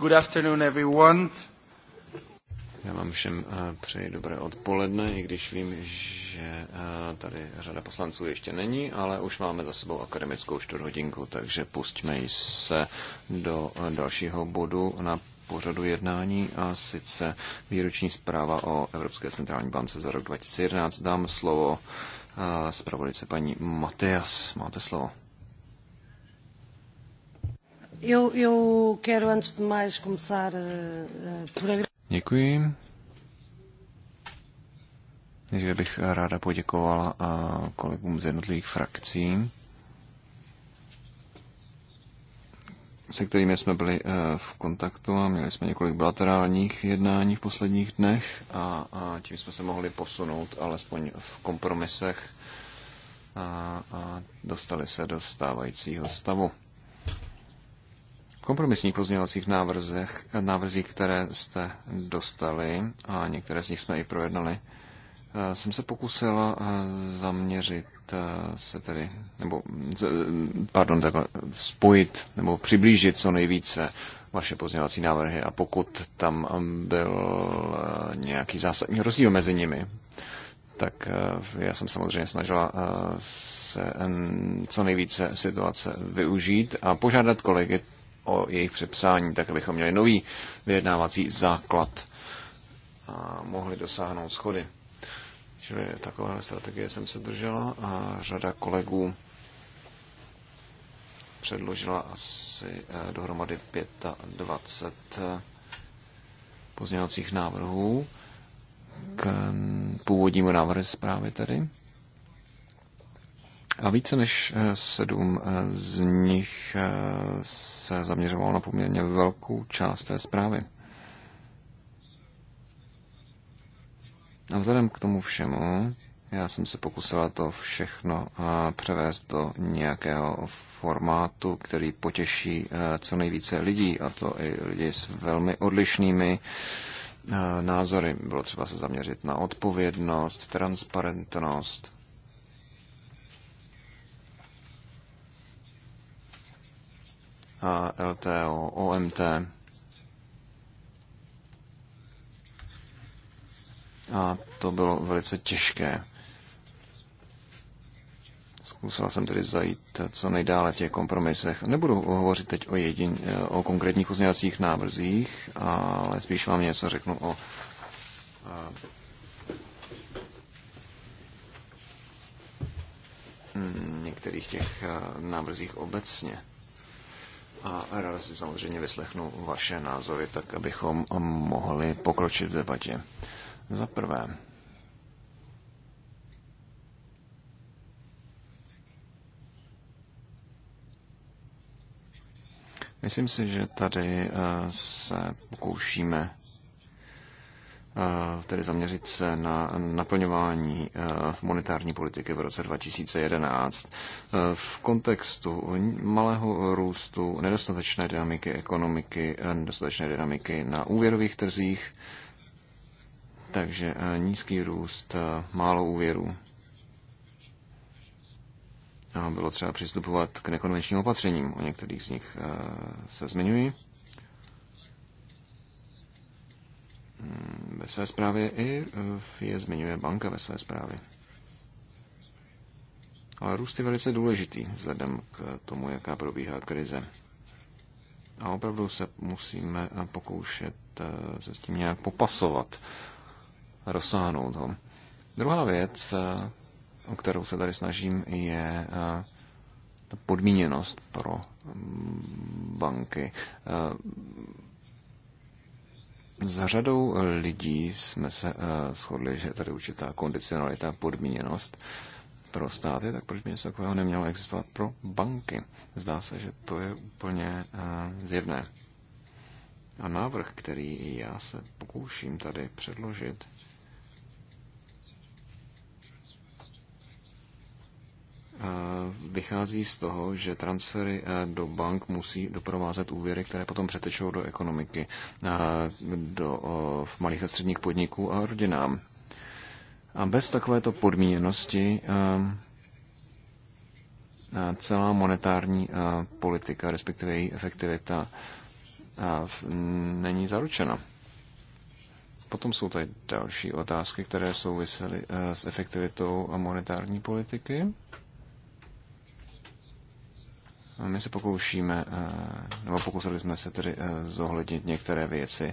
Good afternoon, everyone. Já vám všem eh, přeji dobré odpoledne, i když vím, že eh, tady řada poslanců ještě není, ale už máme za sebou akademickou čtvrthodinku, takže pustíme se do eh, dalšího bodu na pořadu jednání a sice výroční zpráva o Evropské centrální bance za rok 2011. Dám slovo zpravodice paní Mateas. Máte slovo. Eu, eu quero antes de mais começar uh, por Děkuji. Takže bych ráda poděkovala eh, kolegům z jednotlivých frakcí, se kterými jsme byli v kontaktu a měli jsme několik bilaterálních jednání v posledních dnech a, a tím jsme se mohli posunout alespoň v kompromisech a, a dostali se do stávajícího stavu kompromisních pozměňovacích návrzech, návrzích, které jste dostali, a některé z nich jsme i projednali, eh, jsem se pokusil eh, zaměřit eh, se tedy, nebo, pardon, takhle, spojit nebo přiblížit co nejvíce vaše pozměňovací návrhy a pokud tam byl nějaký zásadní rozdíl mezi nimi, tak já jsem samozřejmě snažila se co nejvíce situace využít a požádat kolegy o jejich přepsání, tak abychom měli nový vyjednávací základ a mohli dosáhnout schody. Čili takové strategie jsem se držela a řada kolegů předložila asi eh, dohromady 25 eh, pozměňovacích návrhů k mm, původnímu návrhu zprávy tedy. A více než eh, sedm eh, z nich eh, se zaměřovalo na poměrně velkou část té zprávy. A vzhledem k tomu všemu, já jsem se pokusila to všechno převést do nějakého formátu, který potěší co nejvíce lidí, a to i lidi s velmi odlišnými názory. Bylo třeba se zaměřit na odpovědnost, transparentnost, a LTO, OMT. A to bylo velice těžké. Zkusila jsem tedy zajít co nejdále v těch kompromisech. Nebudu hovořit teď o, jedin, o konkrétních pozměňovacích návrzích, ale spíš vám něco řeknu o eh, hm, některých těch eh, návrzích obecně a rád si samozřejmě vyslechnu vaše názory, tak abychom mohli pokročit v debatě. Za prvé, Myslím si, že tady eh, se pokoušíme tedy zaměřit se na naplňování e, monetární politiky v roce 2011 e, v kontextu malého růstu, nedostatečné dynamiky ekonomiky, e, nedostatečné dynamiky na úvěrových trzích, takže nízký růst, málo úvěrů. bylo třeba přistupovat k nekonvenčním opatřením, o některých z nich se zmiňuji. ve své zprávě i eh, je zmiňuje banka ve své zprávě. Ale růst je velice důležitý vzhledem k tomu, jaká probíhá krize. A opravdu se musíme eh, pokoušet eh, se s tím nějak popasovat, rozsáhnout ho. Druhá věc, o kterou se tady snažím, je ta podmíněnost pro mm, banky. S řadou eh, lidí jsme se eh, shodli, že je tady určitá kondicionalita, podmíněnost pro státy, tak proč by něco takového nemělo existovat pro banky? Zdá se, že to je úplně eh, zjevné. A návrh, který já se pokouším tady předložit, vychází z toho, že transfery eh, do bank musí doprovázet úvěry, které potom přetečou do ekonomiky, eh, do eh, v malých a středních podniků a rodinám. A bez takovéto podmíněnosti celá monetární politika, respektive její efektivita, není zaručena. Potom jsou tady další otázky, které souvisely s efektivitou monetární politiky. My se pokoušíme, eh, nebo pokusili jsme se tedy eh, zohlednit některé věci,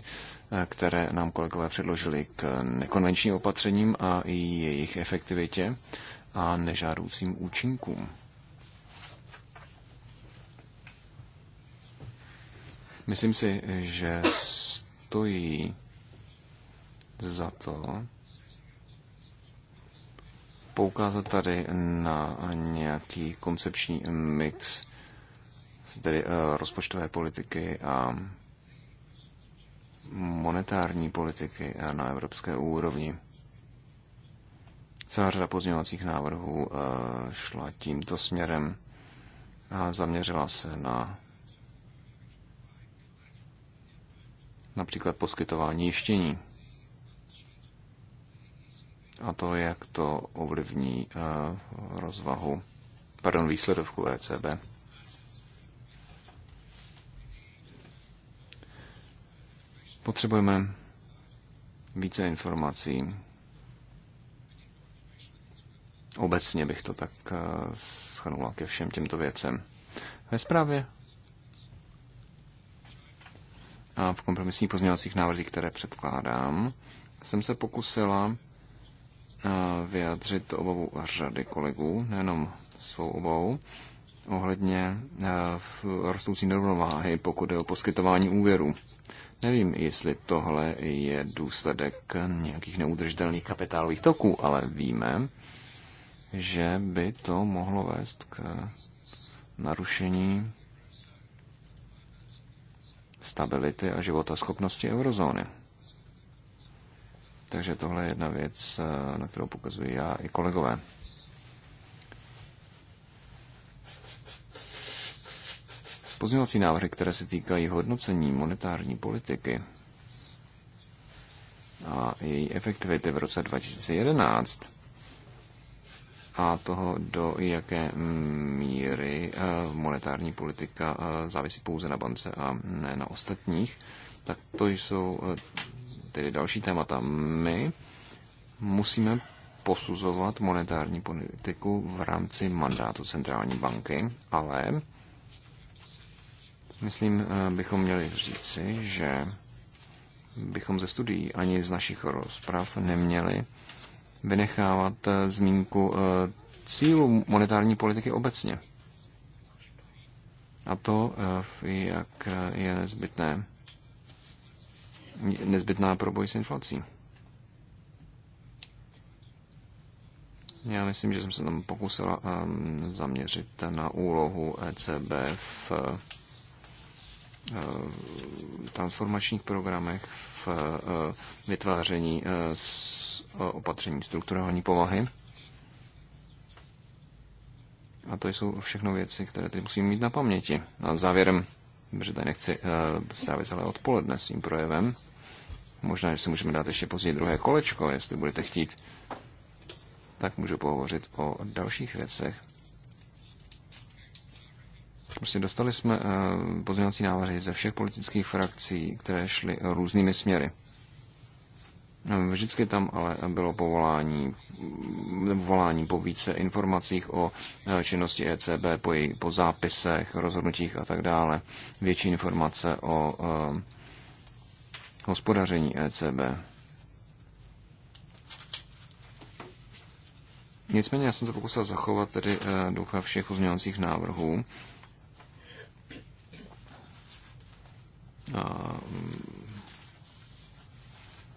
eh, které nám kolegové předložili k nekonvenčním opatřením a i jejich efektivitě a nežádoucím účinkům. Myslím si, že stojí za to poukázat tady na nějaký koncepční mix tedy eh, rozpočtové politiky a monetární politiky eh, na evropské úrovni. Celá řada pozměňovacích návrhů eh, šla tímto směrem a zaměřila se na například poskytování jištění a to, jak to ovlivní rozvahu, pardon, výsledovku ECB. Potřebujeme více informací. Obecně bych to tak eh, schrnula ke všem těmto věcem. Ve zprávě a v kompromisních pozměňovacích návrzích, které předkládám, jsem se pokusila eh, vyjádřit obavu řady kolegů, nejenom svou obavu, ohledně eh, v rostoucí nerovnováhy, pokud je o poskytování úvěru. Nevím, jestli tohle je důsledek nějakých neudržitelných kapitálových toků, ale víme, že by to mohlo vést k narušení stability a života schopnosti eurozóny. Takže tohle je jedna věc, na kterou pokazuji já i kolegové. pozměňovací návrhy, které se týkají hodnocení monetární politiky a její efektivity v roce 2011 a toho, do jaké míry eh, monetární politika eh, závisí pouze na bance a ne na ostatních, tak to jsou eh, tedy další témata. My musíme posuzovat monetární politiku v rámci mandátu centrální banky, ale Myslím, eh, bychom měli říci, že bychom ze studií ani z našich rozprav neměli vynechávat eh, zmínku eh, cílu monetární politiky obecně. A to, jak je nezbytné, nezbytná pro boj s inflací. Já myslím, že jsem se tam pokusila ehm, zaměřit na úlohu ECB v Eh, transformačních programech, v eh, vytváření eh, opatření strukturální povahy. A to jsou všechno věci, které teď musíme mít na paměti. A závěrem, že tady nechci strávit celé odpoledne s tím projevem, možná, že si můžeme dát ještě později druhé kolečko, jestli budete chtít, tak můžu pohovořit o dalších věcech. Prostě dostali jsme eh, pozměňovací návrhy ze všech politických frakcí, které šly různými směry. Eh, vždycky tam ale bylo povolání, volání po více informacích o eh, činnosti ECB, po, jej, po zápisech, rozhodnutích a tak dále. Větší informace o uh, hospodaření ECB. Nicméně já jsem se pokusil zachovat tedy ducha všech pozměňovacích návrhů a mm,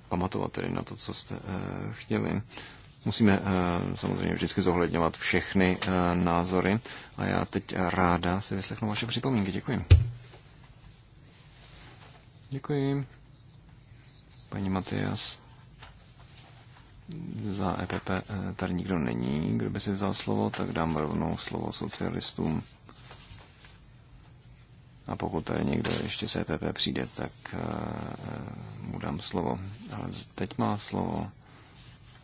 pamatovat tedy na to, co jste eh, chtěli. Musíme eh, samozřejmě vždycky zohledňovat všechny eh, názory a já teď ráda si vyslechnu vaše připomínky. Děkuji. Děkuji. Paní Matias za EPP tady nikdo není, kdo by si vzal slovo, tak dám rovnou slovo socialistům. A pokud tady někdo ještě z EPP přijde, tak eh, mu dám slovo. Ale teď má slovo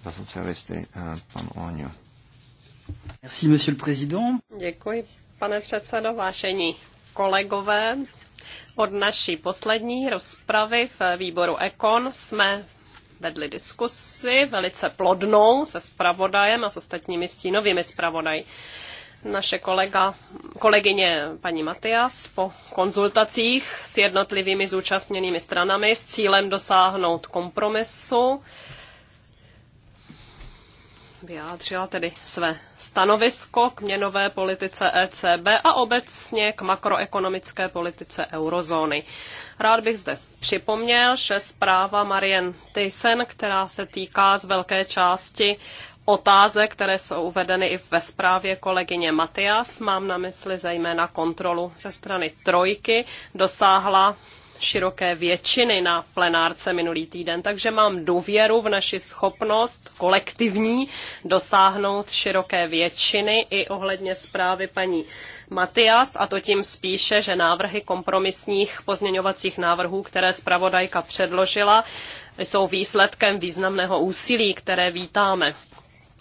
za socialisty eh, pan Oňo. Merci, monsieur le président. Děkuji, pane předsedo, vášení kolegové. Od naší poslední rozpravy v výboru Ekon jsme vedli diskusi velice plodnou se spravodajem a s ostatními stínovými spravodaji naše kolega, kolegyně paní Matias po konzultacích s jednotlivými zúčastněnými stranami s cílem dosáhnout kompromisu vyjádřila tedy své stanovisko k měnové politice ECB a obecně k makroekonomické politice eurozóny. Rád bych zde připomněl, že zpráva Marien Thyssen, která se týká z velké části otázek, které jsou uvedeny i ve zprávě kolegyně Matias, mám na mysli zejména kontrolu ze strany trojky, dosáhla široké většiny na plenárce minulý týden, takže mám důvěru v naši schopnost kolektivní dosáhnout široké většiny i ohledně zprávy paní Matias, a to tím spíše, že návrhy kompromisních pozměňovacích návrhů, které zpravodajka předložila, jsou výsledkem významného úsilí, které vítáme.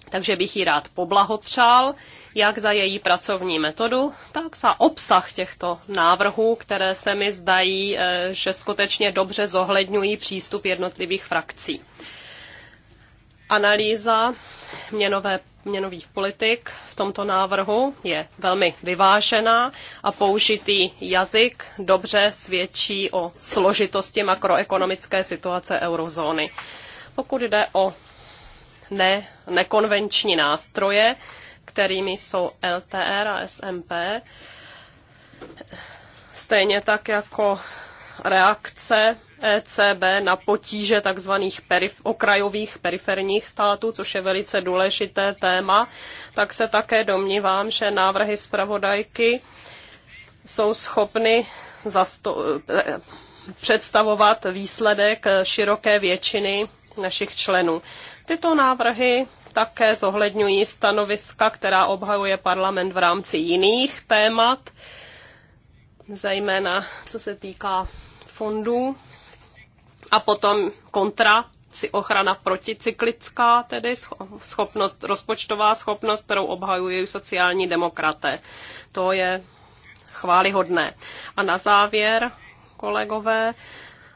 Takže bych jí rád poblahopřál, jak za její pracovní metodu, tak za obsah těchto návrhů, které se mi zdají, eh, že skutečně dobře zohledňují přístup jednotlivých frakcí. Analýza měnové, měnových politik v tomto návrhu je velmi vyvážená a použitý jazyk dobře svědčí o složitosti makroekonomické situace eurozóny. Pokud jde o ne, nekonvenční nástroje, kterými jsou LTR a SMP, stejně tak jako reakce ECB na potíže tzv. Perif- okrajových periferních států, což je velice důležité téma, tak se také domnívám, že návrhy zpravodajky jsou schopny zasto- eh, představovat výsledek široké většiny našich členů. Tyto návrhy také zohledňují stanoviska, která obhajuje parlament v rámci jiných témat, zejména co se týká fondů a potom kontra ochrana proticyklická, tedy schopnost, rozpočtová schopnost, kterou obhajují sociální demokraté. To je chválihodné. A na závěr, kolegové,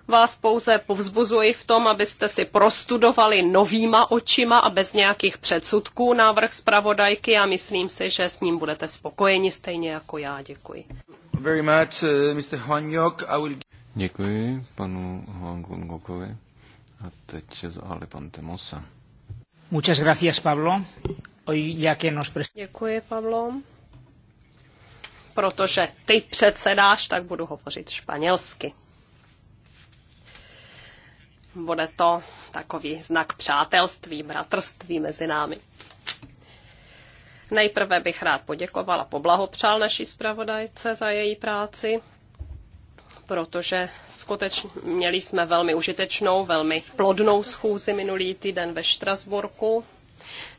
vás pouze povzbuzuji v tom, abyste si prostudovali novýma očima a bez nějakých předsudků návrh zpravodajky a myslím si, že s ním budete spokojeni stejně jako já. Děkuji. Very much, uh, Mr. Hwanyok. I will... Děkuji panu Hwanykovi. A teď za Ale pan Temosa. Muchas gracias, Pablo. Hoy ya que nos... Děkuji, Pablo protože ty předsedáš, tak budu hovořit španělsky bude to takový znak přátelství, bratrství mezi námi. Nejprve bych rád poděkovala poblahopřál naší zpravodajce za její práci, protože skutečně měli jsme velmi užitečnou, velmi plodnou schůzi minulý týden ve Štrasburku.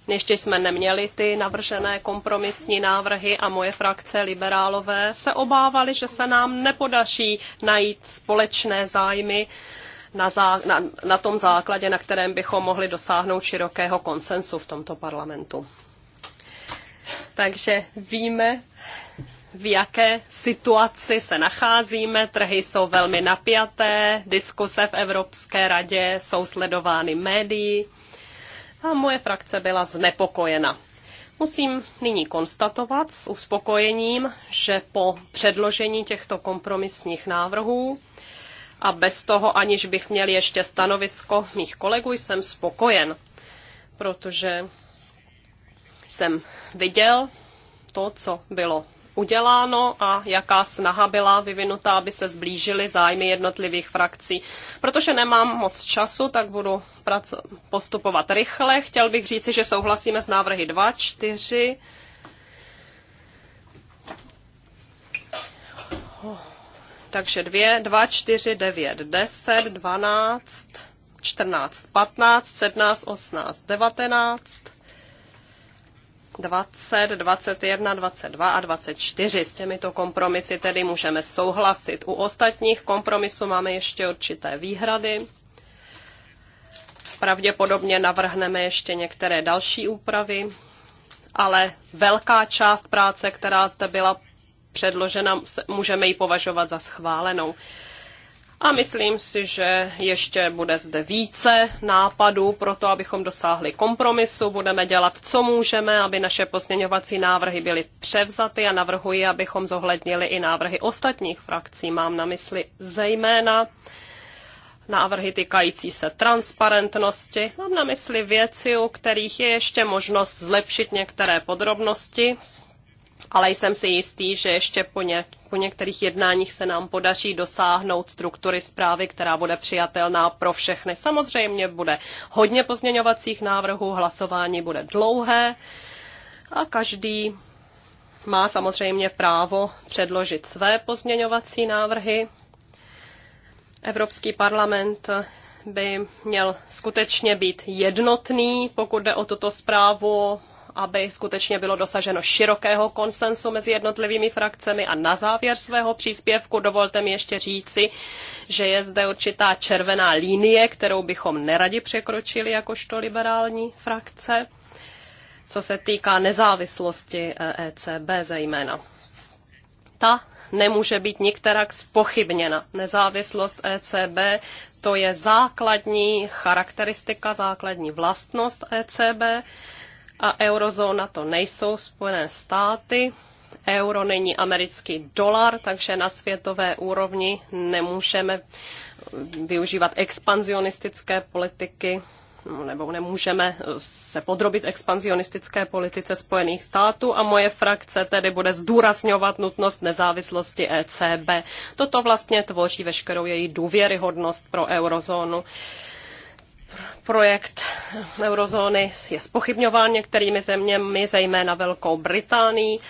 Ještě jsme neměli ty navržené kompromisní návrhy a moje frakce liberálové se obávali, že se nám nepodaří najít společné zájmy na, zá, na, na tom základě, na kterém bychom mohli dosáhnout širokého konsensu v tomto parlamentu. Takže víme, v jaké situaci se nacházíme. Trhy jsou velmi napjaté, diskuse v Evropské radě jsou sledovány médií a moje frakce byla znepokojena. Musím nyní konstatovat s uspokojením, že po předložení těchto kompromisních návrhů a bez toho, aniž bych měl ještě stanovisko mých kolegů, jsem spokojen, protože jsem viděl to, co bylo uděláno a jaká snaha byla vyvinutá, aby se zblížily zájmy jednotlivých frakcí. Protože nemám moc času, tak budu postupovat rychle. Chtěl bych říci, že souhlasíme s návrhy 2, 4. Takže 2, 2, 4, 9, 10, 12, 14, 15, 17, 18, 19, 20, 21, 22 a 24. S těmito kompromisy tedy můžeme souhlasit. U ostatních kompromisů máme ještě určité výhrady. Pravděpodobně navrhneme ještě některé další úpravy, ale velká část práce, která zde byla předložena, můžeme ji považovat za schválenou. A myslím si, že ještě bude zde více nápadů pro to, abychom dosáhli kompromisu. Budeme dělat, co můžeme, aby naše pozměňovací návrhy byly převzaty a navrhuji, abychom zohlednili i návrhy ostatních frakcí. Mám na mysli zejména návrhy týkající se transparentnosti. Mám na mysli věci, u kterých je ještě možnost zlepšit některé podrobnosti, ale jsem si jistý, že ještě po, něk- po některých jednáních se nám podaří dosáhnout struktury zprávy, která bude přijatelná pro všechny. Samozřejmě bude hodně pozměňovacích návrhů, hlasování bude dlouhé a každý má samozřejmě právo předložit své pozměňovací návrhy. Evropský parlament by měl skutečně být jednotný, pokud jde o tuto zprávu aby skutečně bylo dosaženo širokého konsensu mezi jednotlivými frakcemi. A na závěr svého příspěvku dovolte mi ještě říci, že je zde určitá červená línie, kterou bychom neradi překročili jakožto liberální frakce, co se týká nezávislosti ECB eh, e zejména. Ta nemůže být nikterak spochybněna. Nezávislost ECB to je základní charakteristika, základní vlastnost ECB a eurozóna to nejsou Spojené státy. Euro není americký dolar, takže na světové úrovni nemůžeme využívat expanzionistické politiky no, nebo nemůžeme eh, se podrobit expanzionistické politice Spojených států a moje frakce tedy bude zdůrazňovat nutnost nezávislosti ECB. Toto vlastně tvoří veškerou její důvěryhodnost pro eurozónu projekt eurozóny je spochybňován některými zeměmi, zejména Velkou Británií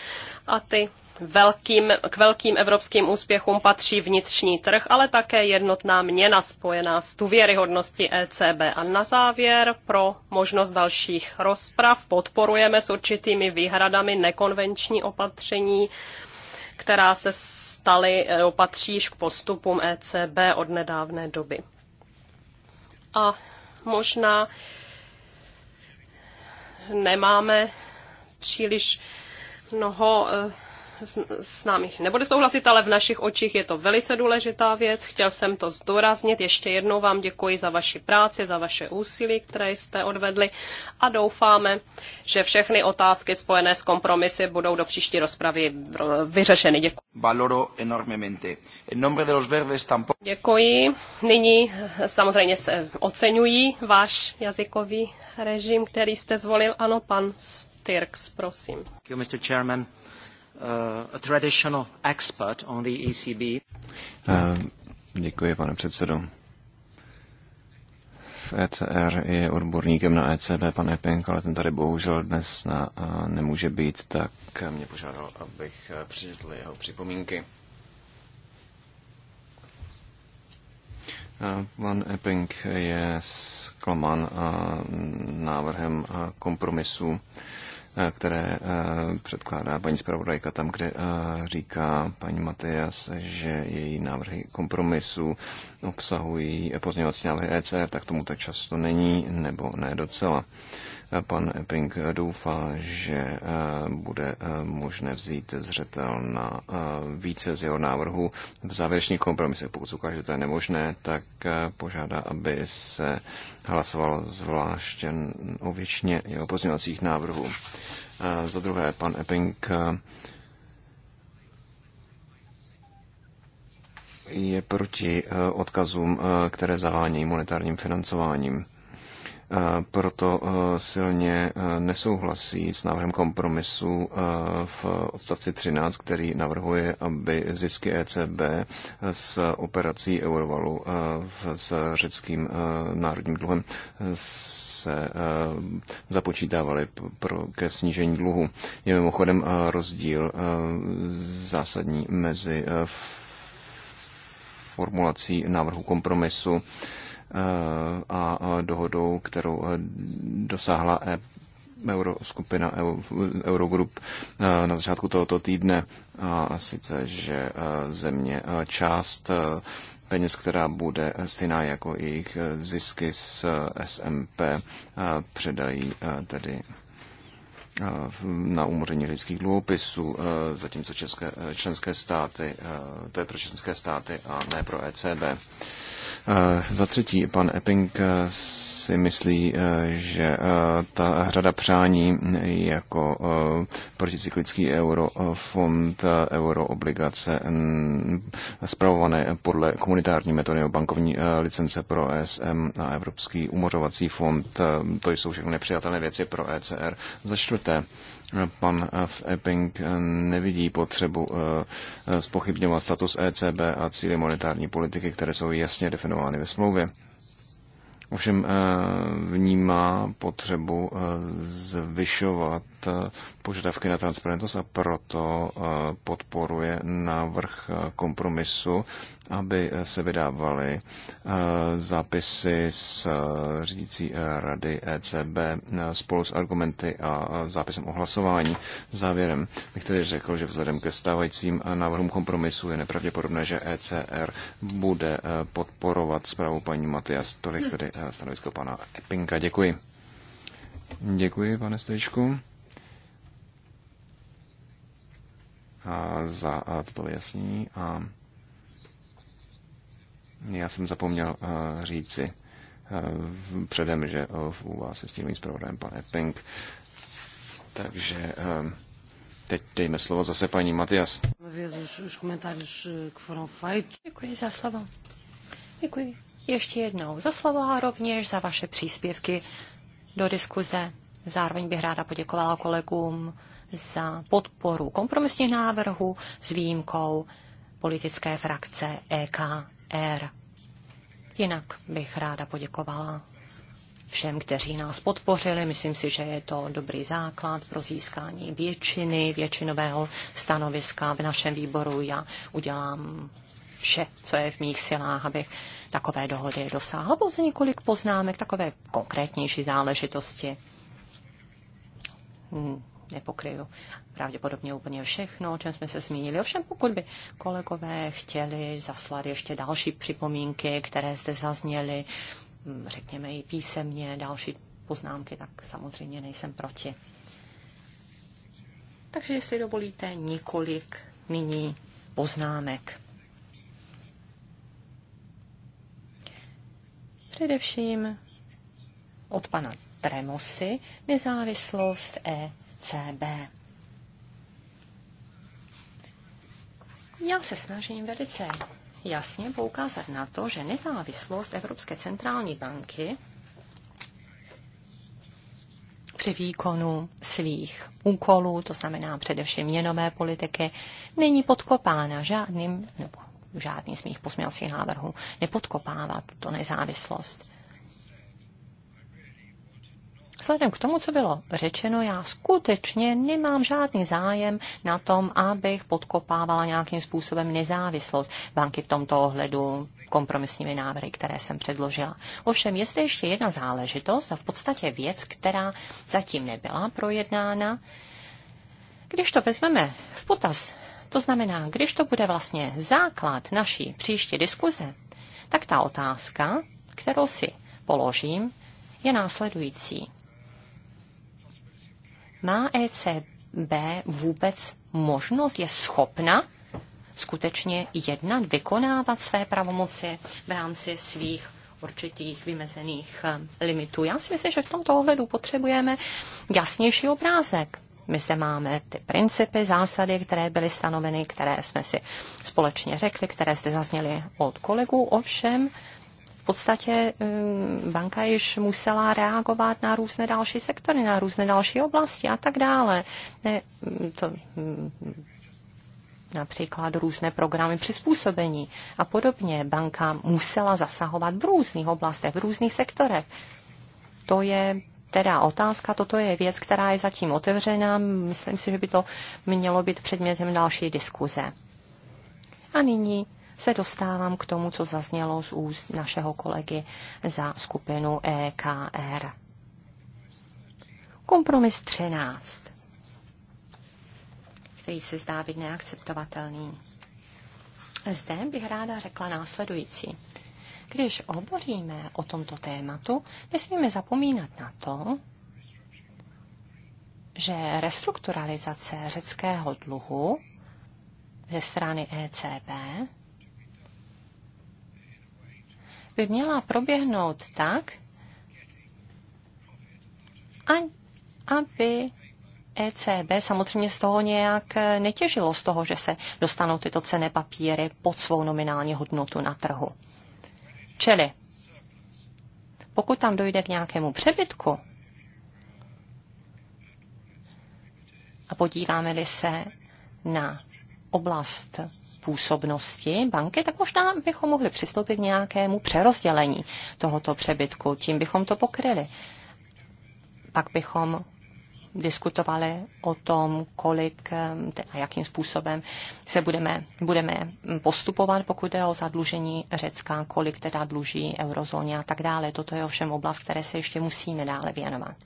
a ty velkým, k velkým evropským úspěchům patří vnitřní trh, ale také jednotná měna spojená s důvěryhodností ECB. A na závěr pro možnost dalších rozprav podporujeme s určitými výhradami nekonvenční opatření, která se staly e, opatříž k postupům ECB od nedávné doby. A možná nemáme příliš mnoho eh, s, s námi nebude souhlasit, ale v našich očích je to velice důležitá věc. Chtěl jsem to zdůraznit. Ještě jednou vám děkuji za vaši práci, za vaše úsilí, které jste odvedli a doufáme, že všechny otázky spojené s kompromisy budou do příští rozpravy vyřešeny. Děkuji. Valoro enormemente. En nombre de los verdes tampoco... Děkuji. Nyní samozřejmě se oceňují váš jazykový režim, který jste zvolil. Ano, pan Styrks, prosím. Thank you, Mr. Chairman. Uh, a traditional expert on the ECB. Eh, děkuji, pane předsedo. V ECR je odborníkem na ECB pan Epink, ale ten tady bohužel dnes na, eh, nemůže být, tak mě požádal, abych eh, přečetl jeho připomínky. Pan Epping je zklamán návrhem kompromisu Eh, které eh, předkládá paní zpravodajka tam, kde eh, říká paní Matejas, že její návrhy kompromisu obsahují pozměňovací návrhy ECR, tak tomu tak často není, nebo ne docela. Pan Epping doufá, že eh, bude eh, možné vzít zřetel na eh, více z jeho návrhu v závěrečných kompromisech. Pokud ukáže, že to je nemožné, tak požádá, aby se hlasovalo zvlášť o většině jeho pozměňovacích návrhů. Za druhé, pan Epping je proti odkazům, které zavání monetárním financováním proto e, silně e, nesouhlasí s návrhem kompromisu e, v odstavci 13, který navrhuje, aby zisky ECB s operací Eurovalu s řeckým národním dluhem se započítávaly ke snížení dluhu. Je mimochodem rozdíl zásadní mezi formulací návrhu kompromisu a dohodou, kterou e, dosáhla e, euroskupina e, Eurogroup na začátku tohoto týdne. A sice, že země část peněz, která bude stejná jako jejich zisky z SMP, předají tedy na umoření lidských dluhopisů, zatímco české, členské státy, to je pro české státy a ne pro ECB. Eh, za třetí, pan Epping eh, si myslí, eh, že ta hrada přání jako proticyklický eurofond, euroobligace zpravované mm, podle komunitární metody o bankovní licence pro ESM a Evropský umořovací fond, to jsou všechno nepřijatelné věci pro ECR. Za čtvrté, Pan F. Epping nevidí potřebu eh, eh, spochybňovat status ECB a cíly monetární politiky, které jsou jasně definovány ve smlouvě. Ovšem eh, vnímá potřebu zvyšovat požadavky na transparentnost a proto podporuje návrh kompromisu aby eh, se vydávaly eh, zápisy z eh, řídící rady ECB spolu s argumenty a zápisem o hlasování. Závěrem bych tedy řekl, že vzhledem ke stávajícím návrhům kompromisu je nepravděpodobné, že ECR bude podporovat zprávu paní Matias. Tolik tedy stanovisko pana Epinka. Děkuji. Děkuji, pane Stejčku. A za toto vyjasnění. A já jsem zapomněl eh, říci eh, předem, že eh, u vás je tím zpravodajem pan Epping. Takže teď dejme slovo zase paní Matias. Děkuji za slovo. Děkuji ještě jednou za slovo a rovněž za vaše příspěvky do diskuze. Zároveň bych ráda poděkovala kolegům za podporu kompromisních návrhů s výjimkou politické frakce EK. Air. Jinak bych ráda poděkovala všem, kteří nás podpořili. Myslím si, že je to dobrý základ pro získání většiny, většinového stanoviska v našem výboru. Já udělám vše, co je v mých silách, abych takové dohody dosáhla. Pouze několik poznámek, takové konkrétnější záležitosti. Hmm nepokryju pravděpodobně úplně všechno, o čem jsme se zmínili. Ovšem, pokud by kolegové chtěli zaslat ještě další připomínky, které zde zazněly, mm, řekněme i písemně, další poznámky, tak samozřejmě nejsem proti. Takže, jestli dovolíte, několik nyní poznámek. Především od pana Tremosy nezávislost e CB. Já se snažím velice jasně poukázat na to, že nezávislost Evropské centrální banky při výkonu svých úkolů, to znamená především měnové politiky, není podkopána žádným, nebo žádný z mých pozměňovacích návrhů nepodkopává tuto nezávislost. Vzhledem k tomu, co bylo řečeno, já skutečně nemám žádný zájem na tom, abych podkopávala nějakým způsobem nezávislost banky v tomto ohledu kompromisními návrhy, které jsem předložila. Ovšem, je zde ještě jedna záležitost a v podstatě věc, která zatím nebyla projednána. Když to vezmeme v potaz, to znamená, když to bude vlastně základ naší příští diskuze, tak ta otázka, kterou si položím, je následující. Má ECB vůbec možnost, je schopna skutečně jednat, vykonávat své pravomoci v rámci svých určitých vymezených eh, limitů. Já si myslím, že v tomto ohledu potřebujeme jasnější obrázek. My zde máme ty principy, zásady, které byly stanoveny, které jsme si společně řekli, které zde zazněly od kolegů. Ovšem, podstatě eh, banka již musela reagovat na různé další sektory, na různé další oblasti a tak dále. Ne, mm, to, mm, například různé programy přizpůsobení a podobně. Banka musela zasahovat v různých oblastech, v různých sektorech. To je teda otázka, toto je věc, která je zatím otevřená. Myslím si, že by to mělo být předmětem další diskuze. A nyní se dostávám k tomu, co zaznělo z úst našeho kolegy za skupinu EKR. Kompromis 13, který se zdá být neakceptovatelný. Zde bych ráda řekla následující. Když hovoříme o tomto tématu, nesmíme zapomínat na to, že restrukturalizace řeckého dluhu ze strany ECB by měla proběhnout tak, aby ECB samozřejmě z toho nějak netěžilo, z toho, že se dostanou tyto cené papíry pod svou nominální hodnotu na trhu. Čili pokud tam dojde k nějakému přebytku a podíváme-li se na oblast působnosti banky, tak možná bychom mohli přistoupit k nějakému přerozdělení tohoto přebytku. Tím bychom to pokryli. Pak bychom diskutovali o tom, kolik ehm, a jakým způsobem se budeme, budeme postupovat, pokud je o zadlužení Řecka, kolik teda dluží eurozóně a tak dále. Toto je ovšem oblast, které se ještě musíme dále věnovat.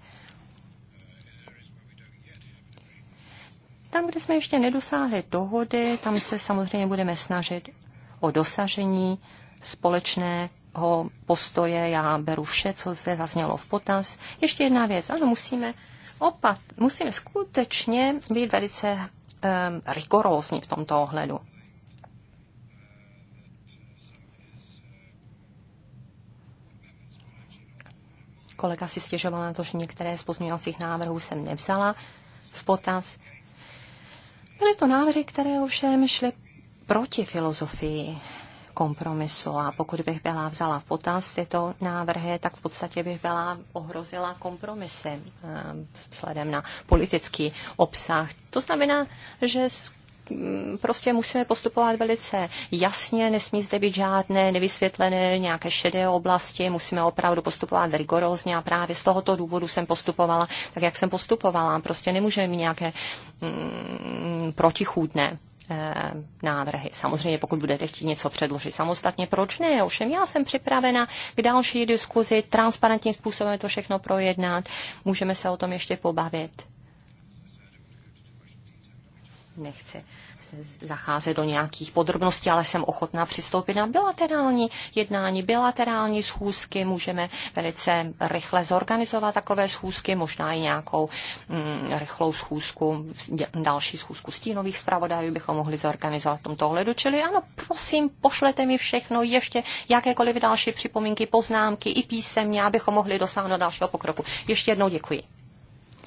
Tam, kde jsme ještě nedosáhli dohody, tam se samozřejmě budeme snažit o dosažení společného postoje. Já beru vše, co zde zaznělo v potaz. Ještě jedna věc. Ano, musíme opat, musíme skutečně být velice um, rigorózní v tomto ohledu. Kolega si stěžovala na to, že některé z pozměňovacích návrhů jsem nevzala v potaz. Byly to návrhy, které ovšem šly proti filozofii kompromisu a pokud bych byla vzala v potaz tyto návrhy, tak v podstatě bych byla ohrozila kompromisy eh, vzhledem na politický obsah. To znamená, že prostě musíme postupovat velice jasně, nesmí zde být žádné nevysvětlené nějaké šedé oblasti, musíme opravdu postupovat rigorózně a právě z tohoto důvodu jsem postupovala tak, jak jsem postupovala. Prostě nemůžeme mít nějaké mm, protichůdné eh, návrhy. Samozřejmě, pokud budete chtít něco předložit samostatně, proč ne? Ovšem, já jsem připravena k další diskuzi, transparentním způsobem to všechno projednat, můžeme se o tom ještě pobavit nechci zacházet do nějakých podrobností, ale jsem ochotná přistoupit na bilaterální jednání, bilaterální schůzky. Můžeme velice rychle zorganizovat takové schůzky, možná i nějakou mm, rychlou schůzku, další schůzku stínových zpravodajů bychom mohli zorganizovat v tomto ohledu. Čili ano, prosím, pošlete mi všechno, ještě jakékoliv další připomínky, poznámky i písemně, abychom mohli dosáhnout dalšího pokroku. Ještě jednou děkuji.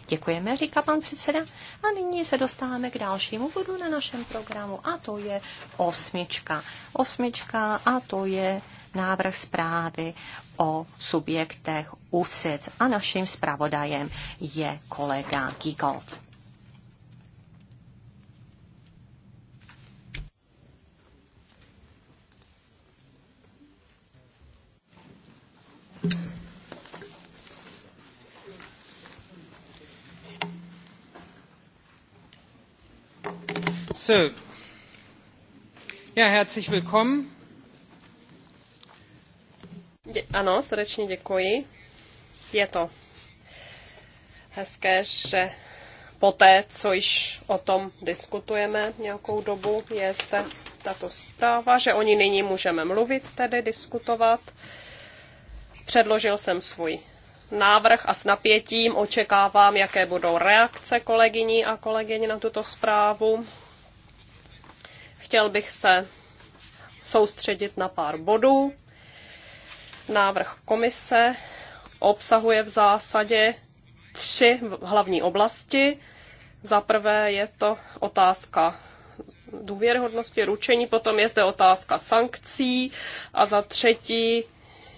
Děkujeme, říká pan předseda. A nyní se dostáváme k dalšímu bodu na našem programu a to je osmička. Osmička a to je návrh zprávy o subjektech úsic a naším zpravodajem je kolega Gigold. Thank you. So. Ja, herzlich willkommen. Dě- ano, srdečně děkuji. Je to hezké, že poté, co již o tom diskutujeme nějakou dobu, je zde tato zpráva, že oni nyní můžeme mluvit, tedy diskutovat. Předložil jsem svůj návrh a s napětím očekávám, jaké budou reakce kolegyní a kolegyně na tuto zprávu. Chtěl bych se soustředit na pár bodů. Návrh komise obsahuje v zásadě tři hlavní oblasti. Za prvé je to otázka důvěryhodnosti ručení, potom je zde otázka sankcí a za třetí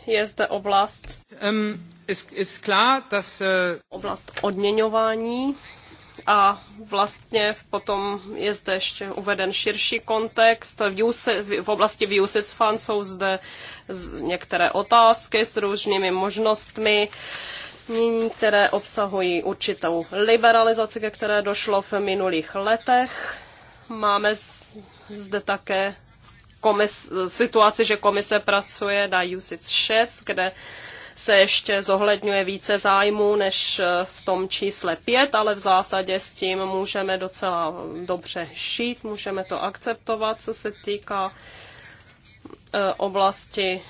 je zde oblast, um, is, is klar, dass, uh... oblast odměňování a vlastně potom je zde ještě uveden širší kontext. V, USIC, v oblasti USIC Fund jsou zde některé otázky s různými možnostmi které obsahují určitou liberalizaci, ke které došlo v minulých letech. Máme zde také komis, situaci, že komise pracuje na USIC 6, kde se ještě zohledňuje více zájmů než eh, v tom čísle 5, ale v zásadě s tím můžeme docela dobře šít, můžeme to akceptovat, co se týká eh, oblasti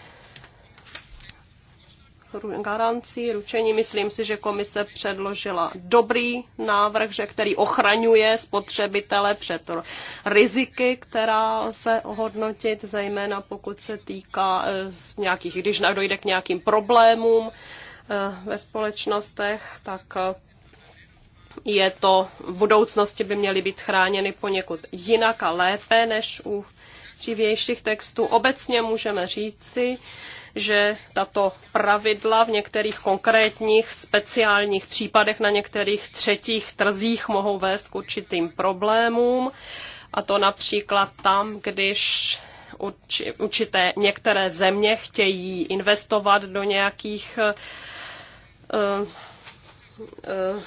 garancí, ručení. Myslím si, že komise předložila dobrý návrh, že který ochraňuje spotřebitele před riziky, která se hodnotit, zejména pokud se týká z e, nějakých, když dojde k nějakým problémům e, ve společnostech, tak e, je to, v budoucnosti by měly být chráněny poněkud jinak a lépe než u dřívějších textů. Obecně můžeme říci, že tato pravidla v některých konkrétních speciálních případech na některých třetích trzích mohou vést k určitým problémům. A to například tam, když určité některé země chtějí investovat do nějakých uh, uh,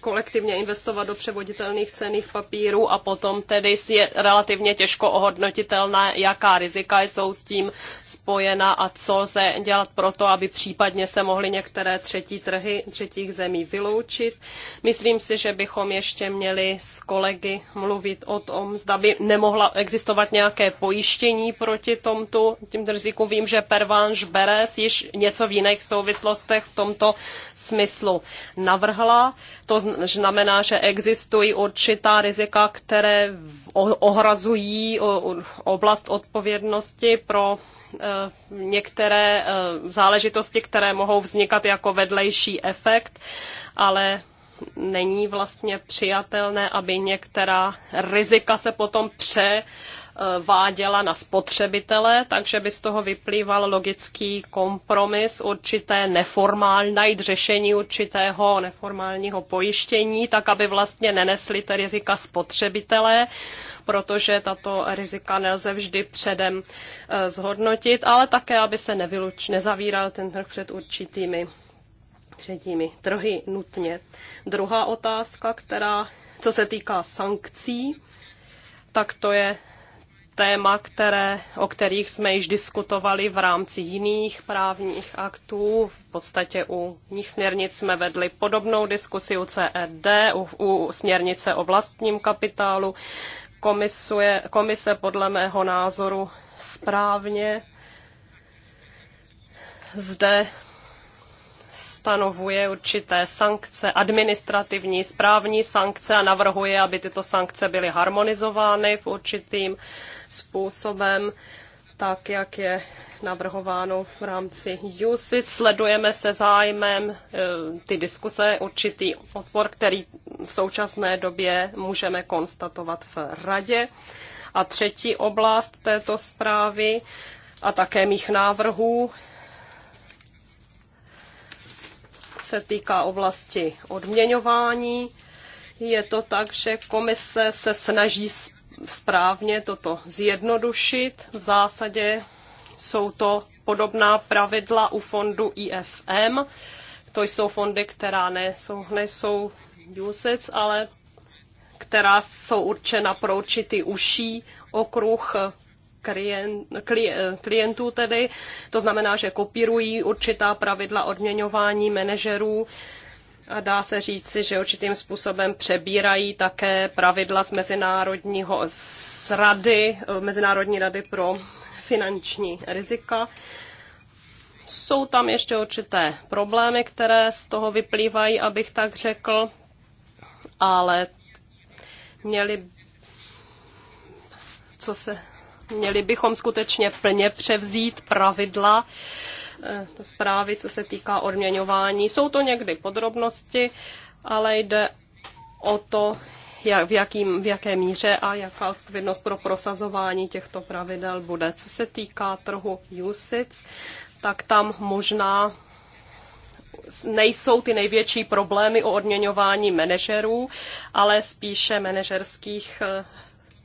kolektivně investovat do převoditelných cených papírů a potom tedy je relativně těžko ohodnotitelné, jaká rizika jsou s tím spojena a co se dělat pro to, aby případně se mohly některé třetí trhy třetích zemí vyloučit. Myslím si, že bychom ještě měli s kolegy mluvit o tom, zda by nemohla existovat nějaké pojištění proti tomto tím rizikům. Vím, že Pervanš Beres již něco v jiných souvislostech v tomto smyslu navrhla to znamená, že existují určitá rizika, které ohrazují oblast odpovědnosti pro eh, některé eh, záležitosti, které mohou vznikat jako vedlejší efekt, ale není vlastně přijatelné, aby některá rizika se potom pře váděla na spotřebitele, takže by z toho vyplýval logický kompromis určité neformální, najít řešení určitého neformálního pojištění, tak aby vlastně nenesli ty rizika spotřebitele, protože tato rizika nelze vždy předem eh, zhodnotit, ale také, aby se nevyluč, nezavíral ten trh před určitými třetími trhy nutně. Druhá otázka, která, co se týká sankcí, tak to je téma, které, o kterých jsme již diskutovali v rámci jiných právních aktů. V podstatě u nich směrnic jsme vedli podobnou diskusi u CED u, u směrnice o vlastním kapitálu. Komisuje, komise podle mého názoru správně zde stanovuje určité sankce, administrativní, správní sankce a navrhuje, aby tyto sankce byly harmonizovány v určitým způsobem tak, jak je navrhováno v rámci USIT. Sledujeme se zájmem eh, ty diskuse, určitý odpor, který v současné době můžeme konstatovat v radě. A třetí oblast této zprávy a také mých návrhů se týká oblasti odměňování. Je to tak, že komise se snaží správně toto zjednodušit. V zásadě jsou to podobná pravidla u fondu IFM. To jsou fondy, která nejsou, nejsou USIC, ale která jsou určena pro určitý uší okruh klientů tedy. To znamená, že kopírují určitá pravidla odměňování manažerů a dá se říci, že určitým způsobem přebírají také pravidla z Mezinárodního z rady, Mezinárodní rady pro finanční rizika. Jsou tam ještě určité problémy, které z toho vyplývají, abych tak řekl, ale měli co se Měli bychom skutečně plně převzít pravidla eh, to zprávy, co se týká odměňování. Jsou to někdy podrobnosti, ale jde o to, jak, v, jakým, v jaké míře a jaká odpovědnost pro prosazování těchto pravidel bude. Co se týká trhu USIC, tak tam možná nejsou ty největší problémy o odměňování manažerů, ale spíše manažerských eh,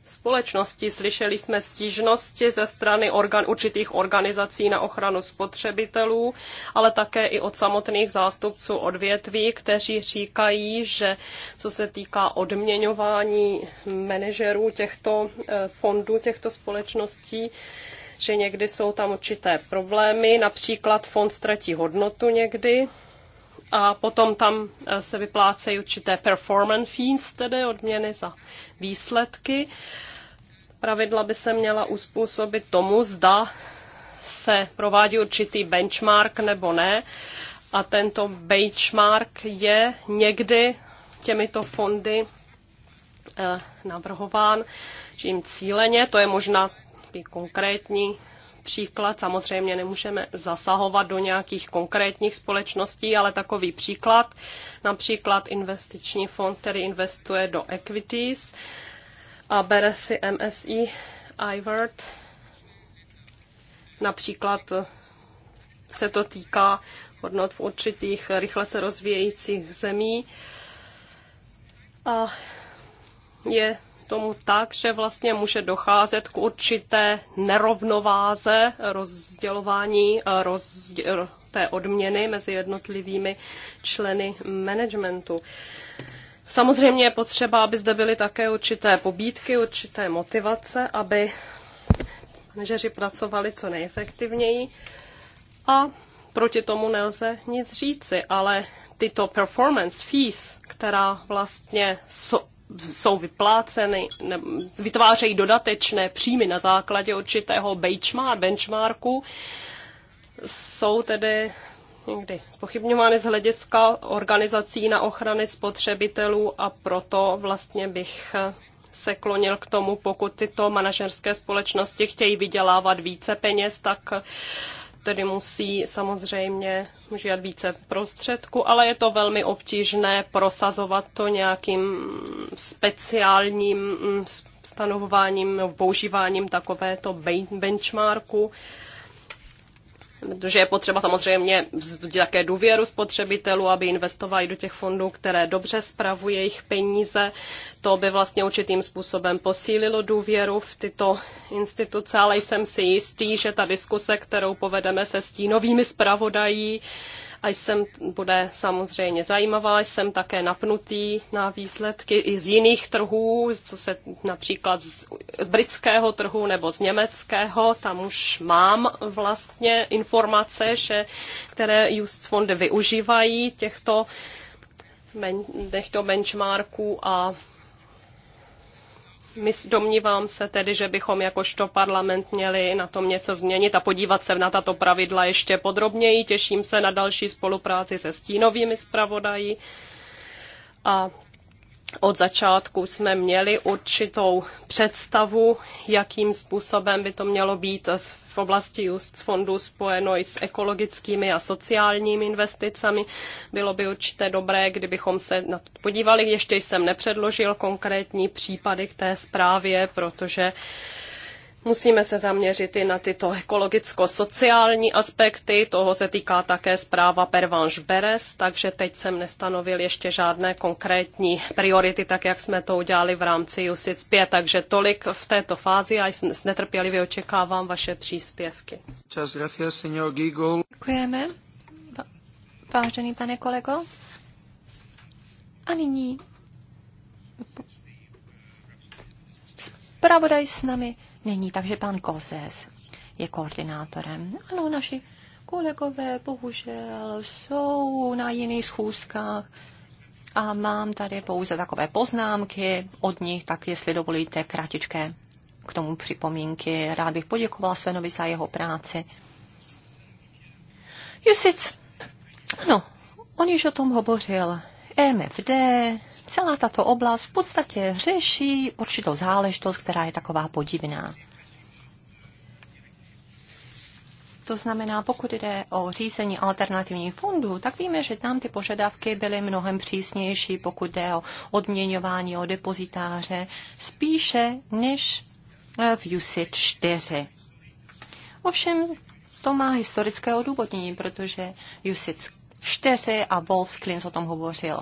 společnosti. Slyšeli jsme stížnosti ze strany organ, určitých organizací na ochranu spotřebitelů, ale také i od samotných zástupců odvětví, kteří říkají, že co se týká odměňování manažerů těchto eh, fondů, těchto společností, že někdy jsou tam určité problémy, například fond ztratí hodnotu někdy, a potom tam eh, se vyplácejí určité performance fees, tedy odměny za výsledky. Pravidla by se měla uspůsobit tomu, zda se provádí určitý benchmark nebo ne. A tento benchmark je někdy těmito fondy eh, navrhován, čím cíleně, to je možná konkrétní příklad, samozřejmě nemůžeme zasahovat do nějakých konkrétních společností, ale takový příklad, například investiční fond, který investuje do equities a bere si MSI iWord. Například se to týká hodnot v určitých rychle se rozvíjejících zemí. A je tomu tak, že vlastně může docházet k určité nerovnováze rozdělování eh, rozděl, eh, té odměny mezi jednotlivými členy managementu. Samozřejmě je potřeba, aby zde byly také určité pobídky, určité motivace, aby manažeři pracovali co nejefektivněji. A proti tomu nelze nic říci, ale tyto performance fees, která vlastně so, jsou vypláceny, ne, vytvářejí dodatečné příjmy na základě určitého benchmarku, jsou tedy někdy spochybňovány z hlediska organizací na ochrany spotřebitelů a proto vlastně bych se klonil k tomu, pokud tyto manažerské společnosti chtějí vydělávat více peněz, tak tedy musí samozřejmě žít více prostředků, ale je to velmi obtížné prosazovat to nějakým speciálním mm, stanovováním, používáním takovéto benchmarku protože je potřeba samozřejmě vzbudit také důvěru spotřebitelů, aby investovali do těch fondů, které dobře spravují jejich peníze. To by vlastně určitým způsobem posílilo důvěru v tyto instituce, ale jsem si jistý, že ta diskuse, kterou povedeme se stínovými zpravodají, a jsem, bude samozřejmě zajímavá. Jsem také napnutý na výsledky i z jiných trhů, co se například z britského trhu nebo z německého. Tam už mám vlastně informace, že, které Just fondy využívají těchto, men, těchto benchmarků a my domnívám se tedy, že bychom jakožto parlament měli na tom něco změnit a podívat se na tato pravidla ještě podrobněji. Těším se na další spolupráci se stínovými zpravodaji a od začátku jsme měli určitou představu, jakým způsobem by to mělo být v oblasti Just fondu spojeno i s ekologickými a sociálními investicemi. Bylo by určitě dobré, kdybychom se na to podívali. Ještě jsem nepředložil konkrétní případy k té zprávě, protože uh, Musíme se zaměřit i na tyto ekologicko-sociální aspekty, toho se týká také zpráva Pervanš Beres, takže teď jsem nestanovil ještě žádné konkrétní priority, tak jak jsme to udělali v rámci USIC 5, takže tolik v této fázi a s netrpělivě očekávám vaše příspěvky. Děkujeme, vážený pane kolego. A nyní Pravodaj s nami není, takže pan Kozes je koordinátorem. Ano, naši kolegové bohužel jsou na jiných schůzkách a mám tady pouze takové poznámky od nich, tak jestli dovolíte kratičké k tomu připomínky. Rád bych poděkovala Svenovi za jeho práci. Jusic, ano, on již o tom hovořil. E MFD, celá tato oblast v podstatě řeší určitou záležitost, která je taková podivná. To znamená, pokud jde o řízení alternativních fondů, tak víme, že tam ty požadavky byly mnohem přísnější, pokud jde o odměňování o depozitáře, spíše než e, v USIT 4. Ovšem, to má historické odůvodnění, protože USIT čtyři a Wolf Klins o tom hovořil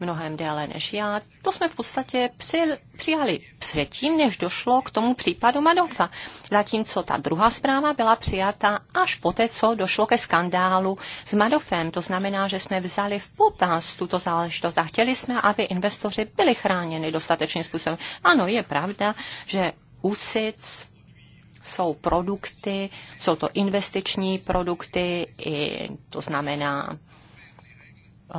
mnohem déle než já. To jsme v podstatě při, přijali předtím, než došlo k tomu případu Madoffa. Zatímco ta druhá zpráva byla přijata až poté, co došlo ke skandálu s Madofem. To znamená, že jsme vzali v potaz tuto záležitost a chtěli jsme, aby investoři byli chráněni dostatečným způsobem. Ano, je pravda, že úsic jsou produkty, jsou to investiční produkty, i, to znamená eh,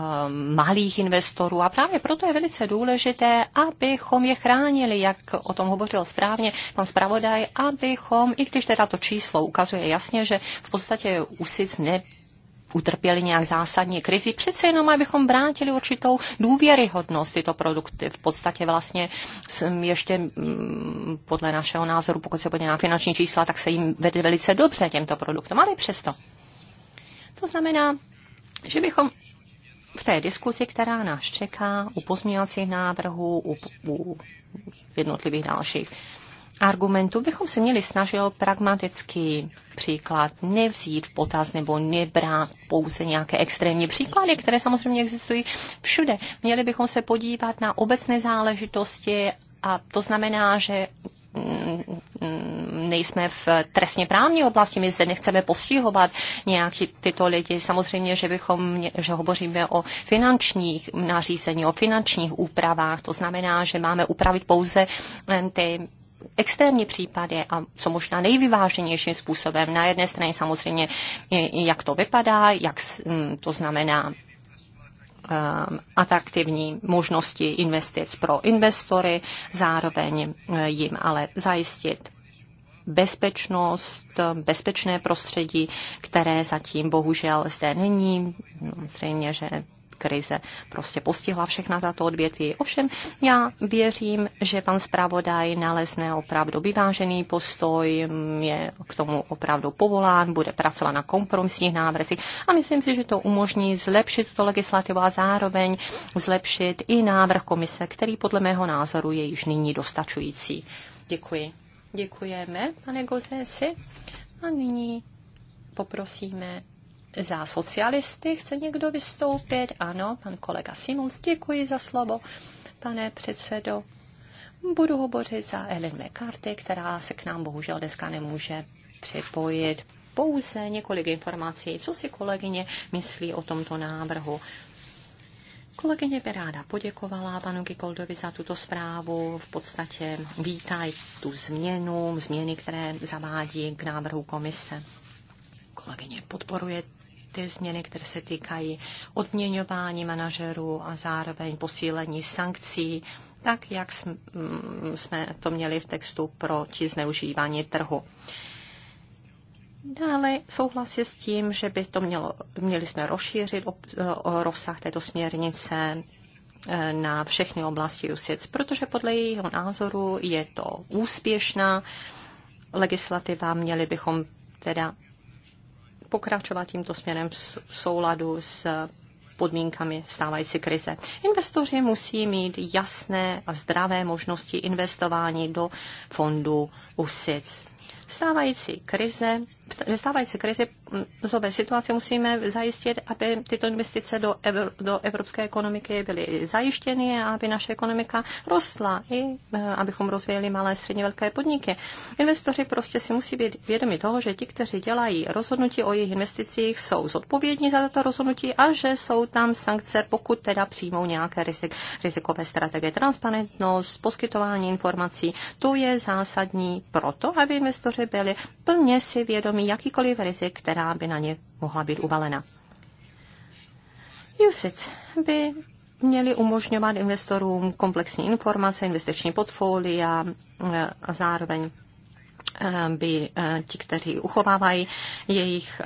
malých investorů a právě proto je velice důležité, abychom je chránili, jak o tom hovořil správně pan zpravodaj, abychom, i když teda to číslo ukazuje jasně, že v podstatě USIC ne, utrpěli nějak zásadní krizi, přece jenom abychom vrátili určitou důvěryhodnost tyto produkty. V podstatě vlastně ještě mm, podle našeho názoru, pokud se podívá na finanční čísla, tak se jim vede velice dobře těmto produktům, ale přesto. To znamená, že bychom v té diskuzi, která nás čeká u pozměňovacích návrhů, u, u jednotlivých dalších Argumentu bychom se měli snažit pragmatický příklad, nevzít v potaz nebo nebrát pouze nějaké extrémní příklady, které samozřejmě existují všude. Měli bychom se podívat na obecné záležitosti a to znamená, že mm, nejsme v trestně právní oblasti, my zde nechceme postihovat nějaký tyto lidi. Samozřejmě, že bychom, že hovoříme o finančních nařízení, o finančních úpravách, to znamená, že máme upravit pouze eh, ty extrémní případy a co možná nejvyváženějším způsobem. Na jedné straně samozřejmě, jak to vypadá, jak mm, to znamená ehm, atraktivní možnosti investic pro investory, zároveň e, jim ale zajistit bezpečnost, bezpečné prostředí, které zatím bohužel zde není. Samozřejmě, že krize prostě postihla všechna tato odvětví. Ovšem já věřím, že pan zpravodaj nalezne opravdu vyvážený postoj, je k tomu opravdu povolán, bude pracovat na kompromisních návrzích a myslím si, že to umožní zlepšit tuto legislativu a zároveň zlepšit i návrh komise, který podle mého názoru je již nyní dostačující. Děkuji. Děkujeme, pane Gozesi. A nyní poprosíme za socialisty chce někdo vystoupit? Ano, pan kolega Simons, děkuji za slovo, pane předsedo. Budu hovořit za Ellen McCarthy, která se k nám bohužel dneska nemůže připojit. Pouze několik informací, co si kolegyně myslí o tomto návrhu. Kolegyně by ráda poděkovala panu Gikoldovi za tuto zprávu. V podstatě vítá tu změnu, změny, které zavádí k návrhu komise. Kolegyně podporuje ty změny, které se týkají odměňování manažerů a zároveň posílení sankcí, tak jak mm, jsme to měli v textu proti zneužívání trhu. Dále souhlasí s tím, že by to mělo, měli jsme rozšířit o, o rozsah této směrnice eh, na všechny oblasti USIC, protože podle jejího názoru je to úspěšná legislativa. Měli bychom teda pokračovat tímto směrem v souladu s podmínkami stávající krize. Investoři musí mít jasné a zdravé možnosti investování do fondu USIC. Stávající krize, ve stávající krizi mm, zové situace musíme zajistit, aby tyto investice do, ev, do evropské ekonomiky byly zajištěny a aby naše ekonomika rostla i e, abychom rozvíjeli malé středně velké podniky. Investoři prostě si musí být vědomi toho, že ti, kteří dělají rozhodnutí o jejich investicích, jsou zodpovědní za tato rozhodnutí a že jsou tam sankce, pokud teda přijmou nějaké rizik, rizikové strategie. Transparentnost, poskytování informací, to je zásadní proto, aby investoři investoři byli plně si vědomí jakýkoliv rizik, která by na ně mohla být uvalena. USIC by měli umožňovat investorům komplexní informace, investiční portfolia e, a zároveň Eh, by eh, ti, kteří uchovávají jejich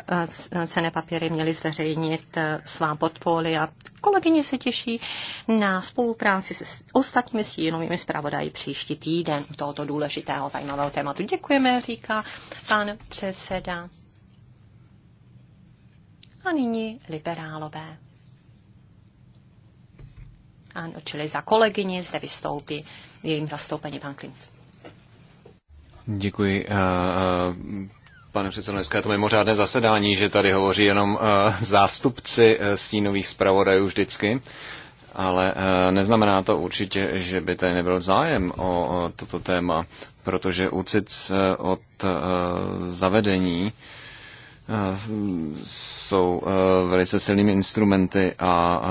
eh, cené papíry, měli zveřejnit svá portfolia. Kolegyně se těší na spolupráci se ostatními stínovými zpravodají příští týden tohoto důležitého zajímavého tématu. Děkujeme, říká pan předseda. A nyní liberálové. Ano, čili za kolegyně zde vystoupí v jejím zastoupení pan Klinc. Děkuji. Eh, eh, pane předsedo, dneska je to mimořádné zasedání, že tady hovoří jenom eh, zástupci stínových zpravodajů vždycky, ale neznamená to určitě, že by tady nebyl zájem o toto téma, protože UCIC od zavedení jsou velice silnými instrumenty a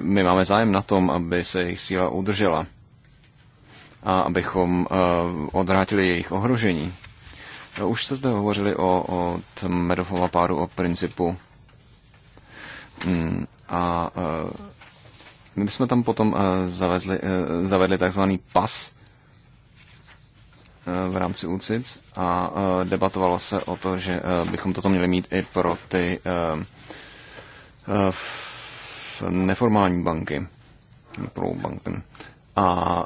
my máme zájem na tom, aby se jejich síla udržela a abychom eh, odvrátili jejich ohrožení. Eh, už jste zde hovořili o, o Medofova páru, o principu. Mm, a eh, my jsme tam potom zavezli, zavedli takzvaný pas v rámci UCIC a debatovalo se o to, že bychom toto měli mít i pro ty neformální banky, pro banky. A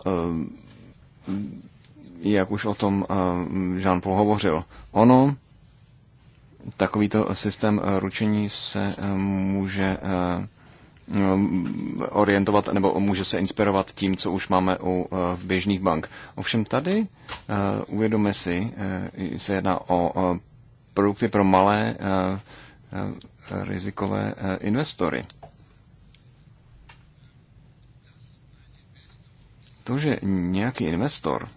jak už o tom eh, Jean-Paul hovořil. Ono, takovýto systém eh, ručení se eh, může orientovat nebo může se inspirovat tím, co už máme u v běžných bank. Ovšem tady uvědomme si, se jedná o produkty pro malé rizikové investory. To, že nějaký investor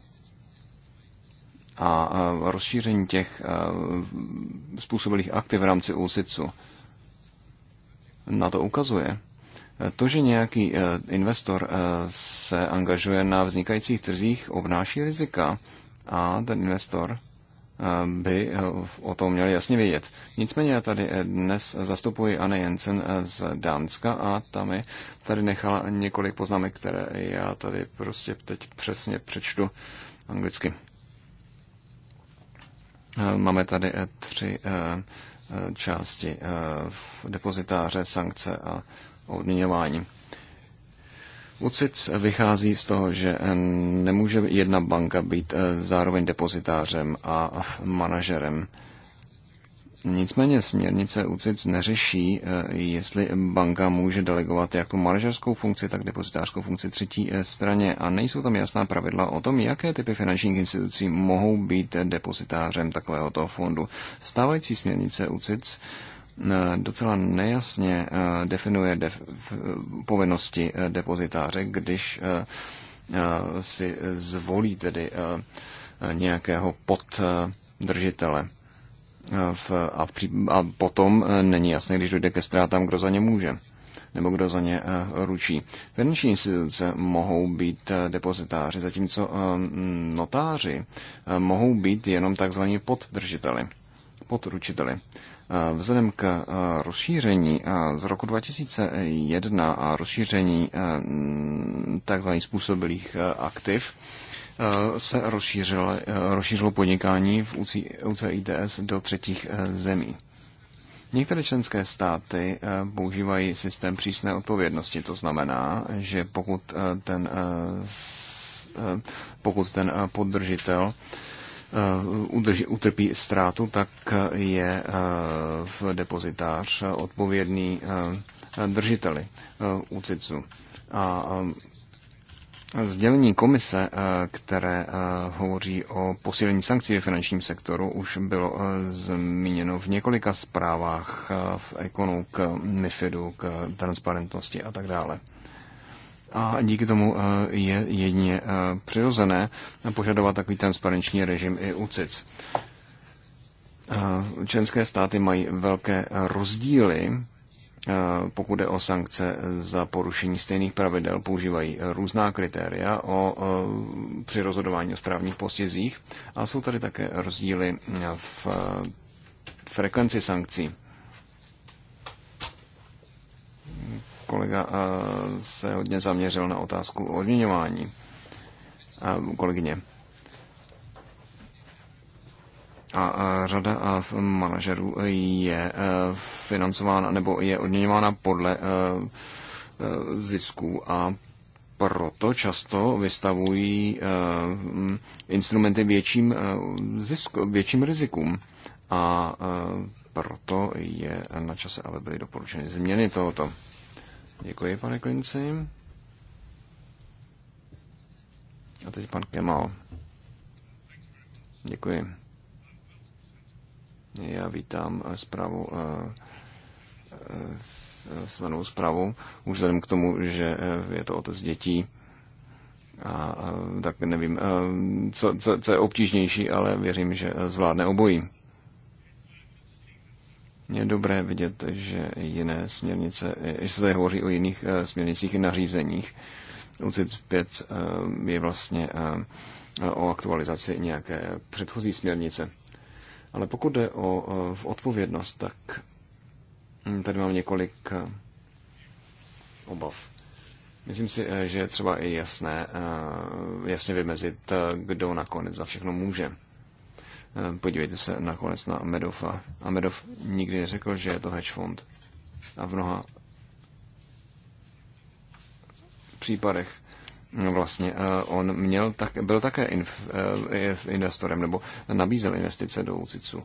a rozšíření těch způsobilých aktiv v rámci úsicu na to ukazuje, to, že nějaký e, investor e, se angažuje na vznikajících trzích, obnáší rizika a ten investor Eh, by eh, o tom měli jasně vědět. Nicméně já tady eh, dnes zastupuji Anne Jensen z Dánska a ta mi tady nechala několik poznámek, které já tady prostě teď přesně přečtu anglicky. Máme tady tři části v depozitáře, sankce a odměňování. UCIC vychází z toho, že nemůže jedna banka být eh, zároveň depozitářem a manažerem. Nicméně směrnice UCIC neřeší, eh, jestli banka může delegovat jak tu manažerskou funkci, tak depozitářskou funkci třetí eh, straně a nejsou tam jasná pravidla o tom, jaké typy finančních institucí mohou být depozitářem takovéhoto fondu. Stávající směrnice UCIC Eh, docela nejasně eh, definuje def, povinnosti eh, depozitáře, když si zvolí tedy nějakého poddržitele. V, a, v, a potom není jasné, když dojde ke ztrátám, kdo za ně může nebo kdo za ně ručí. Finanční instituce mohou být depozitáři, zatímco notáři mohou být jenom takzvaní poddržiteli, područiteli. Vzhledem k rozšíření z roku 2001 a rozšíření tzv. způsobilých aktiv se rozšířilo, rozšířilo podnikání v UCITS do třetích zemí. Některé členské státy používají systém přísné odpovědnosti, to znamená, že pokud ten, pokud ten podržitel Eh, udrží utrpí ztrátu, tak je eh, v depozitář odpovědný eh, držiteli úcicu. A Sdělení komise, které hovoří o posílení sankcí ve finančním sektoru, už bylo zmíněno v několika zprávách v Ekonu k MIFIDu, k transparentnosti a tak dále. A díky tomu eh, je jedině eh, přirozené požadovat takový transparenční režim i u CIC. Eh, členské státy mají velké rozdíly, pokud je o sankce za porušení stejných pravidel, používají různá kritéria o, při rozhodování o správních postězích a jsou tady také rozdíly v frekvenci sankcí. kolega se hodně zaměřil na otázku odměňování kolegyně. A řada manažerů je e, financována nebo je odměňována podle e, e, zisků a proto často vystavují instrumenty větším, zisku, větším rizikům. A proto je na čase, aby byly doporučeny změny tohoto. Děkuji, pane Klinci. A teď pan Kemal. Děkuji. Já vítám eh, zprávu, svanou eh, eh, zprávu, už vzhledem k tomu, že je to otec dětí. A tak nevím, co, co, co je obtížnější, ale věřím, že zvládne obojí je dobré vidět, že jiné směrnice, že se tady hovoří o jiných eh, směrnicích i nařízeních. UCIT 5 eh, je vlastně eh, o aktualizaci nějaké předchozí směrnice. Ale pokud jde o odpovědnost, tak hm, tady mám několik obav. Myslím si, že je třeba i jasné, jasně vymezit, kdo nakonec za všechno může. Eh, podívejte se nakonec na Medofa. A Medov nikdy neřekl, že je to hedge fond. A v mnoha případech no vlastně eh, on měl tak, byl také inf, eh, investorem nebo nabízel investice do UCICu.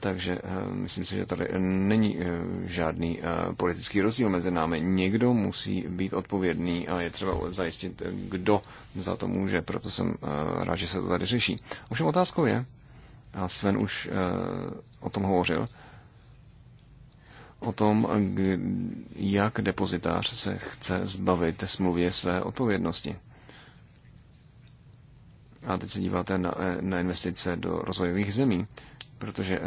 Takže myslím si, že tady není žádný politický rozdíl mezi námi. Někdo musí být odpovědný a je třeba zajistit, kdo za to může. Proto jsem rád, že se to tady řeší. Ovšem otázkou je, a Sven už eh, o tom hovořil, o tom, jak depozitář se chce zbavit smluvě své odpovědnosti. A teď se díváte na, eh, na investice do rozvojových zemí, protože eh,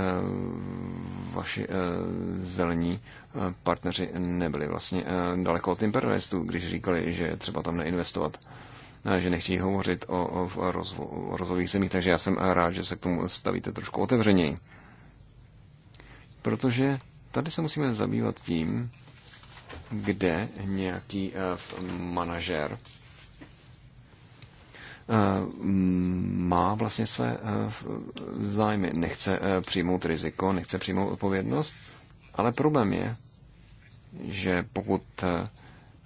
vaši zelení partneři nebyli vlastně daleko od imperialistů, když říkali, že třeba tam neinvestovat. Eh, že nechtějí hovořit o, o, rozvo, o rozvojových zemích, takže já jsem rád, že se k tomu stavíte trošku otevřeněji. Protože tady se musíme zabývat tím, kde nějaký uh, eh, manažer eh, má vlastně své zájmy. Nechce přijmout riziko, nechce přijmout odpovědnost, ale problém je, že pokud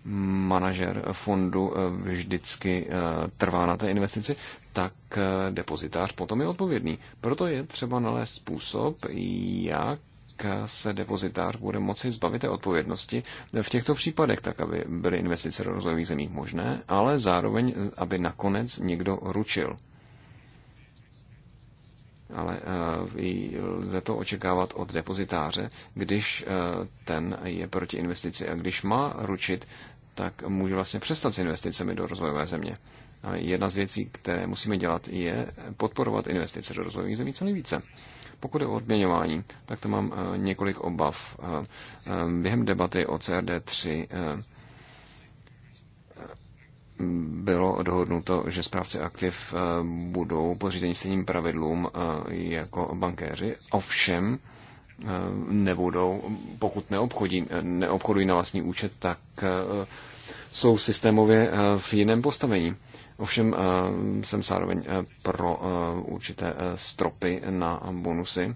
manažer fondu eh, vždycky eh, trvá na té investici, tak eh, depozitář potom je odpovědný. Proto je třeba nalézt způsob, jak se depozitář bude moci zbavit té odpovědnosti v těchto případech, tak aby byly investice do rozvojových zemí možné, ale zároveň, aby nakonec někdo ručil. Ale lze to očekávat od depozitáře, když ten je proti investici a když má ručit, tak může vlastně přestat s investicemi do rozvojové země. A jedna z věcí, které musíme dělat, je podporovat investice do rozvojových zemí co nejvíce. Pokud je o odměňování, tak tam mám eh, několik obav. Eh, eh, během debaty o CRD3 bylo dohodnuto, že správci aktiv budou pořízení stejným pravidlům jako bankéři. Ovšem, Eh, nebudou, pokud neobchodí, eh, neobchodují na vlastní účet, tak eh, jsou systémově v jiném postavení. Ovšem jsem zároveň pro určité stropy na bonusy,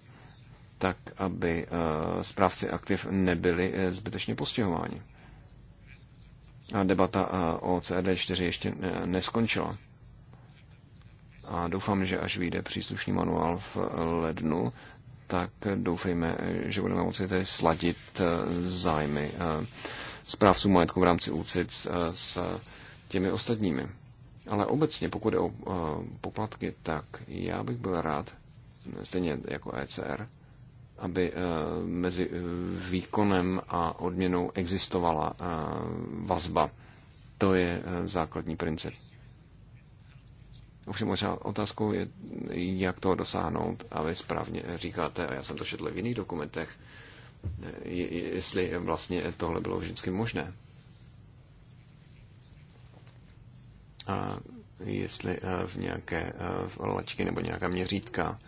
tak aby správci aktiv nebyli zbytečně postihováni. A debata o CRD4 ještě neskončila. A doufám, že až vyjde příslušný manuál v lednu, tak doufejme, že budeme moci tedy sladit eh, zájmy zprávců eh, majetku v rámci úcit eh, s těmi ostatními. Ale obecně, pokud je o poplatky, tak já bych byl rád, stejně jako ECR, aby mezi výkonem a odměnou existovala vazba. To je základní princip. Ovšem otázkou je, jak toho dosáhnout, a vy správně říkáte, a já jsem to četl v jiných dokumentech, jestli vlastně tohle bylo vždycky možné. A jestli e, v nějaké e, v lačky nebo nějaká měřítka,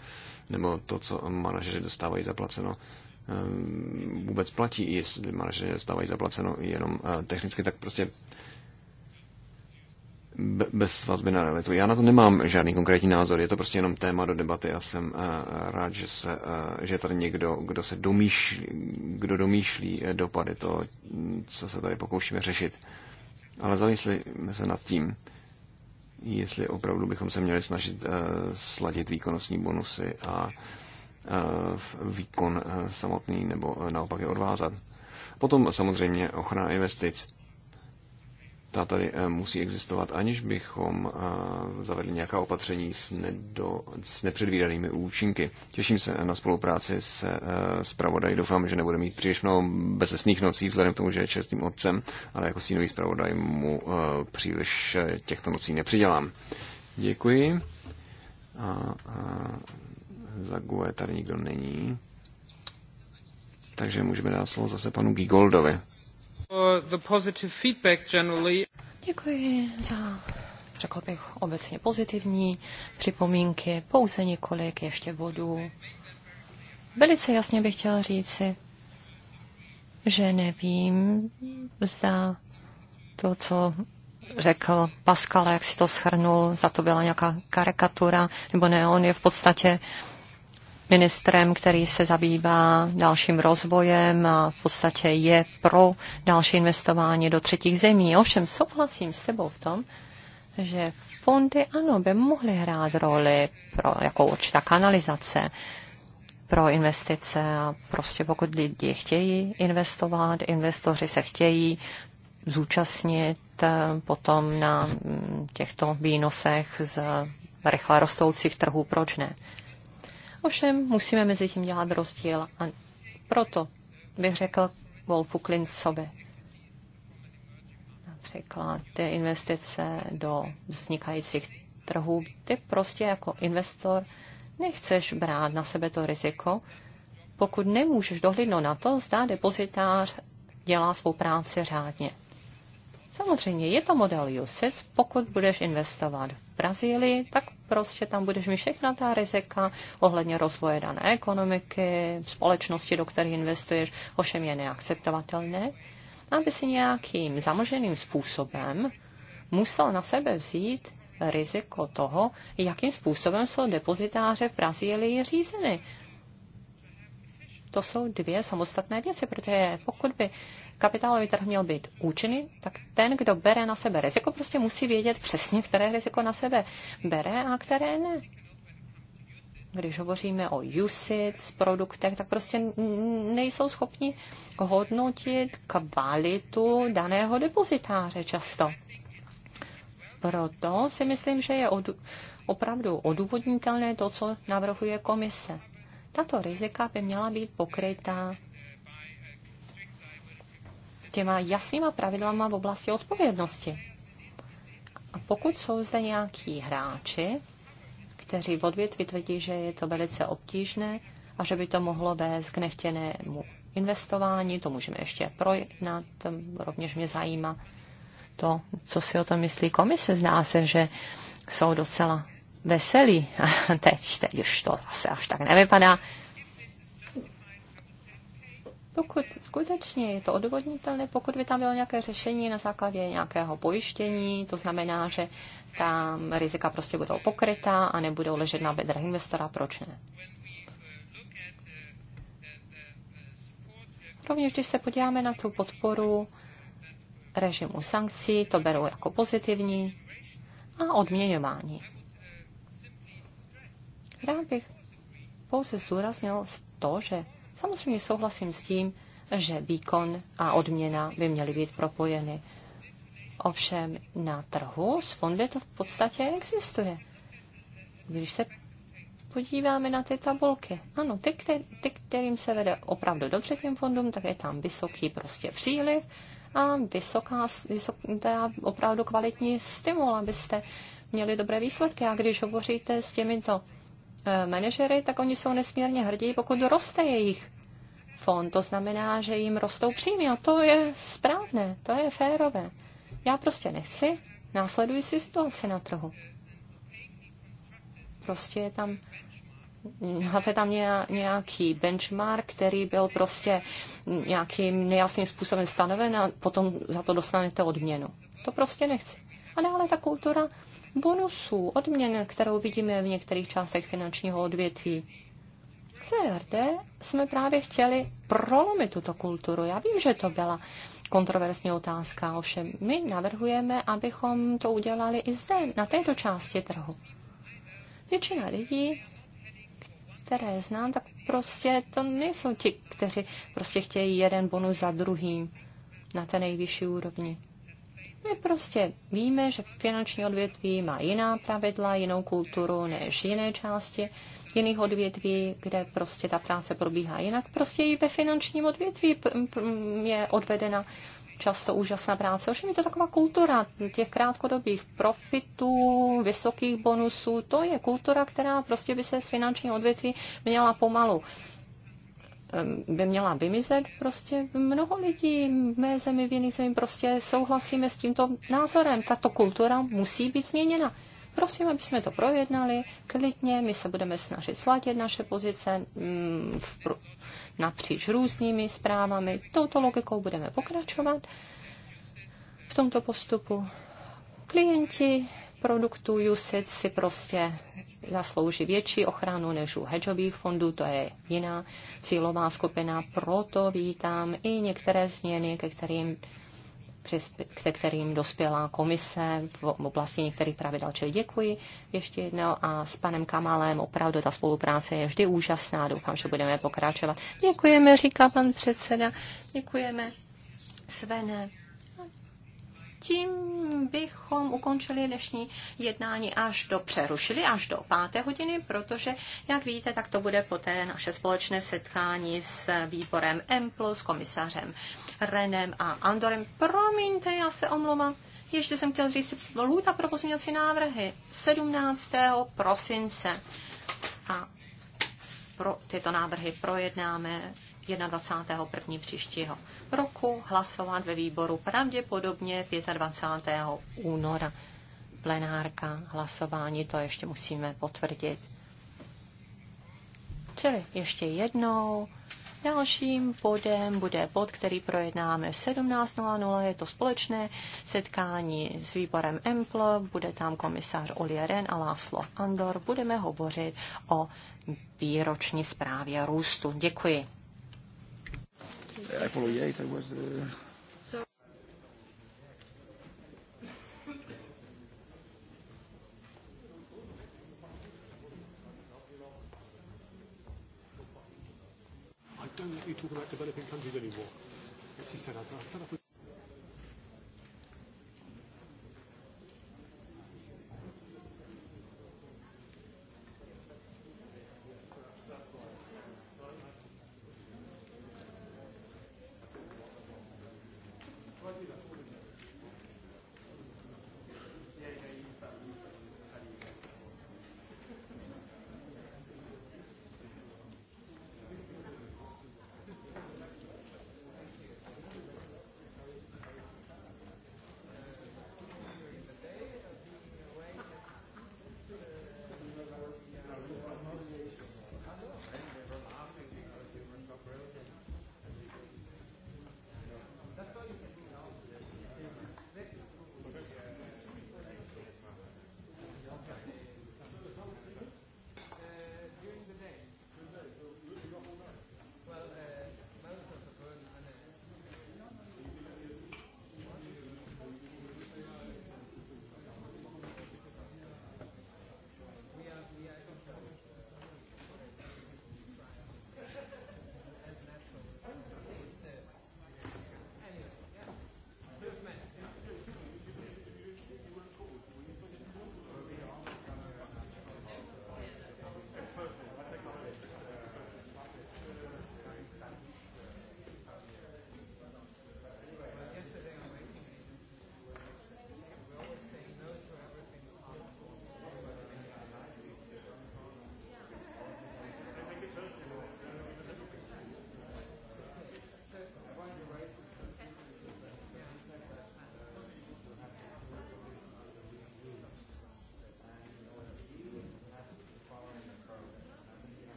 nebo to, co manažeři dostávají zaplaceno, e, vůbec platí, jestli manažeři dostávají zaplaceno jenom technicky, tak prostě bez vazby na realitu. Já na to nemám žádný konkrétní názor, je to prostě jenom téma do debaty a jsem eh, rád, že, se, eh, že je tady někdo, kdo se domýšlí, kdo domýšlí eh, dopady to, co se tady pokoušíme řešit. Ale zamyslíme se nad tím, jestli opravdu bychom se měli snažit sladit výkonnostní bonusy a výkon samotný nebo naopak je odvázat. Potom samozřejmě ochrana investic ta tady eh, musí existovat, aniž bychom eh, zavedli nějaká opatření s, nedo, s nepředvídanými účinky. Těším se na spolupráci s eh, zpravodají. Doufám, že nebude mít příliš mnoho bezesných nocí, vzhledem k tomu, že je čestným otcem, ale jako sínový zpravodaj mu příliš těchto nocí nepřidělám. Děkuji. A, a za GUE tady nikdo není. Takže můžeme dát slovo zase panu Gigoldovi. Děkuji za, řekl bych, obecně pozitivní připomínky, pouze několik ještě bodů. Velice jasně bych chtěla říci, že nevím, zda to, co řekl Pascal, jak si to shrnul, za to byla nějaká karikatura, nebo ne, on je v podstatě ministrem, který se zabývá dalším rozvojem a v podstatě je pro další investování do třetích zemí. Ovšem souhlasím s tebou v tom, že fondy ano, by mohly hrát roli pro jako určitá kanalizace pro investice a prostě pokud lidi chtějí investovat, investoři se chtějí zúčastnit eh, potom na mm, těchto výnosech z rychle rostoucích trhů, proč ne? Ovšem musíme mezi tím dělat rozdíl a proto bych řekl Wolfu Klincovi například ty investice do vznikajících trhů, ty prostě jako investor nechceš brát na sebe to riziko, pokud nemůžeš dohlídnout na to, zda depozitář dělá svou práci řádně. Samozřejmě je to model USIS, pokud budeš investovat Brazílii, tak prostě tam budeš mít všechna ta rizika ohledně rozvoje dané ekonomiky, společnosti, do které investuješ, ovšem je neakceptovatelné, aby si nějakým zamlženým způsobem musel na sebe vzít riziko toho, jakým způsobem jsou depozitáře v Brazílii řízeny. To jsou dvě samostatné věci, protože pokud by kapitálový trh měl být účinný, tak ten, kdo bere na sebe riziko, prostě musí vědět přesně, které riziko na sebe bere a které ne. Když hovoříme o usage, produktech, tak prostě nejsou schopni hodnotit kvalitu daného depozitáře často. Proto si myslím, že je od, opravdu odůvodnitelné to, co navrhuje komise. Tato rizika by měla být pokrytá těma jasnýma pravidlama v oblasti odpovědnosti. A pokud jsou zde nějaký hráči, kteří v odvětví tvrdí, že je to velice obtížné a že by to mohlo vést k nechtěnému investování, to můžeme ještě projednat, rovněž mě zajímá to, co si o tom myslí komise. Zná se, že jsou docela veselí. Teď, teď už to zase až tak nevypadá. Pokud skutečně je to odvodnitelné, pokud by tam bylo nějaké řešení na základě nějakého pojištění, to znamená, že tam rizika prostě budou pokrytá a nebudou ležet na bedrech investora, proč ne? Rovněž, když se podíváme na tu podporu režimu sankcí, to berou jako pozitivní, a odměňování. Rád bych pouze zdůraznil to, že Samozřejmě souhlasím s tím, že výkon a odměna by měly být propojeny. Ovšem na trhu s fondy to v podstatě existuje. Když se podíváme na ty tabulky, ano, ty, který, ty kterým se vede opravdu dobře těm fondům, tak je tam vysoký prostě příliv a vysoká, vysok, teda opravdu kvalitní stimul, abyste měli dobré výsledky. A když hovoříte s těmito Eh, manažery, tak oni jsou nesmírně hrdí, pokud roste jejich fond. To znamená, že jim rostou příjmy a to je správné, to je férové. Já prostě nechci následující situaci na trhu. Prostě je tam máte tam nějaký benchmark, který byl prostě nějakým nejasným způsobem stanoven a potom za to dostanete odměnu. To prostě nechci. A dále ta kultura bonusů, odměn, kterou vidíme v některých částech finančního odvětví. V CRD jsme právě chtěli prolomit tuto kulturu. Já vím, že to byla kontroverzní otázka, ovšem my navrhujeme, abychom to udělali i zde, na této části trhu. Většina lidí, které znám, tak prostě to nejsou ti, kteří prostě chtějí jeden bonus za druhým na té nejvyšší úrovni. My prostě víme, že finanční odvětví má jiná pravidla, jinou kulturu než jiné části jiných odvětví, kde prostě ta práce probíhá jinak. Prostě i ve finančním odvětví je odvedena často úžasná práce. Už je to taková kultura těch krátkodobých profitů, vysokých bonusů. To je kultura, která prostě by se s finančním odvětví měla pomalu by měla vymizet. Prostě mnoho lidí v mé zemi, v jiných zemi, prostě souhlasíme s tímto názorem. Tato kultura musí být změněna. Prosím, aby jsme to projednali klidně, my se budeme snažit sladit naše pozice mm, v, napříč různými zprávami. Touto logikou budeme pokračovat v tomto postupu. Klienti produktu Jusit si prostě zaslouží větší ochranu než u hedžových fondů, to je jiná cílová skupina, proto vítám i některé změny, ke kterým ke kterým dospěla komise v oblasti některých pravidel. Čili děkuji ještě jednou a s panem Kamalem opravdu ta spolupráce je vždy úžasná. Doufám, že budeme pokračovat. Děkujeme, říká pan předseda. Děkujeme. Svene tím bychom ukončili dnešní jednání až do přerušili, až do páté hodiny, protože, jak víte, tak to bude poté naše společné setkání s výborem M+, s komisařem Renem a Andorem. Promiňte, já se omlouvám. Ještě jsem chtěl říct, lhůta pro pozměňovací návrhy 17. prosince. A pro tyto návrhy projednáme 21. příštího roku, hlasovat ve výboru pravděpodobně 25. února. Plenárka, hlasování, to ještě musíme potvrdit. Čili ještě jednou, Dalším bodem bude bod, který projednáme v 17.00. Je to společné setkání s výborem EMPL. Bude tam komisář Oli Ren a Láslo Andor. Budeme hovořit o výroční zprávě růstu. Děkuji. I Yates. I was... Uh... I don't let you talk about developing countries anymore. She said,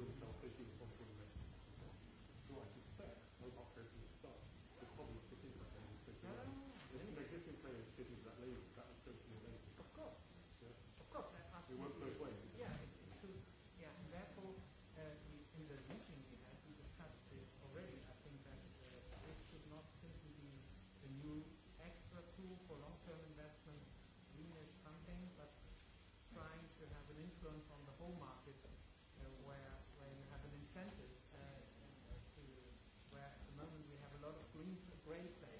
to himself as the responsible investment. So I suspect mobile protein starts the problem of the people that is fitting in. And any existing players fitting that label, that is certainly a label. Of course. Yeah. Of course. That has it works both ways. Yeah, it, it's true. Yeah, and therefore, uh, we, in the meeting we had, we discussed this already. I think that uh, this should not simply be the new extra tool for long-term investment. Green is something, but trying to have an influence on the whole market incentive uh, uh, to where at the moment we have a lot of green grey play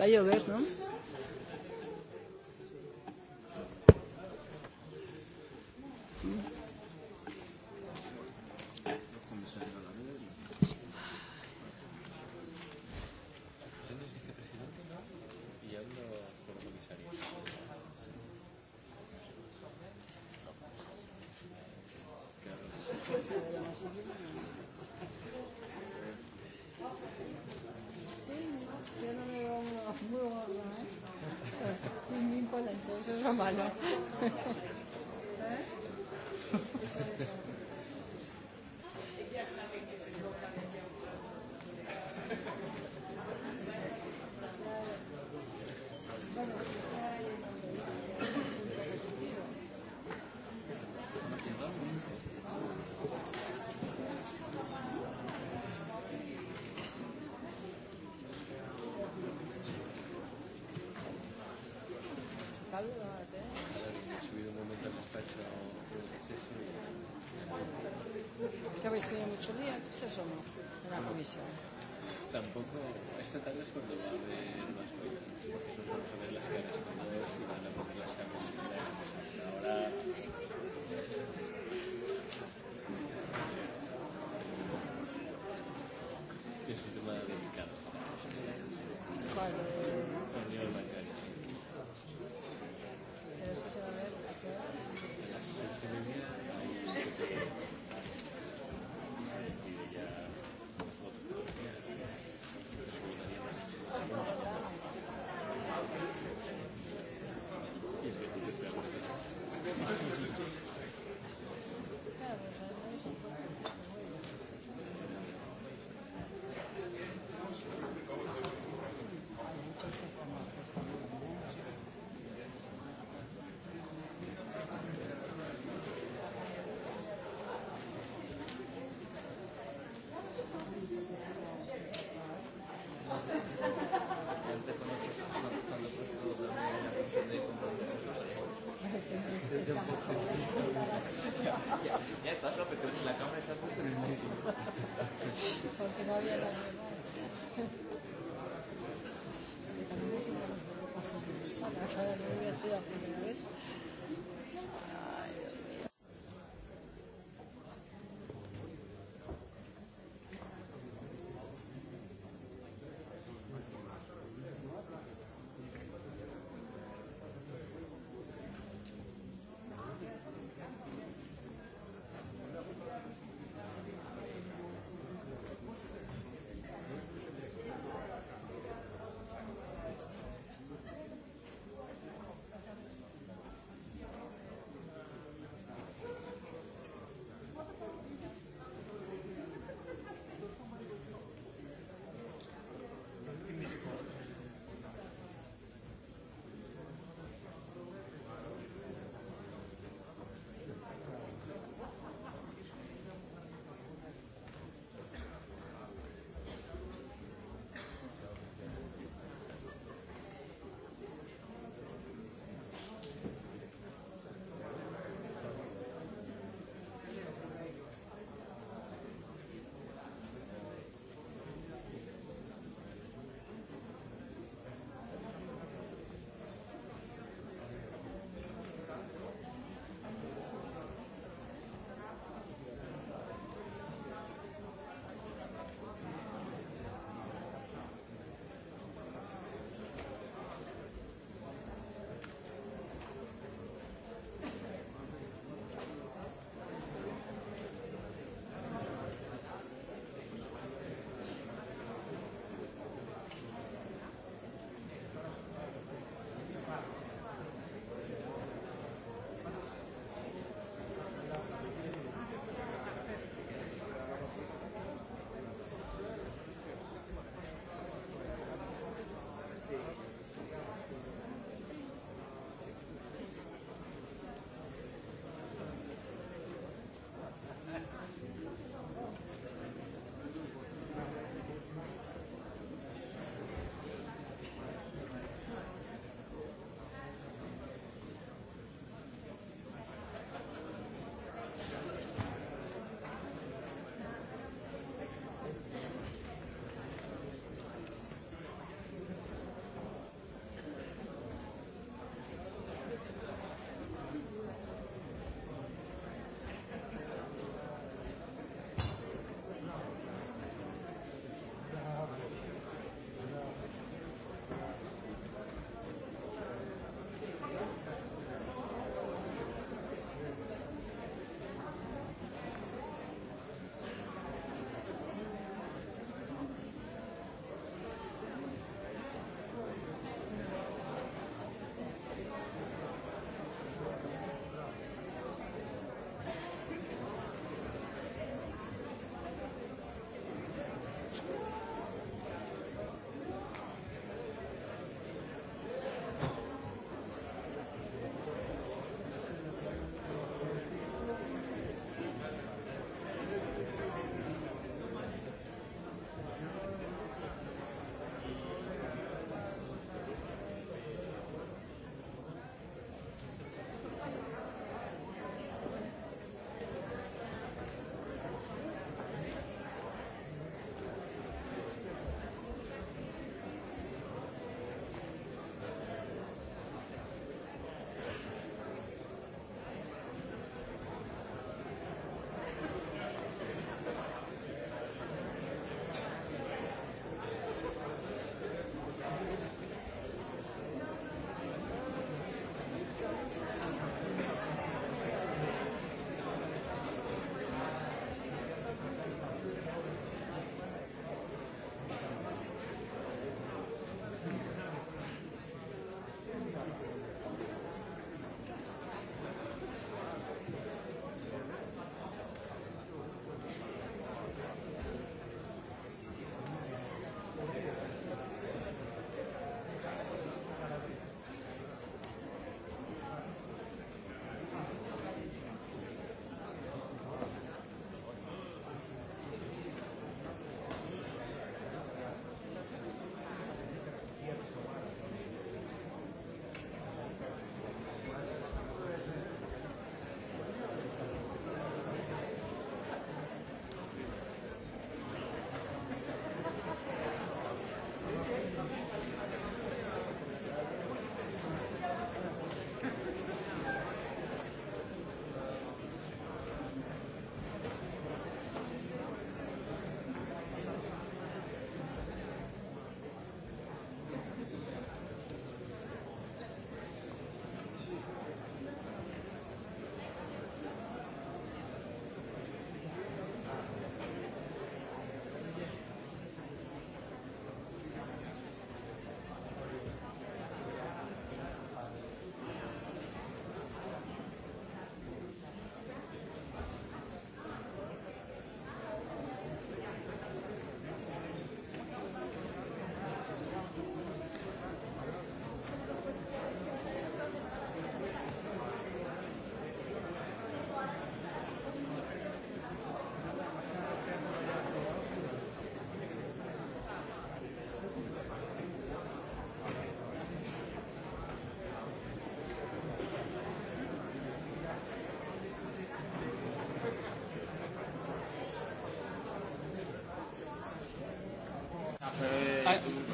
Va a llover, ¿no? el señor Mucholía, ¿qué es eso no? de la comisión? Tampoco, esta tarde es cuando va a haber más cosas, porque nos vamos a ver las caras tomadas y van a porque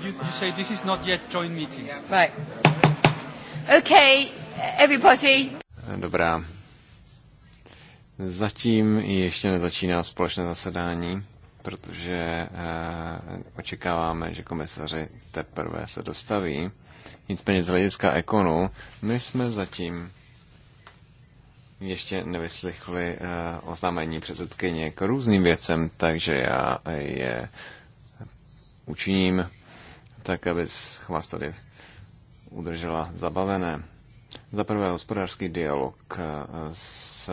you, you say this is not yet joint meeting. Right. Okay, everybody. Dobrá. Zatím ještě nezačíná společné zasedání, protože uh, očekáváme, že komisaři teprve se dostaví. Nicméně z hlediska ekonu, my jsme zatím ještě nevyslychli uh, eh, oznámení předsedkyně k různým věcem, takže já je učiním tak, aby vás tady udržela zabavené. Za prvé hospodářský dialog eh, s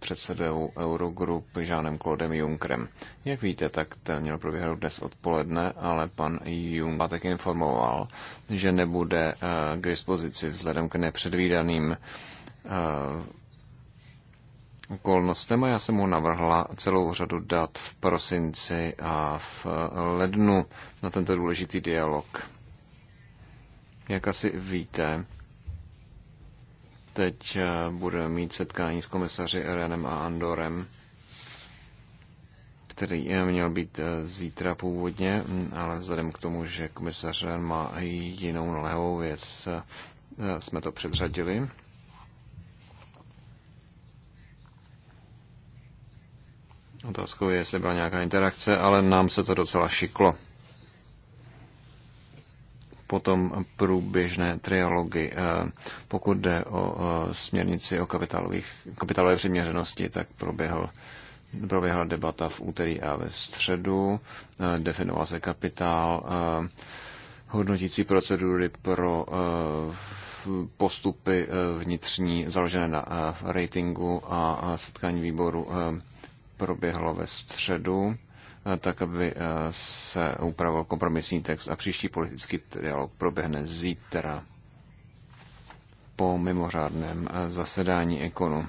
předsedou Eurogroup Žánem Klodem Junkrem. Jak víte, tak ten měl proběhnout dnes odpoledne, ale pan Jung tak informoval, že nebude eh, k dispozici vzhledem k nepředvídaným eh, okolnostem a já jsem mu navrhla celou řadu dat v prosinci a v eh, lednu na tento důležitý dialog. Jak asi víte, teď eh, budeme mít setkání s komisaři Renem a Andorem, který eh, měl být zítra původně, hm, ale vzhledem k tomu, že komisař Ren má i jinou nalehovou věc, jsme to předřadili. Otázkou je, jestli byla nějaká interakce, ale nám se to docela šiklo. Potom průběžné trialogy. Eh, pokud jde o eh, směrnici o kapitálových kapitálové přiměřenosti, tak proběhl proběhla debata v úterý a ve středu, eh, definoval se kapitál, hodnotící procedury pro postupy vnitřní založené na ratingu a setkání výboru proběhlo ve středu, eh, tak aby eh, se upravil kompromisní text a příští politický dialog proběhne zítra po mimořádném eh, zasedání ekonu.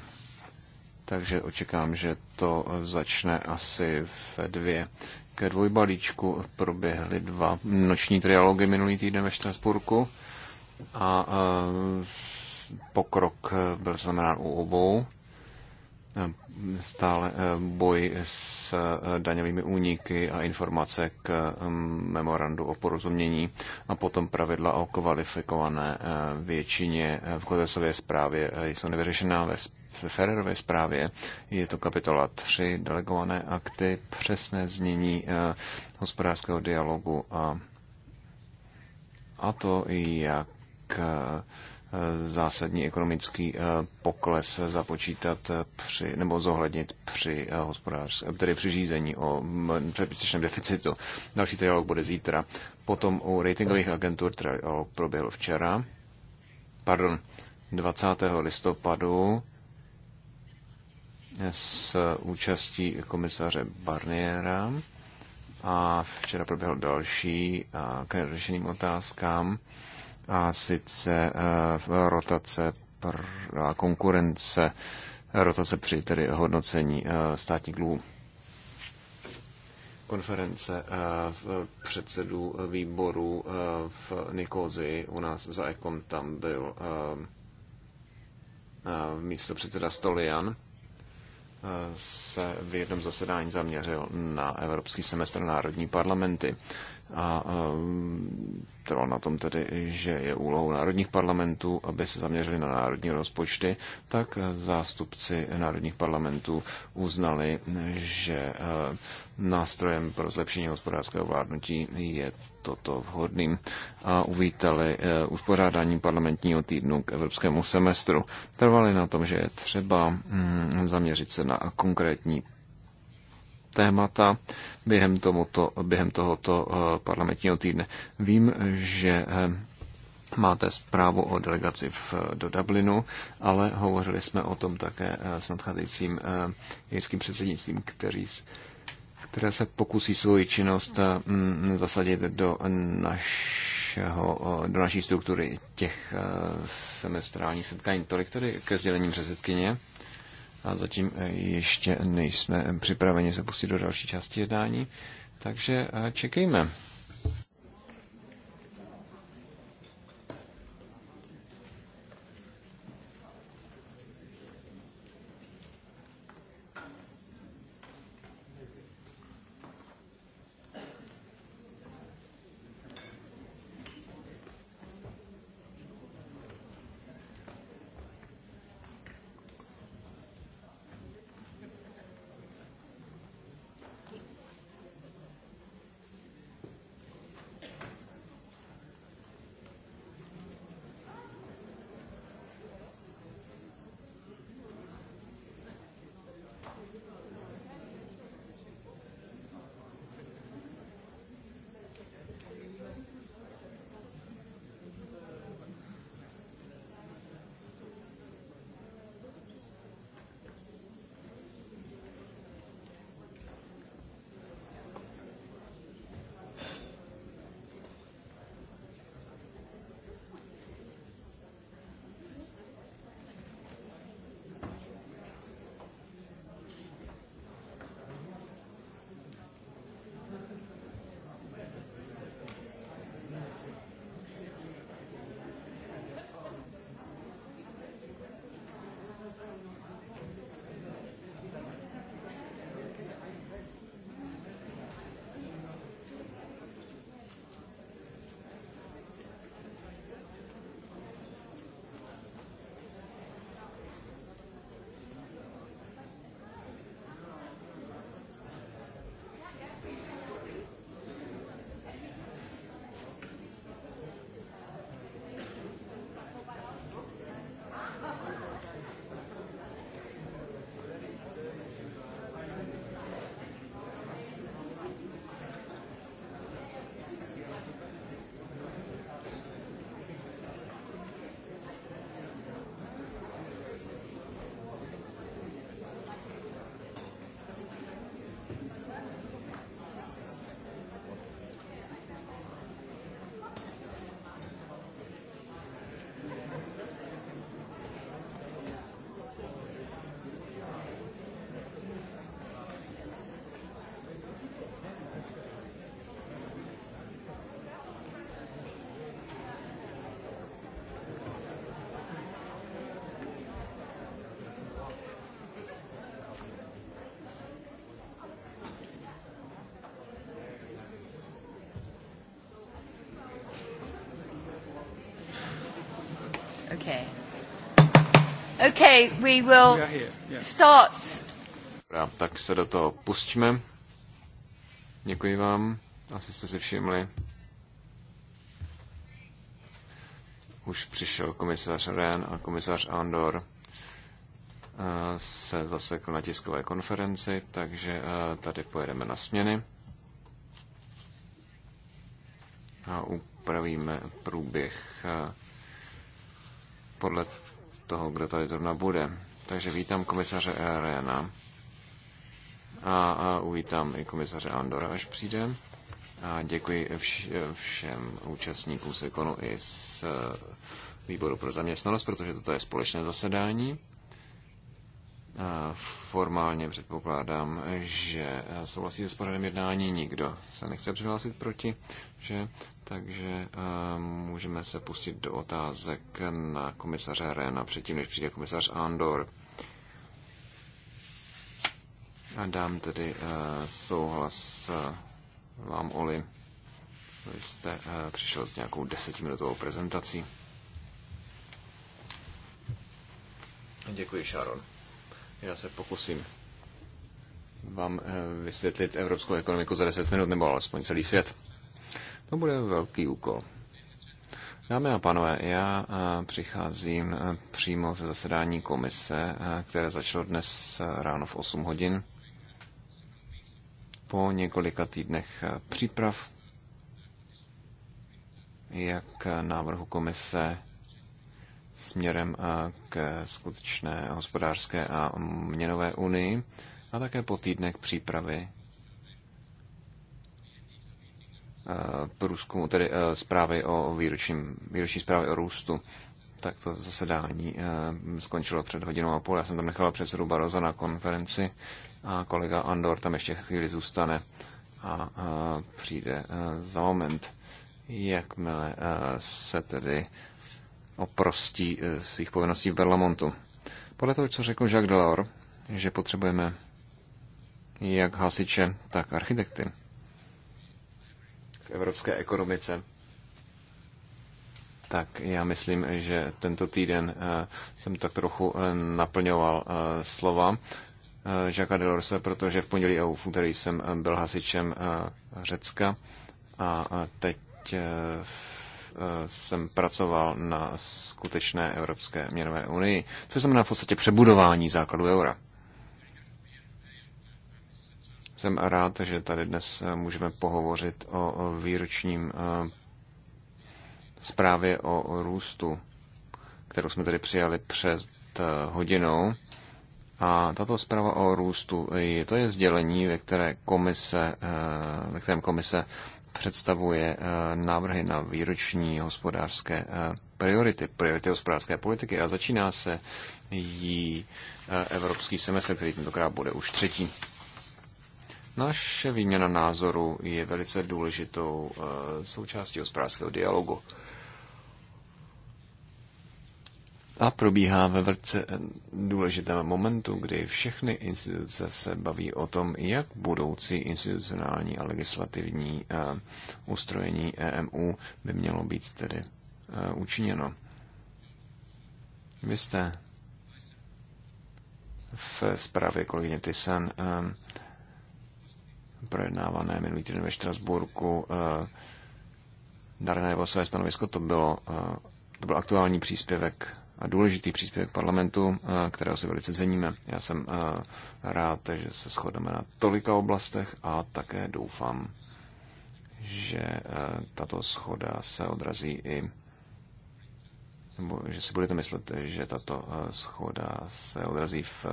Takže očekám, že to začne asi v dvě. Ke dvojbalíčku proběhly dva noční trialogy minulý týden ve Štrasburku a pokrok byl znamenán u obou stále eh, boj s eh, daňovými úniky a informace k eh, memorandu o porozumění a potom pravidla o kvalifikované většině v kodesové zprávě jsou nevyřešená ve Ferrerové Ferrerově zprávě je to kapitola 3, delegované akty, přesné znění eh, hospodářského dialogu a, a to, jak zásadní ekonomický eh, pokles započítat eh, při, nebo zohlednit při eh, hospodář, tedy při řízení o přebytečném deficitu. Další trialog bude zítra. Potom u ratingových agentur trialog proběhl včera, pardon, 20. listopadu s účastí komisaře Barniera a včera proběhl další k řešeným otázkám a sice eh, v rotace a konkurence, rotace při tedy hodnocení eh, státních dluhů. Konference eh, v předsedu výboru v Nikozi u nás za Ekon tam byl místo předseda Stolian se v jednom zasedání zaměřil na Evropský semestr národní parlamenty a trval na tom tedy, že je úlohou národních parlamentů, aby se zaměřili na národní rozpočty, tak zástupci národních parlamentů uznali, že nástrojem pro zlepšení hospodářského vládnutí je toto vhodným a uvítali e, uspořádání parlamentního týdnu k evropskému semestru. Trvali na tom, že je třeba mm, zaměřit se na konkrétní témata během, tomuto, během tohoto eh, parlamentního týdne. Vím, že eh, máte zprávu o delegaci v, eh, do Dublinu, ale hovořili jsme o tom také s nadcházejícím jirským předsednictvím, který, které se pokusí svoji činnost mm, zasadit do našeho, do naší struktury těch semestrálních setkání. Tolik tedy ke sdělením předsedkyně a zatím eh, ještě nejsme eh, připraveni se pustit do další části jednání, takže eh, čekejme. Okay. Okay, we will start. Dobrá, tak se do toho pustíme. Děkuji vám. Asi jste si všimli. Už přišel komisař Ren a komisař Andor eh, se zasekl na tiskové konferenci, takže eh, tady pojedeme na směny a upravíme průběh eh, podle toho, kdo tady zrovna bude. Takže vítám komisaře Arena a, a uvítám i komisaře Andora, až přijde. A děkuji vš, všem účastníkům Sekonu i z eh, výboru pro zaměstnanost, protože toto je společné zasedání. Formálně předpokládám, že souhlasí s pořadem jednání nikdo. Se nechce přihlásit proti, že? Takže můžeme se pustit do otázek na komisaře Rena předtím, než přijde komisař Andor. A dám tedy souhlas vám, Oli. Vy jste přišel s nějakou desetiminutovou prezentací. Děkuji, Sharon. Já se pokusím vám eh, vysvětlit evropskou ekonomiku za 10 minut, nebo alespoň celý svět. To bude velký úkol. Dámy a pánové, já eh, přicházím eh, přímo ze zasedání komise, které začalo dnes ráno v 8 hodin. Po několika týdnech příprav, jak návrhu komise, směrem k skutečné hospodářské a měnové unii a také po týdnech přípravy průzkumu, tedy zprávy o výročním, výroční zprávy o růstu, tak to zasedání skončilo před hodinou a půl. Já jsem tam nechala předsedu Baroza na konferenci a kolega Andor tam ještě chvíli zůstane a přijde za moment, jakmile se tedy oprostí eh, svých povinností v Berlamontu. Podle toho, co řekl Jacques Delors, že potřebujeme jak hasiče, tak architekty v evropské ekonomice, tak já myslím, že tento týden eh, jsem tak trochu eh, naplňoval slova Jacques Delors, protože v pondělí a v úterý jsem byl hasičem Řecka a teď v Eh, jsem pracoval na skutečné Evropské měnové unii, což znamená v podstatě přebudování základu eura. Jsem rád, že tady dnes eh, můžeme pohovořit o výročním eh, zprávě o růstu, kterou jsme tady přijali před hodinou. A tato zpráva o růstu, to je sdělení, ve, které komise, ve kterém komise představuje eh, návrhy na výroční hospodářské eh, priority, priority hospodářské politiky a začíná se jí eh, evropský semestr, který tentokrát bude už třetí. Naše výměna názoru je velice důležitou součástí hospodářského dialogu. a probíhá ve velice důležitém momentu, kdy všechny instituce se baví o tom, jak budoucí institucionální a legislativní eh, ustrojení EMU by mělo být tedy eh, učiněno. Vy jste v zprávě kolegyně Tysen eh, projednávané minulý týden ve Štrasburku dali najevo své stanovisko, to bylo to byl aktuální příspěvek důležitý příspěvek parlamentu, eh, kterého si velice ceníme. Já jsem eh, rád, že se shodeme na tolika oblastech a také doufám, že eh, tato schoda se odrazí i nebo že si budete myslet, že tato schoda se odrazí v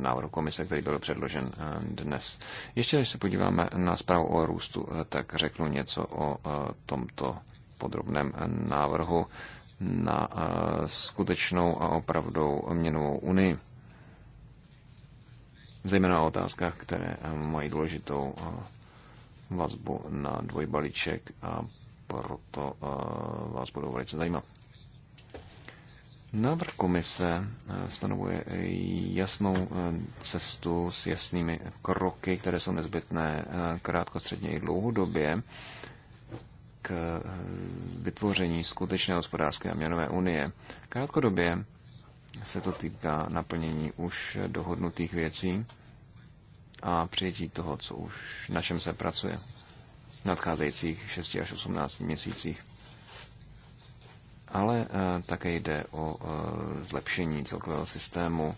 návrhu komise, který byl předložen dnes. Ještě než se podíváme na zprávu o růstu, tak řeknu něco o tomto podrobném návrhu na eh, skutečnou a opravdou měnovou unii. Zejména o otázkách, které eh, mají důležitou eh, vazbu na dvojbalíček a proto vás budou velice zajímat. Návrh komise stanovuje jasnou cestu s jasnými kroky, které jsou nezbytné krátkostředně i dlouhodobě k eh, vytvoření skutečné hospodářské a měnové unie. Krátkodobě se to týká naplnění už dohodnutých věcí a přijetí toho, co už na čem se pracuje v nadcházejících 6 až 18 měsících. Ale eh, také jde o eh, zlepšení celkového systému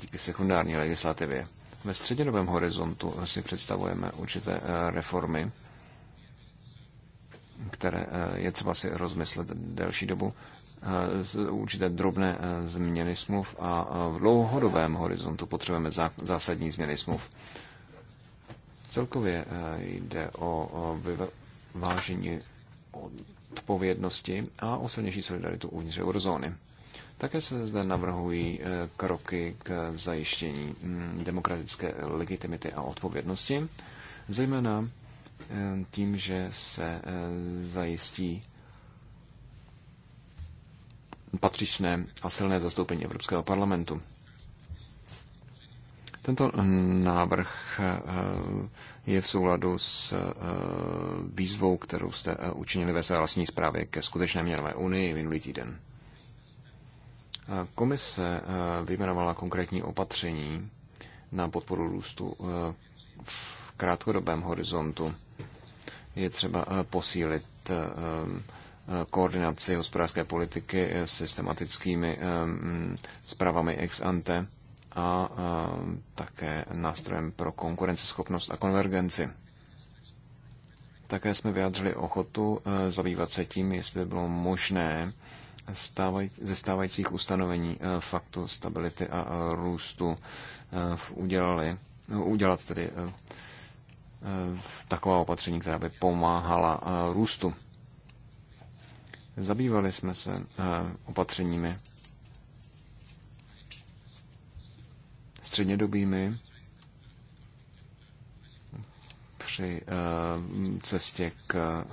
díky sekundární legislativě. Ve střednědobém horizontu si představujeme určité reformy, které eh, je třeba si rozmyslet delší dobu, eh, určité drobné eh, změny smluv a v dlouhodobém horizontu potřebujeme zásadní změny smluv. Celkově jde o vyvážení odpovědnosti a o silnější solidaritu uvnitř eurozóny. Také se zde navrhují kroky k zajištění mm, demokratické legitimity a odpovědnosti, zejména tím, že se eh, zajistí patřičné a silné zastoupení Evropského parlamentu. Tento návrh eh, je v souladu s eh, výzvou, kterou jste učinili ve své vlastní zprávě ke skutečné měnové unii minulý týden. Komise vyjmenovala konkrétní opatření na podporu růstu v krátkodobém horizontu je třeba eh, posílit eh, eh, koordinaci hospodářské politiky systematickými mm, zprávami ex ante a také nástrojem pro konkurenceschopnost a konvergenci. Také jsme vyjádřili ochotu zabývat se tím, jestli by bylo možné ze stávajících ustanovení faktu stability a růstu udělali, udělat tedy Eh, taková opatření, která by pomáhala eh, růstu. Zabývali jsme se eh, opatřeními střednědobými při cestě k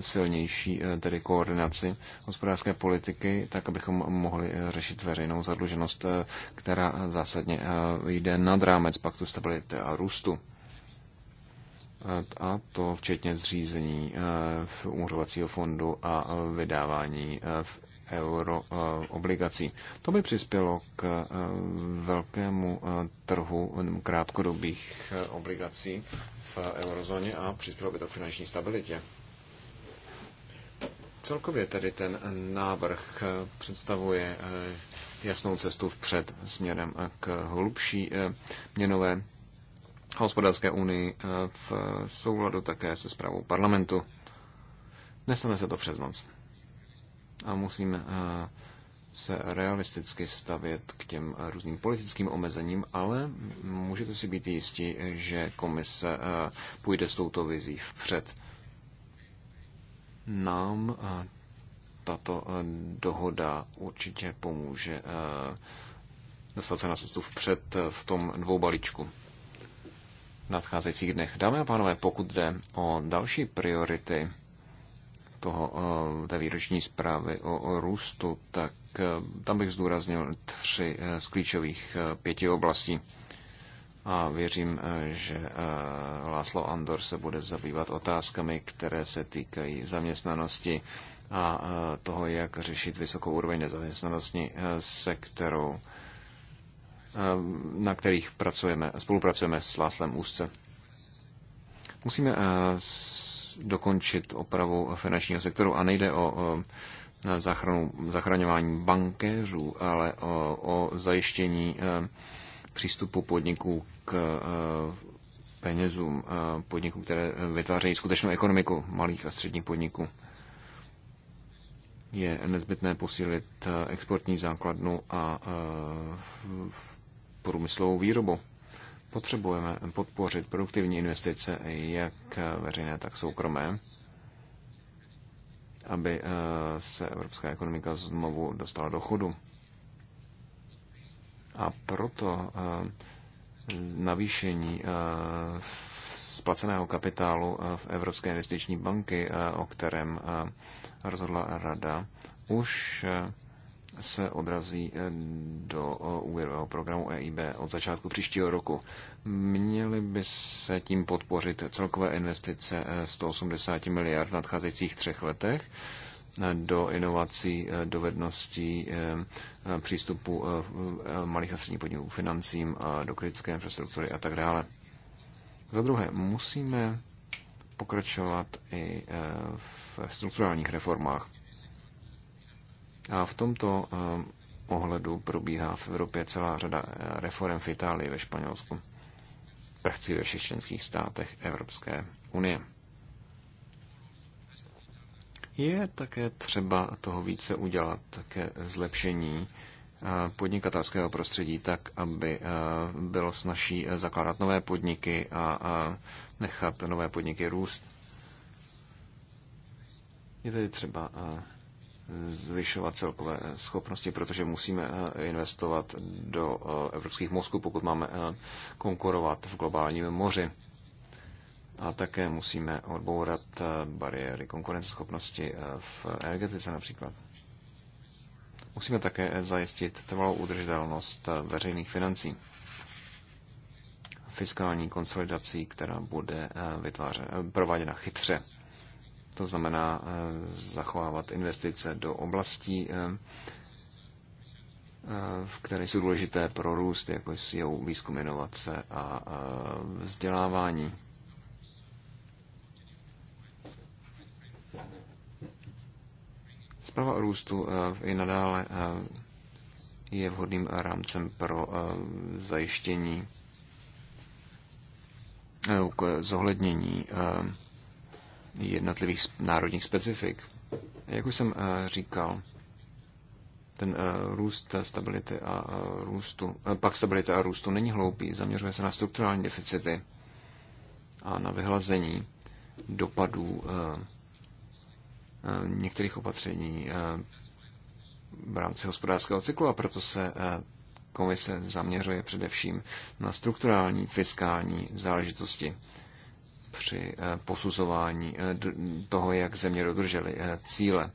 silnější tedy koordinaci hospodářské politiky, tak abychom mohli řešit veřejnou zadluženost, která zásadně jde nad rámec paktu stability a růstu a to včetně zřízení eh, v úmořovacího fondu a eh, vydávání eh, v euro obligací. To by přispělo k velkému trhu krátkodobých obligací v eurozóně a přispělo by to k finanční stabilitě. Celkově tedy ten návrh představuje jasnou cestu vpřed směrem k hlubší měnové hospodářské unii eh, v souladu také se zprávou parlamentu. Neseme se to přes noc. A musíme eh, se realisticky stavět k těm eh, různým politickým omezením, ale můžete si být jistí, že komise půjde s touto vizí vpřed. Nám tato dohoda určitě pomůže dostat se na cestu vpřed v tom dvou balíčku nadcházejících dnech. Dámy a pánové, pokud jde o další priority toho, eh, té výroční zprávy o, o růstu, tak eh, tam bych zdůraznil tři eh, z klíčových pěti oblastí. A věřím, že Láslo Andor se bude zabývat otázkami, které se týkají zaměstnanosti a toho, jak řešit vysokou úroveň nezaměstnanosti, se kterou na kterých pracujeme, spolupracujeme s Láslem Úzce. Musíme eh, dokončit opravu finančního sektoru a nejde o záchranu, zachraňování bankéřů, ale o, o zajištění eh, přístupu podniků k eh, penězům podniků, které vytvářejí skutečnou ekonomiku malých a středních podniků. Je nezbytné posílit exportní základnu a průmyslovou výrobu. Potřebujeme podpořit produktivní investice, jak veřejné, tak soukromé, aby eh, se evropská ekonomika znovu dostala do chodu. A proto eh, navýšení eh, splaceného kapitálu v Evropské investiční banky, o kterém rozhodla Rada, už se odrazí eh, do eh, úvěrového programu EIB od začátku příštího roku. Měly by se tím podpořit celkové investice 180 eh, miliard v nadcházejících třech letech do inovací, dovedností, přístupu malých a středních podniků k financím, do kritické infrastruktury a tak dále. Za druhé, musíme pokračovat i v strukturálních reformách. A v tomto eh, ohledu probíhá v Evropě celá řada eh, reform v Itálii, ve Španělsku, prací ve všech členských státech Evropské unie. Je také třeba toho více udělat také zlepšení eh, podnikatelského prostředí tak, aby bylo snažší zakládat nové podniky a nechat nové podniky růst. Je tedy třeba zvyšovat celkové eh, schopnosti, protože musíme eh, investovat do eh, evropských mozků, pokud máme konkurovat v globálním moři. A také musíme odbourat bariéry konkurenceschopnosti v energetice například. Musíme také zajistit trvalou udržitelnost veřejných financí fiskální konsolidací, která bude vytvářena, prováděna chytře to znamená eh, zachovávat investice do oblastí, eh, eh, které jsou důležité pro růst, jako jsou výzkum inovace a vzdělávání. Zpráva o růstu i nadále je vhodným rámcem pro zajištění zohlednění jednotlivých národních specifik. Jak už jsem eh, říkal, ten eh, růst stability a eh, růstu, pak stability a růstu není hloupý, zaměřuje se na strukturální deficity a na vyhlazení dopadů některých opatření v rámci hospodářského cyklu a proto se komise zaměřuje především na strukturální fiskální záležitosti při eh, posuzování eh, toho, jak země dodržely eh, cíle.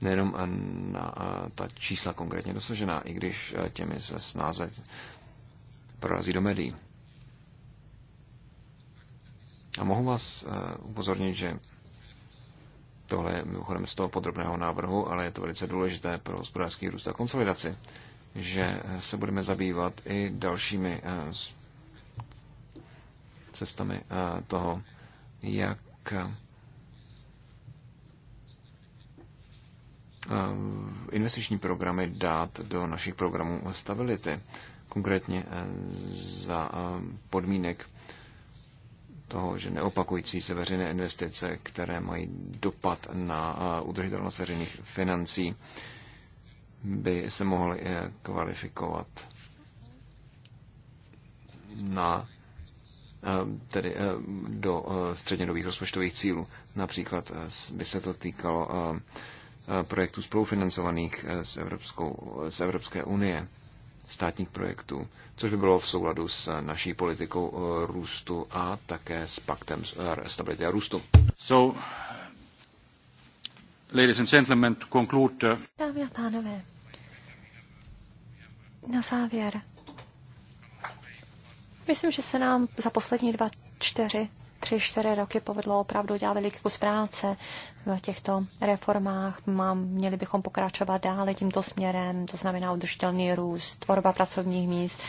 Nejenom na ta čísla konkrétně dosažená, i když těmi se snáze prorazí do médií. A mohu vás upozornit, že tohle je mimochodem z toho podrobného návrhu, ale je to velice důležité pro hospodářský růst a konsolidaci, že se budeme zabývat i dalšími cestami eh, toho, jak eh, investiční programy dát do našich programů stability, konkrétně eh, za podmínek toho, že neopakující se veřejné investice, které mají dopad na udržitelnost veřejných financí, by se mohly kvalifikovat na Eh, tedy eh, do eh, střednědobých rozpočtových cílů. Například by se to týkalo projektů spolufinancovaných z, Evropskou, z Evropské unie, státních projektů, což by bylo v souladu s naší politikou růstu a také s paktem stability a růstu. So, ladies and gentlemen, to conclude... Dámy a pánové, na závěr Myslím, že se nám za poslední dva, čtyři, tři, čtyři roky povedlo opravdu dělat veliký kus práce v těchto reformách. Mám, měli bychom pokračovat dále tímto směrem, to znamená udržitelný růst, tvorba pracovních míst.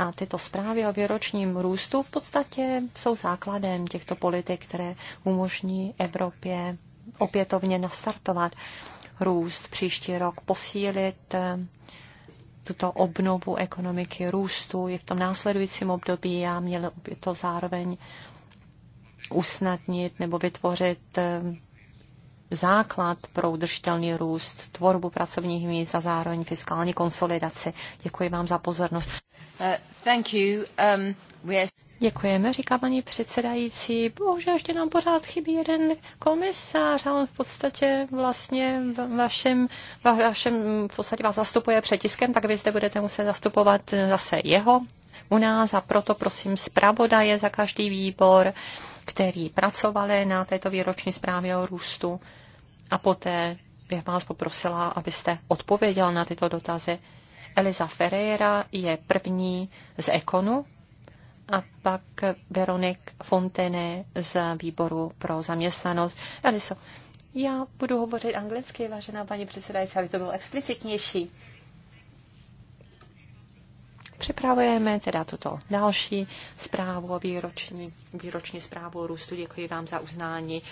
A tyto zprávy o výročním růstu v podstatě jsou základem těchto politik, které umožní Evropě opětovně nastartovat růst příští rok, posílit eh, tuto obnovu ekonomiky, růstu i v tom následujícím období a mělo by to zároveň usnadnit nebo vytvořit eh, základ pro udržitelný růst, tvorbu pracovních míst a zároveň fiskální konsolidaci. Děkuji vám za pozornost. Uh, thank you. Um, yes. Děkujeme, říká paní předsedající. Bohužel ještě nám pořád chybí jeden komisář a on v podstatě vlastně vašem, vašem v podstatě vás zastupuje přetiskem, tak vy zde budete muset zastupovat zase jeho u nás a proto prosím zpravodaje za každý výbor, který pracovali na této výroční zprávě o růstu a poté bych vás poprosila, abyste odpověděl na tyto dotazy. Eliza Ferreira je první z Ekonu, a pak Veronik Fontene z výboru pro zaměstnanost. Aliso, já budu hovořit anglicky, vážená paní předsedající, aby to bylo explicitnější. Připravujeme teda tuto další zprávu, výroční, výroční zprávu o růstu. Děkuji vám za uznání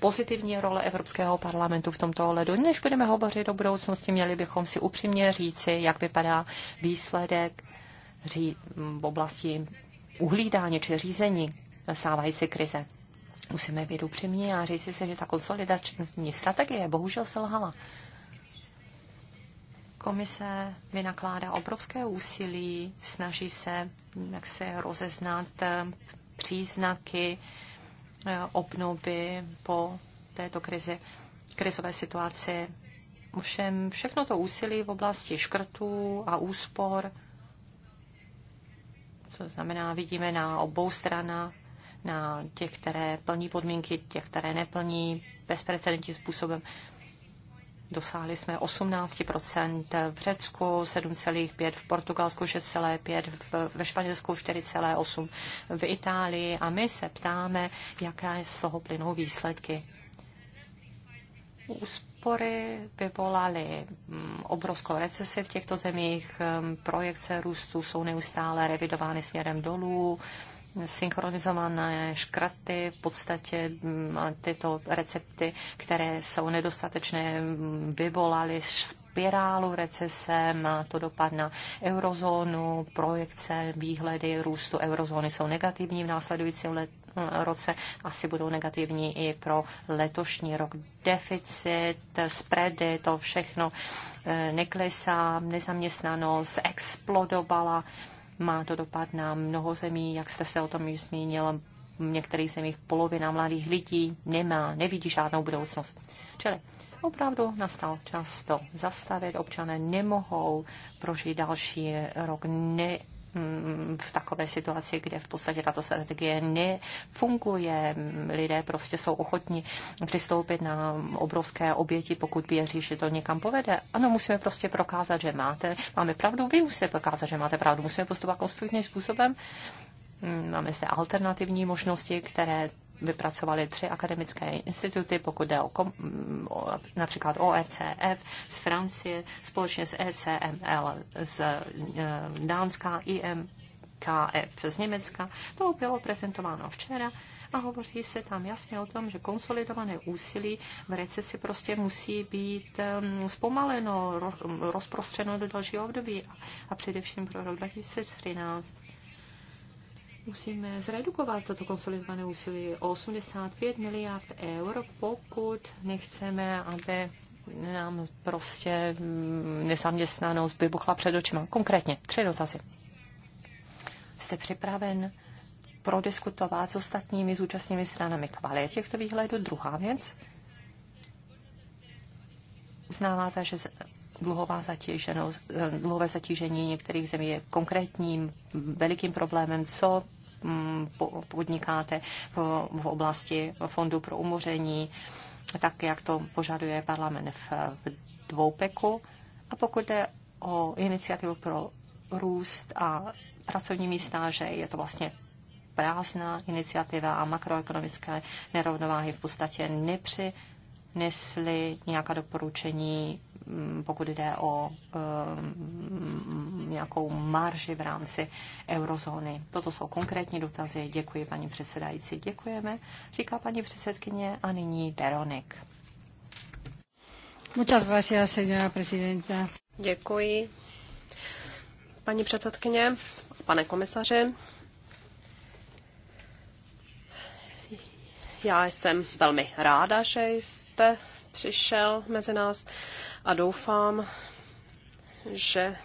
pozitivní role Evropského parlamentu v tomto ohledu. Než budeme hovořit o budoucnosti, měli bychom si upřímně říci, jak vypadá výsledek v oblasti uhlídání či řízení stávající krize. Musíme být upřímní a říct si, že ta konsolidační strategie bohužel selhala. Komise vynakládá obrovské úsilí, snaží se jak se rozeznat příznaky eh, obnovy po této krizi, krizové situaci. Ovšem všechno to úsilí v oblasti škrtů a úspor to znamená, vidíme na obou stranách, na těch, které plní podmínky, těch, které neplní bezprecedentním způsobem. Dosáhli jsme 18 v Řecku, 7,5 v Portugalsku, 6,5 ve Španělsku, 4,8 v Itálii a my se ptáme, jaké z toho plynou výsledky. Úspěch úspory vyvolaly mm, obrovskou recesi v těchto zemích. Mm, projekce růstu jsou neustále revidovány směrem dolů synchronizované škraty, v podstatě mm, tyto recepty, které jsou nedostatečné, vyvolaly spirálu recese, má to dopad na eurozónu, projekce, výhledy růstu eurozóny jsou negativní v následujícím letu roce asi budou negativní i pro letošní rok. Deficit, spready, to všechno eh, neklesá, nezaměstnanost explodovala. Má to dopad na mnoho zemí, jak jste se o tom již zmínil, v některých zemích polovina mladých lidí nemá, nevidí žádnou budoucnost. Čili opravdu nastal čas to zastavit. Občané nemohou prožít další rok ne, Mm, v takové situaci, kde v podstatě tato strategie nefunguje. Lidé prostě jsou ochotní přistoupit na obrovské oběti, pokud věří, že to někam povede. Ano, musíme prostě prokázat, že máte, máme pravdu, vy musíte prokázat, že máte pravdu, musíme postupovat konstruktivním způsobem. Mm, máme zde alternativní možnosti, které vypracovaly tři akademické instituty, pokud jde o, kom, o například ORCF z Francie, společně s ECML z e, Dánska, IMKF z Německa. To bylo prezentováno včera a hovoří se tam jasně o tom, že konsolidované úsilí v recesi prostě musí být zpomaleno, rozprostřeno do dalšího období a především pro rok 2013 musíme zredukovat toto konsolidované úsilí o 85 miliard eur, pokud nechceme, aby nám prostě nezaměstnanost vybuchla před očima. Konkrétně tři dotazy. Jste připraven prodiskutovat s ostatními zúčastními stranami kvalitě těchto výhledů? Druhá věc. Uznáváte, že dluhová zatíženost, dluhové zatížení některých zemí je konkrétním velikým problémem. Co Mm, podnikáte v oblasti fondu pro umoření, tak jak to požaduje parlament v dvoupeku. A pokud jde o iniciativu pro růst a pracovní místa, že je to vlastně prázdná iniciativa a makroekonomické nerovnováhy v podstatě nepři nesli nějaká doporučení, mm, pokud jde o um, nějakou marži v rámci eurozóny. Toto jsou konkrétní dotazy. Děkuji, paní předsedající. Děkujeme, říká paní předsedkyně a nyní Veronik. Muchas gracias, señora presidenta. Děkuji. Paní předsedkyně, pane komisaři, Já jsem velmi ráda, že jste přišel mezi nás a doufám, že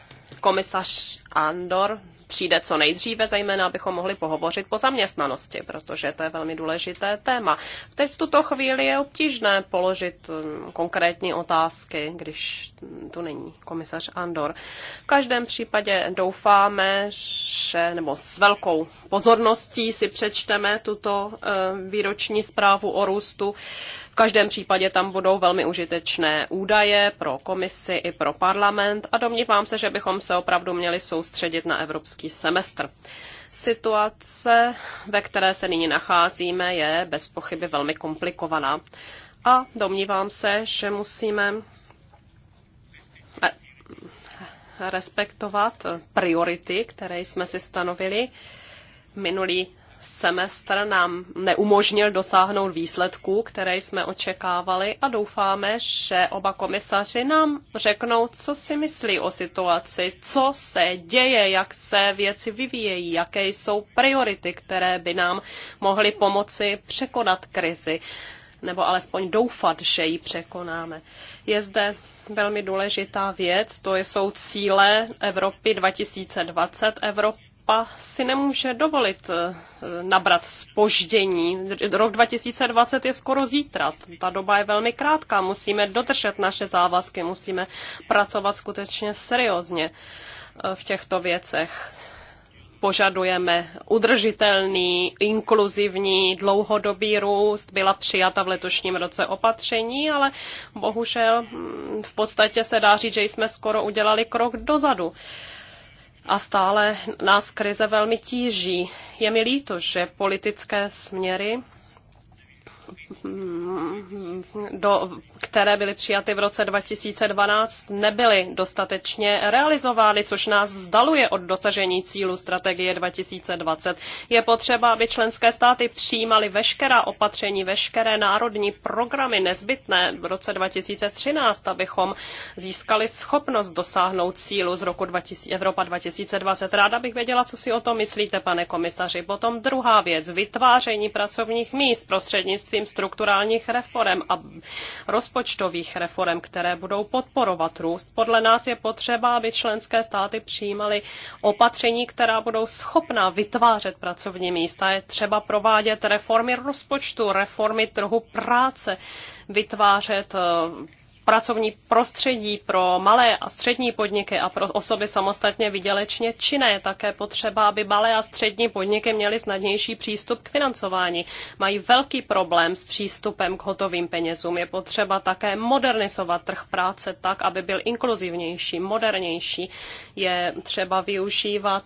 komisař Andor přijde co nejdříve, zejména abychom mohli pohovořit po zaměstnanosti, protože to je velmi důležité téma. Teď v tuto chvíli je obtížné položit um, konkrétní otázky, když tu není komisař Andor. V každém případě doufáme, že nebo s velkou pozorností si přečteme tuto um, výroční zprávu o růstu. V každém případě tam budou velmi užitečné údaje pro komisi i pro parlament a domnívám se, že bychom se opravdu měli soustředit na evropský školský semestr. Situace, ve které se nyní nacházíme, je bez pochyby velmi komplikovaná. A domnívám se, že musíme eh, respektovat priority, které jsme si stanovili. Minulý semestr nám neumožnil dosáhnout výsledků, které jsme očekávali a doufáme, že oba komisaři nám řeknou, co si myslí o situaci, co se děje, jak se věci vyvíjejí, jaké jsou priority, které by nám mohly pomoci překonat krizi nebo alespoň doufat, že ji překonáme. Je zde velmi důležitá věc, to jsou cíle Evropy 2020, Evropy Evropa si nemůže dovolit eh, nabrat spoždění. Rok 2020 je skoro zítra. Ta doba je velmi krátká. Musíme dodržet naše závazky, musíme pracovat skutečně seriózně eh, v těchto věcech. Požadujeme udržitelný, inkluzivní, dlouhodobý růst. Byla přijata v letošním roce opatření, ale bohužel hm, v podstatě se dá říct, že jsme skoro udělali krok dozadu. Uh, a stále nás krize velmi tíží. Je mi líto, že politické směry do, které byly přijaty v roce 2012, nebyly dostatečně realizovány, což nás vzdaluje od dosažení cílu strategie 2020. Je potřeba, aby členské státy přijímaly veškerá opatření, veškeré národní programy nezbytné v roce 2013, abychom získali schopnost dosáhnout cílu z roku 2000, Evropa 2020. Ráda bych věděla, co si o tom myslíte, pane komisaři. Potom druhá věc, vytváření pracovních míst prostřednictvím prostřednictvím strukturálních reform a rozpočtových reform, které budou podporovat růst. Podle nás je potřeba, aby členské státy přijímaly opatření, která budou schopná vytvářet pracovní místa. Je třeba provádět reformy rozpočtu, reformy trhu práce, vytvářet eh, pracovní prostředí pro malé a střední podniky a pro osoby samostatně vydělečně činné. Také potřeba, aby malé a střední podniky měly snadnější přístup k financování. Mají velký problém s přístupem k hotovým penězům. Je potřeba také modernizovat trh práce tak, aby byl inkluzivnější, modernější. Je třeba využívat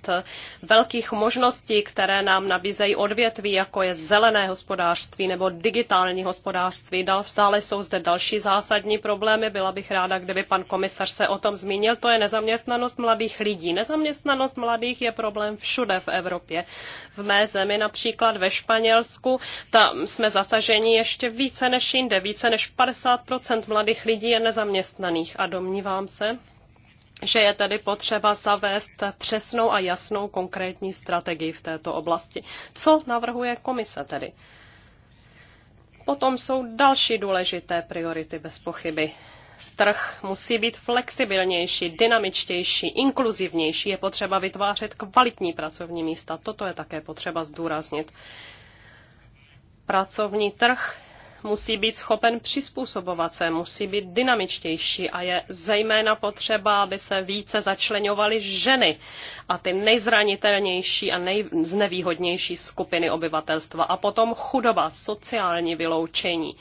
velkých možností, které nám nabízejí odvětví, jako je zelené hospodářství nebo digitální hospodářství. Stále jsou zde další zásadní problémy problémy. Byla bych ráda, kdyby pan komisař se o tom zmínil. To je nezaměstnanost mladých lidí. Nezaměstnanost mladých je problém všude v Evropě. V mé zemi, například ve Španělsku, tam jsme zasaženi ještě více než jinde. Více než 50 mladých lidí je nezaměstnaných a domnívám se, že je tedy potřeba zavést přesnou a jasnou konkrétní strategii v této oblasti. Co navrhuje komise tedy? Potom jsou další důležité priority bez pochyby. Trh musí být flexibilnější, dynamičtější, inkluzivnější. Je potřeba vytvářet kvalitní pracovní místa. Toto je také potřeba zdůraznit. Pracovní trh musí být schopen přizpůsobovat se, musí být dynamičtější a je zejména potřeba, aby se více začlenovaly ženy a ty nejzranitelnější a nejznevýhodnější skupiny obyvatelstva. A potom chudoba, sociální vyloučení.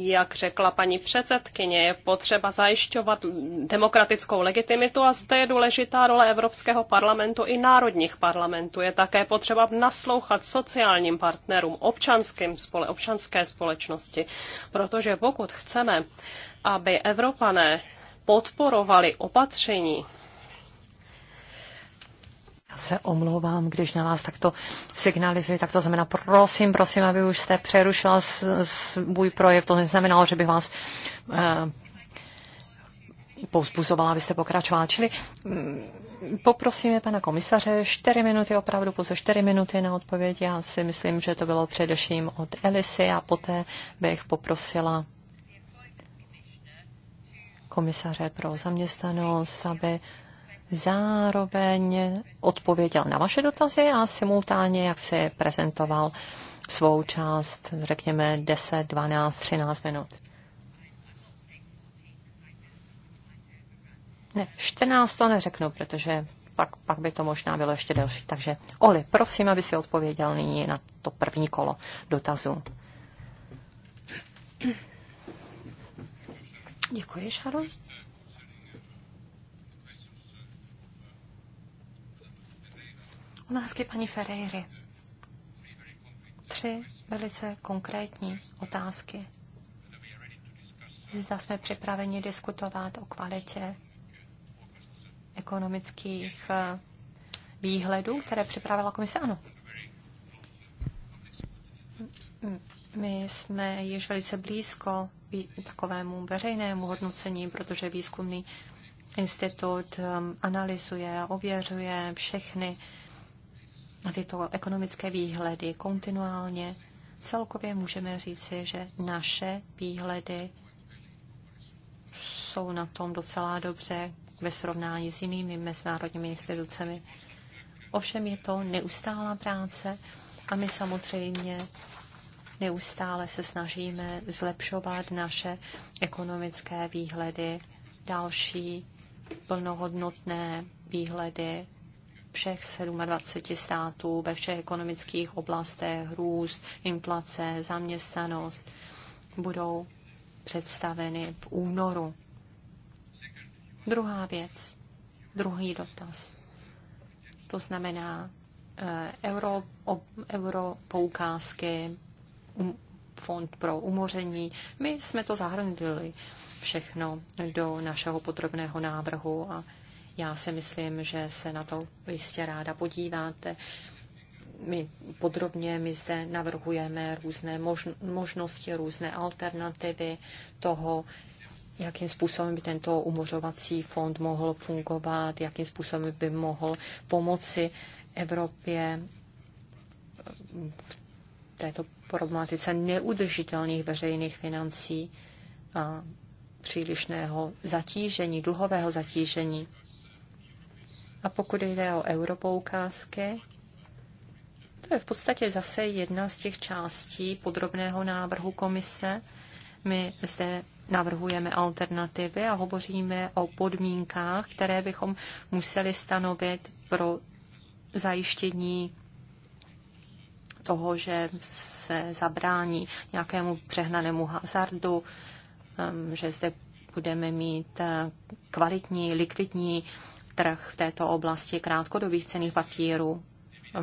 Jak řekla paní předsedkyně, je potřeba zajišťovat demokratickou legitimitu a zde je důležitá role Evropského parlamentu i národních parlamentů. Je také potřeba naslouchat sociálním partnerům, občanským, spole, občanské společnosti, protože pokud chceme, aby Evropané podporovali opatření, se omlouvám, když na vás takto signalizuji, tak to znamená, prosím, prosím, aby už jste přerušila svůj projekt. To neznamenalo, že bych vás eh, pouzbuzovala, abyste pokračovala. Čili mm, poprosíme pana komisaře, čtyři minuty, opravdu pouze čtyři minuty na odpověď. Já si myslím, že to bylo především od Elisy a poté bych poprosila komisaře pro zaměstnanost, aby zároveň odpověděl na vaše dotazy a simultánně, jak si prezentoval svou část, řekněme 10, 12, 13 minut. Ne, 14 to neřeknu, protože pak, pak by to možná bylo ještě delší. Takže Oli, prosím, aby si odpověděl nyní na to první kolo dotazů. Děkuji, Sharon. Otázky paní Ferreiry. Tři velice konkrétní otázky. Zda jsme připraveni diskutovat o kvalitě ekonomických eh, výhledů, které připravila komise? Ano. My jsme již velice blízko takovému veřejnému hodnocení, protože výzkumný institut eh, analyzuje, ověřuje všechny tyto ekonomické výhledy kontinuálně. Celkově můžeme říci, že naše výhledy jsou na tom docela dobře ve srovnání s jinými mezinárodními institucemi. Ovšem je to neustálá práce a my samozřejmě neustále se snažíme zlepšovat naše ekonomické výhledy, další plnohodnotné výhledy všech 27 států, ve všech ekonomických oblastech, růst, inflace, zaměstnanost, budou představeny v únoru. Druhá věc, druhý dotaz. To znamená eh, euro, ob, euro poukázky, um, fond pro umoření. My jsme to zahrnuli všechno do našeho podrobného návrhu a já si myslím, že se na to jistě ráda podíváte. My podrobně my zde navrhujeme různé možnosti, různé alternativy toho, jakým způsobem by tento umořovací fond mohl fungovat, jakým způsobem by mohl pomoci Evropě v této problematice neudržitelných veřejných financí a přílišného zatížení, dluhového zatížení. A pokud jde o europoukázky, to je v podstatě zase jedna z těch částí podrobného návrhu komise. My zde navrhujeme alternativy a hovoříme o podmínkách, které bychom museli stanovit pro zajištění toho, že se zabrání nějakému přehnanému hazardu, um, že zde budeme mít eh, kvalitní likvidní trh v této oblasti krátkodobých cených papírů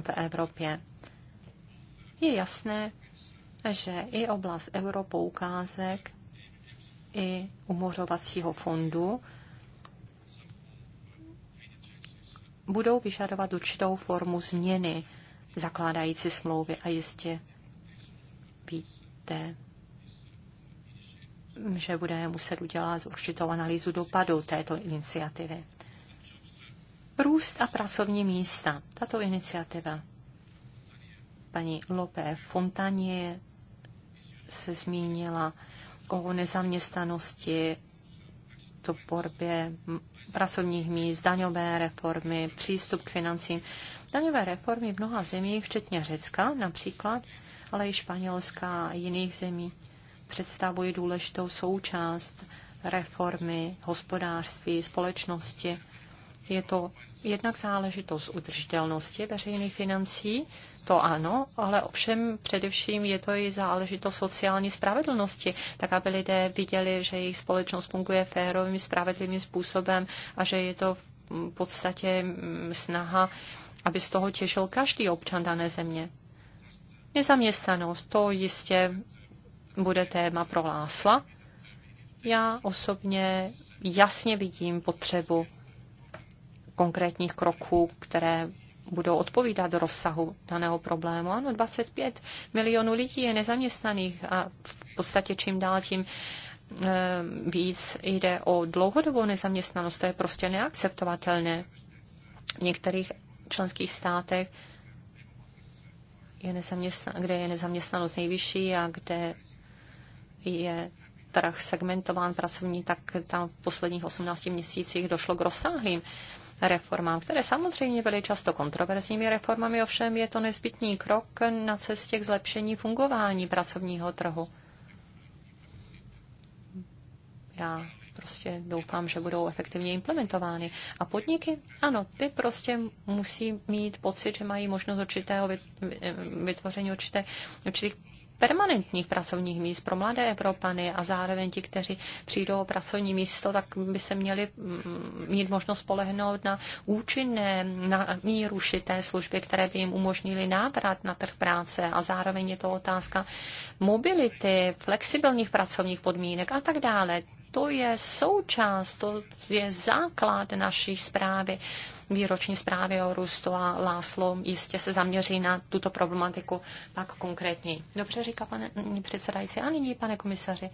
v Evropě. Je jasné, že i oblast europoukázek i umořovacího fondu budou vyžadovat určitou formu změny zakládající smlouvy a jistě víte, že budeme muset udělat určitou analýzu dopadu této iniciativy. Růst a pracovní místa. Tato iniciativa paní Lope Fontanie se zmínila o nezaměstnanosti, to borbě pracovních míst, daňové reformy, přístup k financím. Daňové reformy v mnoha zemích, včetně Řecka například, ale i Španělska a jiných zemí, představují důležitou součást reformy hospodářství, společnosti. Je to jednak záležitost udržitelnosti veřejných financí, to ano, ale ovšem především je to i záležitost sociální spravedlnosti, tak aby lidé viděli, že jejich společnost funguje férovým, spravedlivým způsobem a že je to v podstatě mm, snaha, aby z toho těšil každý občan dané země. Nezaměstnanost, to jistě bude téma pro Lásla. Já osobně jasně vidím potřebu konkrétních kroků, které budou odpovídat rozsahu daného problému. Ano, 25 milionů lidí je nezaměstnaných a v podstatě čím dál tím eh, víc jde o dlouhodobou nezaměstnanost. To je prostě neakceptovatelné. V některých členských státech, je kde je nezaměstnanost nejvyšší a kde je trh segmentován pracovní, tak tam v posledních 18 měsících došlo k rozsáhlým reformám, které samozřejmě byly často kontroverzními reformami, ovšem je to nezbytný krok na cestě k zlepšení fungování pracovního trhu. Já prostě doufám, že budou efektivně implementovány. A podniky, ano, ty prostě musí mít pocit, že mají možnost určitého vytvoření určité, určitých permanentních pracovních míst pro mladé Evropany a zároveň ti, kteří přijdou o pracovní místo, tak by se měli mm, mít možnost spolehnout na účinné, na míru šité služby, které by jim umožnily návrat na trh práce a zároveň je to otázka mobility, flexibilních pracovních podmínek a tak dále. To je součást, to je základ naší zprávy výroční zprávě o růstu a Láslo jistě se zaměří na tuto problematiku pak konkrétně. Dobře říká pane předsedající. A nyní, pane komisaři,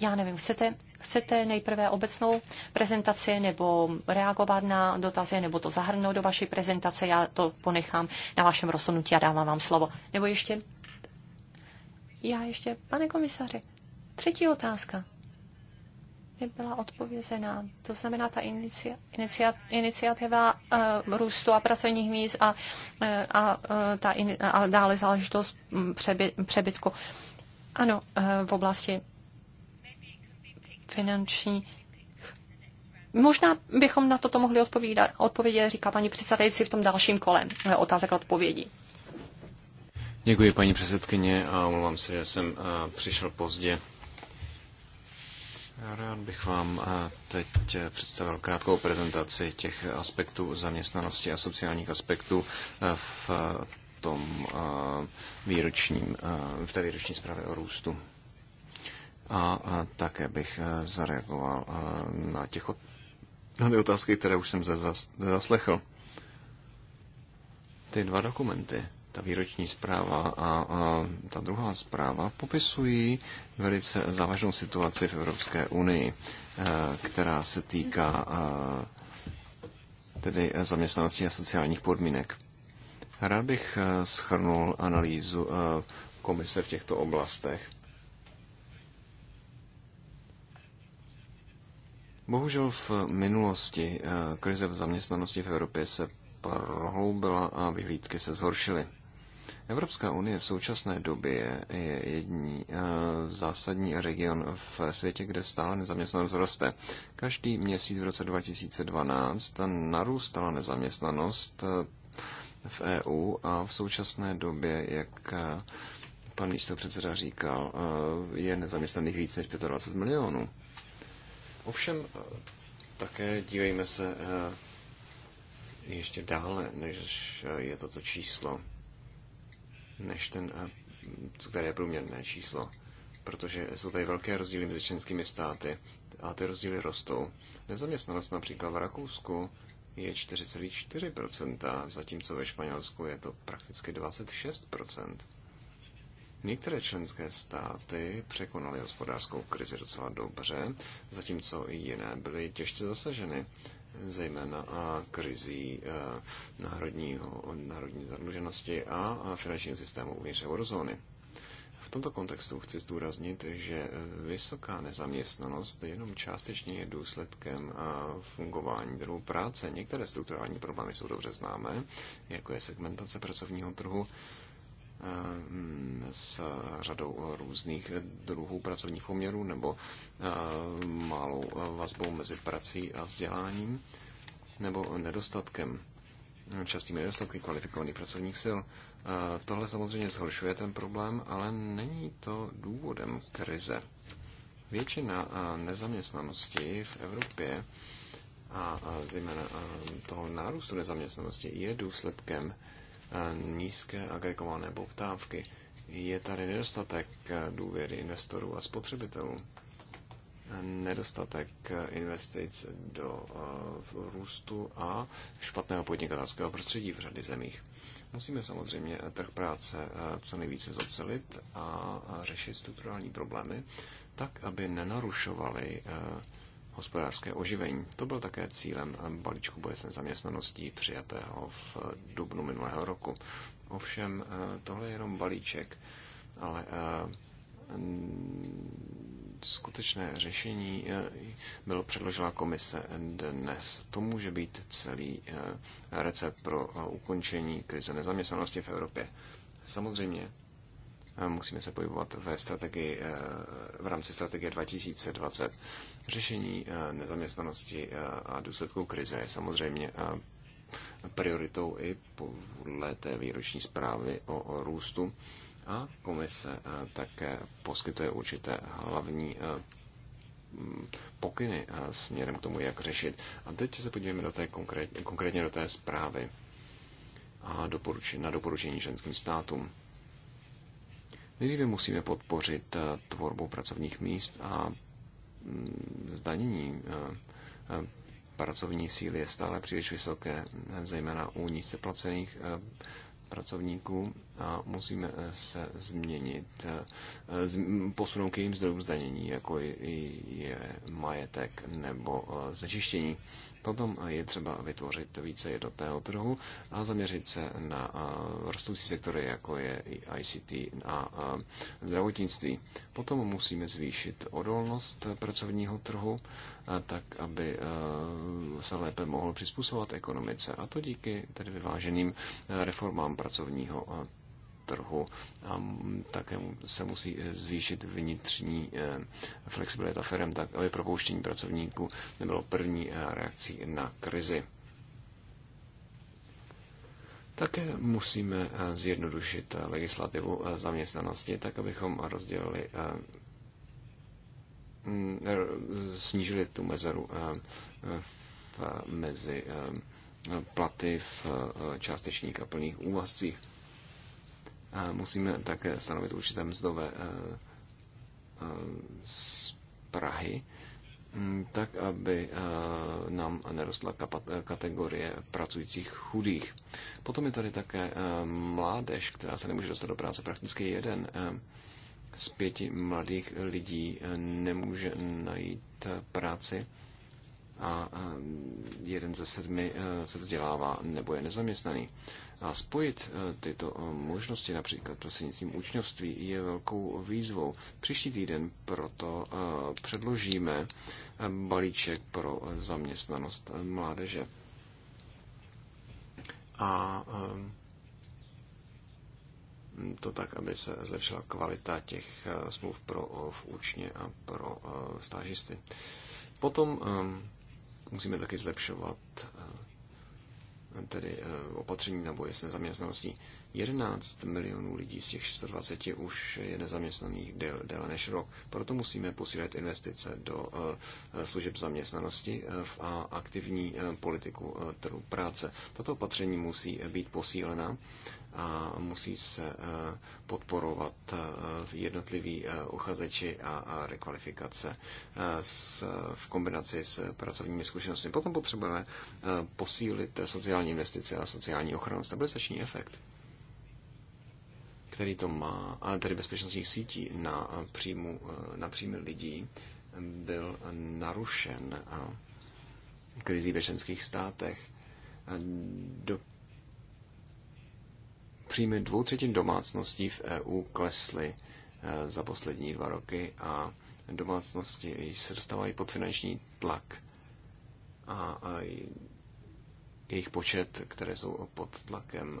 já nevím, chcete, chcete nejprve obecnou prezentaci nebo reagovat na dotazy, nebo to zahrnout do vaší prezentace, já to ponechám na vašem rozhodnutí a dávám vám slovo. Nebo ještě, já ještě, pane komisaři, třetí otázka nebyla odpovězená. To znamená, ta inicia, inicia, iniciativa uh, růstu a pracovních míst a, eh, a, eh, ta in, a dále záležitost mm, přeby, přebytku. Ano, uh, v oblasti finanční. Možná bychom na toto mohli odpovídat, odpovědět, říká paní předsedající v tom dalším kole otázek a odpovědí. Děkuji, paní předsedkyně, a omlouvám se, já jsem přišel pozdě. Rád bych vám eh, teď eh, představil krátkou prezentaci těch aspektů zaměstnanosti a sociálních aspektů eh, v tom výročním, v té výroční zprávě o růstu. A také bych zareagoval na, těch, na ty otázky, které už jsem zaslechl. Ty dva dokumenty ta výroční zpráva a, a ta druhá zpráva popisují velice závažnou situaci v Evropské unii, eh, která se týká eh, tedy zaměstnanosti a sociálních podmínek. Rád bych eh, schrnul analýzu komise v těchto oblastech. Bohužel v minulosti krize v zaměstnanosti v Evropě se prohloubila a vyhlídky se zhoršily. Evropská unie v současné době je jední eh, zásadní region v světě, kde stále nezaměstnanost roste. Každý měsíc v roce 2012 narůstala nezaměstnanost eh, v EU a v současné době, jak eh, pan místo předseda říkal, je nezaměstnaných více než 25 milionů. Ovšem, také dívejme se ještě dále, než je toto číslo než ten, eh, které je průměrné číslo, protože jsou tady velké rozdíly mezi členskými státy a ty rozdíly rostou. Nezaměstnanost například v Rakousku je 4,4%, zatímco ve Španělsku je to prakticky 26%. Některé členské státy překonaly hospodářskou krizi docela dobře, zatímco i jiné byly těžce zasaženy zejména a krizí eh, národního, národní zadluženosti a finančního systému uvnitř eurozóny. V tomto kontextu chci zdůraznit, že eh, vysoká nezaměstnanost jenom částečně je důsledkem eh, fungování trhu práce. Některé strukturální problémy jsou dobře známé, jako je segmentace pracovního trhu, Eh, s řadou různých druhů pracovních poměrů nebo eh, malou vazbou mezi prací a vzděláním nebo nedostatkem častými nedostatky kvalifikovaných pracovních sil. Eh, tohle samozřejmě zhoršuje ten problém, ale není to důvodem krize. Většina nezaměstnanosti v Evropě a zejména toho nárůstu nezaměstnanosti je důsledkem nízké agregované poptávky. Je tady nedostatek důvěry investorů a spotřebitelů, nedostatek investic do růstu a špatného podnikatelského prostředí v řady zemích. Musíme samozřejmě trh práce co nejvíce zocelit a řešit strukturální problémy tak, aby nenarušovaly hospodářské oživení. To byl také cílem balíčku boje s nezaměstnaností přijatého v dubnu minulého roku. Ovšem, eh, tohle je jenom balíček, ale eh, skutečné řešení eh, bylo předložila komise dnes. To může být celý recept pro ukončení krize nezaměstnanosti v Evropě. Samozřejmě musíme se pohybovat ve strategii, v rámci strategie 2020 Řešení eh, nezaměstnanosti eh, a důsledků krize je samozřejmě eh, prioritou i podle té výroční zprávy o růstu a komise také poskytuje určité hlavní mm, pokyny směrem k tomu, jak řešit. A teď se podívejme do té konkrét, konkrétně do té zprávy a doporučení, na doporučení Ženským státům. Nejdříve musíme podpořit tvorbu pracovních míst a zdanění eh, eh, pracovní síly je stále příliš vysoké, zejména u nízce placených eh, pracovníků a musíme se změnit, posunout k jejím zdrojům zdanění, jako je majetek nebo zečištění. Potom je třeba vytvořit více jednotného trhu a zaměřit se na rostoucí sektory, jako je ICT a zdravotnictví. Potom musíme zvýšit odolnost pracovního trhu, tak aby se lépe mohl přizpůsobovat ekonomice. A to díky tedy vyváženým reformám pracovního trhu a také se musí eh, zvýšit vnitřní eh, flexibilita firm, tak aby propouštění pracovníků nebylo první eh, reakcí na krizi. Také musíme zjednodušit legislativu zaměstnanosti, tak abychom rozdělili mm, snížili tu mezeru mezi platy v částečných a plných úvazcích musíme také stanovit určité mzdové z eh, eh, Prahy, mm, tak aby eh, nám nerostla kategorie pracujících chudých. Potom je tady také mládež, která se nemůže dostat do práce. Prakticky jeden z pěti mladých lidí nemůže najít práci a jeden ze sedmi se vzdělává nebo je nezaměstnaný. A spojit e, tyto e, možnosti například prostřednictvím učňovství, je velkou výzvou. Příští týden proto e, předložíme balíček pro zaměstnanost mládeže. A to tak, aby se zlepšila kvalita těch smluv pro v učně a pro stážisty. Potom musíme taky zlepšovat tedy eh, opatření na boje s nezaměstnaností. 11 milionů lidí z těch 620 už je nezaměstnaných déle del než rok. Proto musíme posílat investice do eh, služeb zaměstnanosti eh, a aktivní politiku trhu práce. Tato opatření musí být posílena a musí se eh, podporovat eh, jednotliví eh, uchazeči a rekvalifikace v kombinaci s pracovními zkušenostmi. Potom potřebujeme posílit sociální investice a sociální ochranu, stabilizační efekt který to má, A tedy bezpečnostních sítí na, příjmu, na příjmy lidí, byl narušen krizí ve členských státech. Do příjmy dvou třetin domácností v EU klesly eh, za poslední dva roky a domácnosti se dostávají pod finanční tlak a jejich počet, které jsou pod tlakem,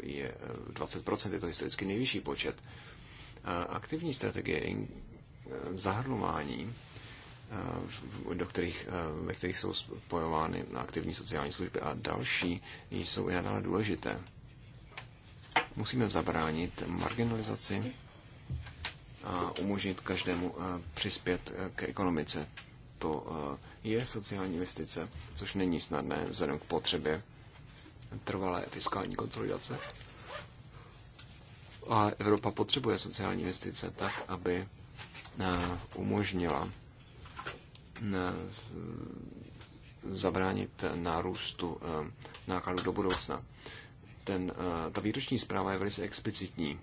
eh, je 20%, eh, je to historicky nejvyšší počet. Aktivní strategie zahrnování, do kterých, ve kterých jsou spojovány aktivní sociální služby a další, jsou i nadále důležité Musíme zabránit marginalizaci a umožnit každému eh, přispět eh, k ekonomice. To eh, je sociální investice, což není snadné vzhledem k potřebě trvalé fiskální konsolidace. A Evropa potřebuje sociální investice tak, aby umožnila zabránit nárůstu nákladů do budoucna ten, eh, ta výroční zpráva je velice explicitní,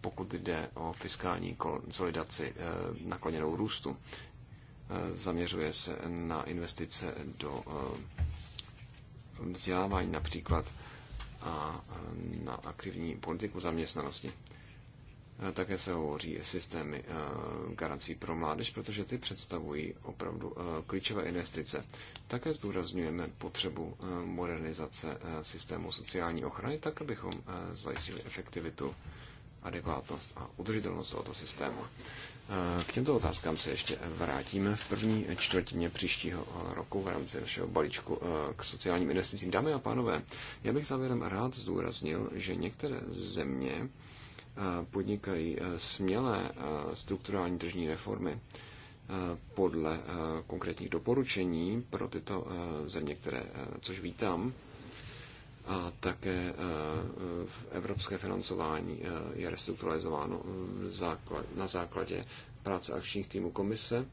pokud jde o fiskální konsolidaci eh, nakloněnou růstu. Eh, zaměřuje se na investice do vzdělávání například a na aktivní politiku zaměstnanosti. Eh, také se hovoří systémy eh, garancí pro mládež, protože ty představují opravdu eh, klíčové investice. Také zdůrazňujeme potřebu modernizace systému sociální ochrany, tak abychom zajistili efektivitu, adekvátnost a udržitelnost tohoto systému. K těmto otázkám se ještě vrátíme v první čtvrtině příštího roku v rámci našeho balíčku k sociálním investicím. Dámy a pánové, já bych závěrem rád zdůraznil, že některé země podnikají smělé strukturální tržní reformy podle konkrétních doporučení pro tyto země, které, což vítám, a také v evropské financování je restrukturalizováno na základě práce akčních týmů komise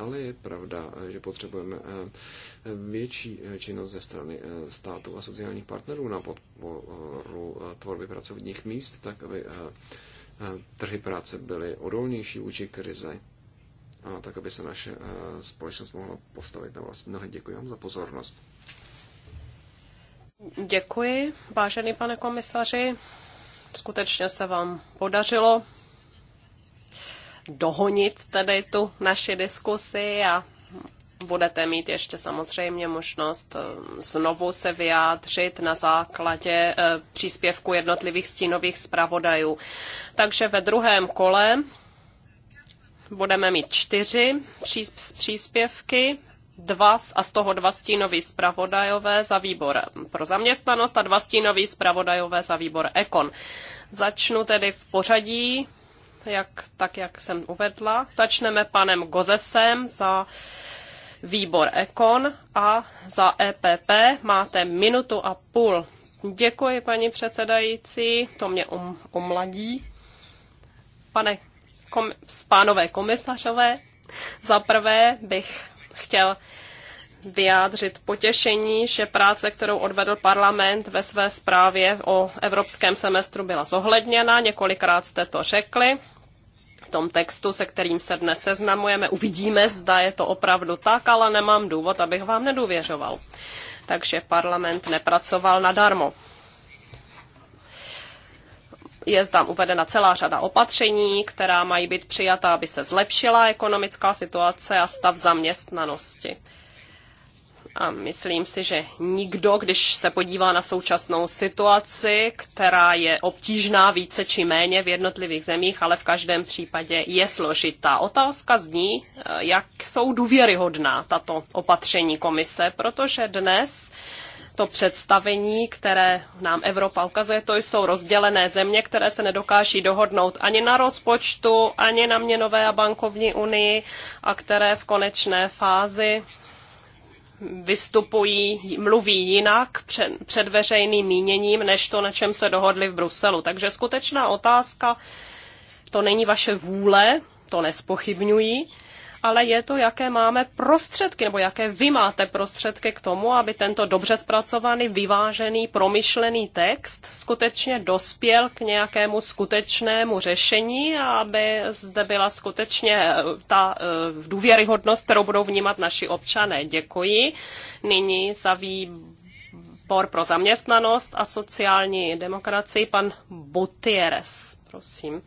ale je pravda, že potřebujeme eh, větší eh, činnost ze strany eh, státu a sociálních partnerů na podporu tvorby pracovních míst, tak aby trhy práce byly odolnější vůči krize, a tak, aby se naše společnost mohla postavit na vlastní nohy. Děkuji vám za pozornost. Děkuji, vážený pane komisaři. Skutečně se vám podařilo dohonit tady tu naši diskusi a budete mít ještě samozřejmě možnost eh, znovu se vyjádřit na základě eh, příspěvku jednotlivých stínových zpravodajů. Takže ve druhém kole budeme mít čtyři příspěvky, dva a z toho dva stínový zpravodajové za výbor eh, pro zaměstnanost a dva stínový zpravodajové za výbor Ekon. Začnu tedy v pořadí jak, tak jak jsem uvedla. Začneme panem Gozesem za výbor Ekon a za EPP máte minutu a půl. Děkuji, paní předsedající, to mě um, omladí. Pane kom, pánové komisařové, za prvé bych chtěl vyjádřit potěšení, že práce, kterou odvedl parlament ve své zprávě o evropském semestru, byla zohledněna. Několikrát jste to řekli. V tom textu, se kterým se dnes seznamujeme, uvidíme, zda je to opravdu tak, ale nemám důvod, abych vám nedůvěřoval. Takže parlament nepracoval nadarmo je tam uvedena celá řada opatření, která mají být přijata, aby se zlepšila ekonomická situace a stav zaměstnanosti. A myslím si, že nikdo, když se podívá na současnou situaci, která je obtížná více či méně v jednotlivých zemích, ale v každém případě je složitá. Otázka zní, eh, jak jsou důvěryhodná tato opatření komise, protože dnes to představení, které nám Evropa ukazuje, to jsou rozdělené země, které se nedokáží dohodnout ani na rozpočtu, ani na měnové a bankovní unii a které v konečné fázi vystupují, mluví jinak před, před veřejným míněním, než to, na čem se dohodli v Bruselu. Takže skutečná otázka, to není vaše vůle, to nespochybňují, ale je to, jaké máme prostředky, nebo jaké vy máte prostředky k tomu, aby tento dobře zpracovaný, vyvážený, promyšlený text skutečně dospěl k nějakému skutečnému řešení a aby zde byla skutečně eh, ta eh, důvěryhodnost, kterou budou vnímat naši občané. Děkuji. Nyní za výbor pro zaměstnanost a sociální demokracii pan Butieres. Prosím.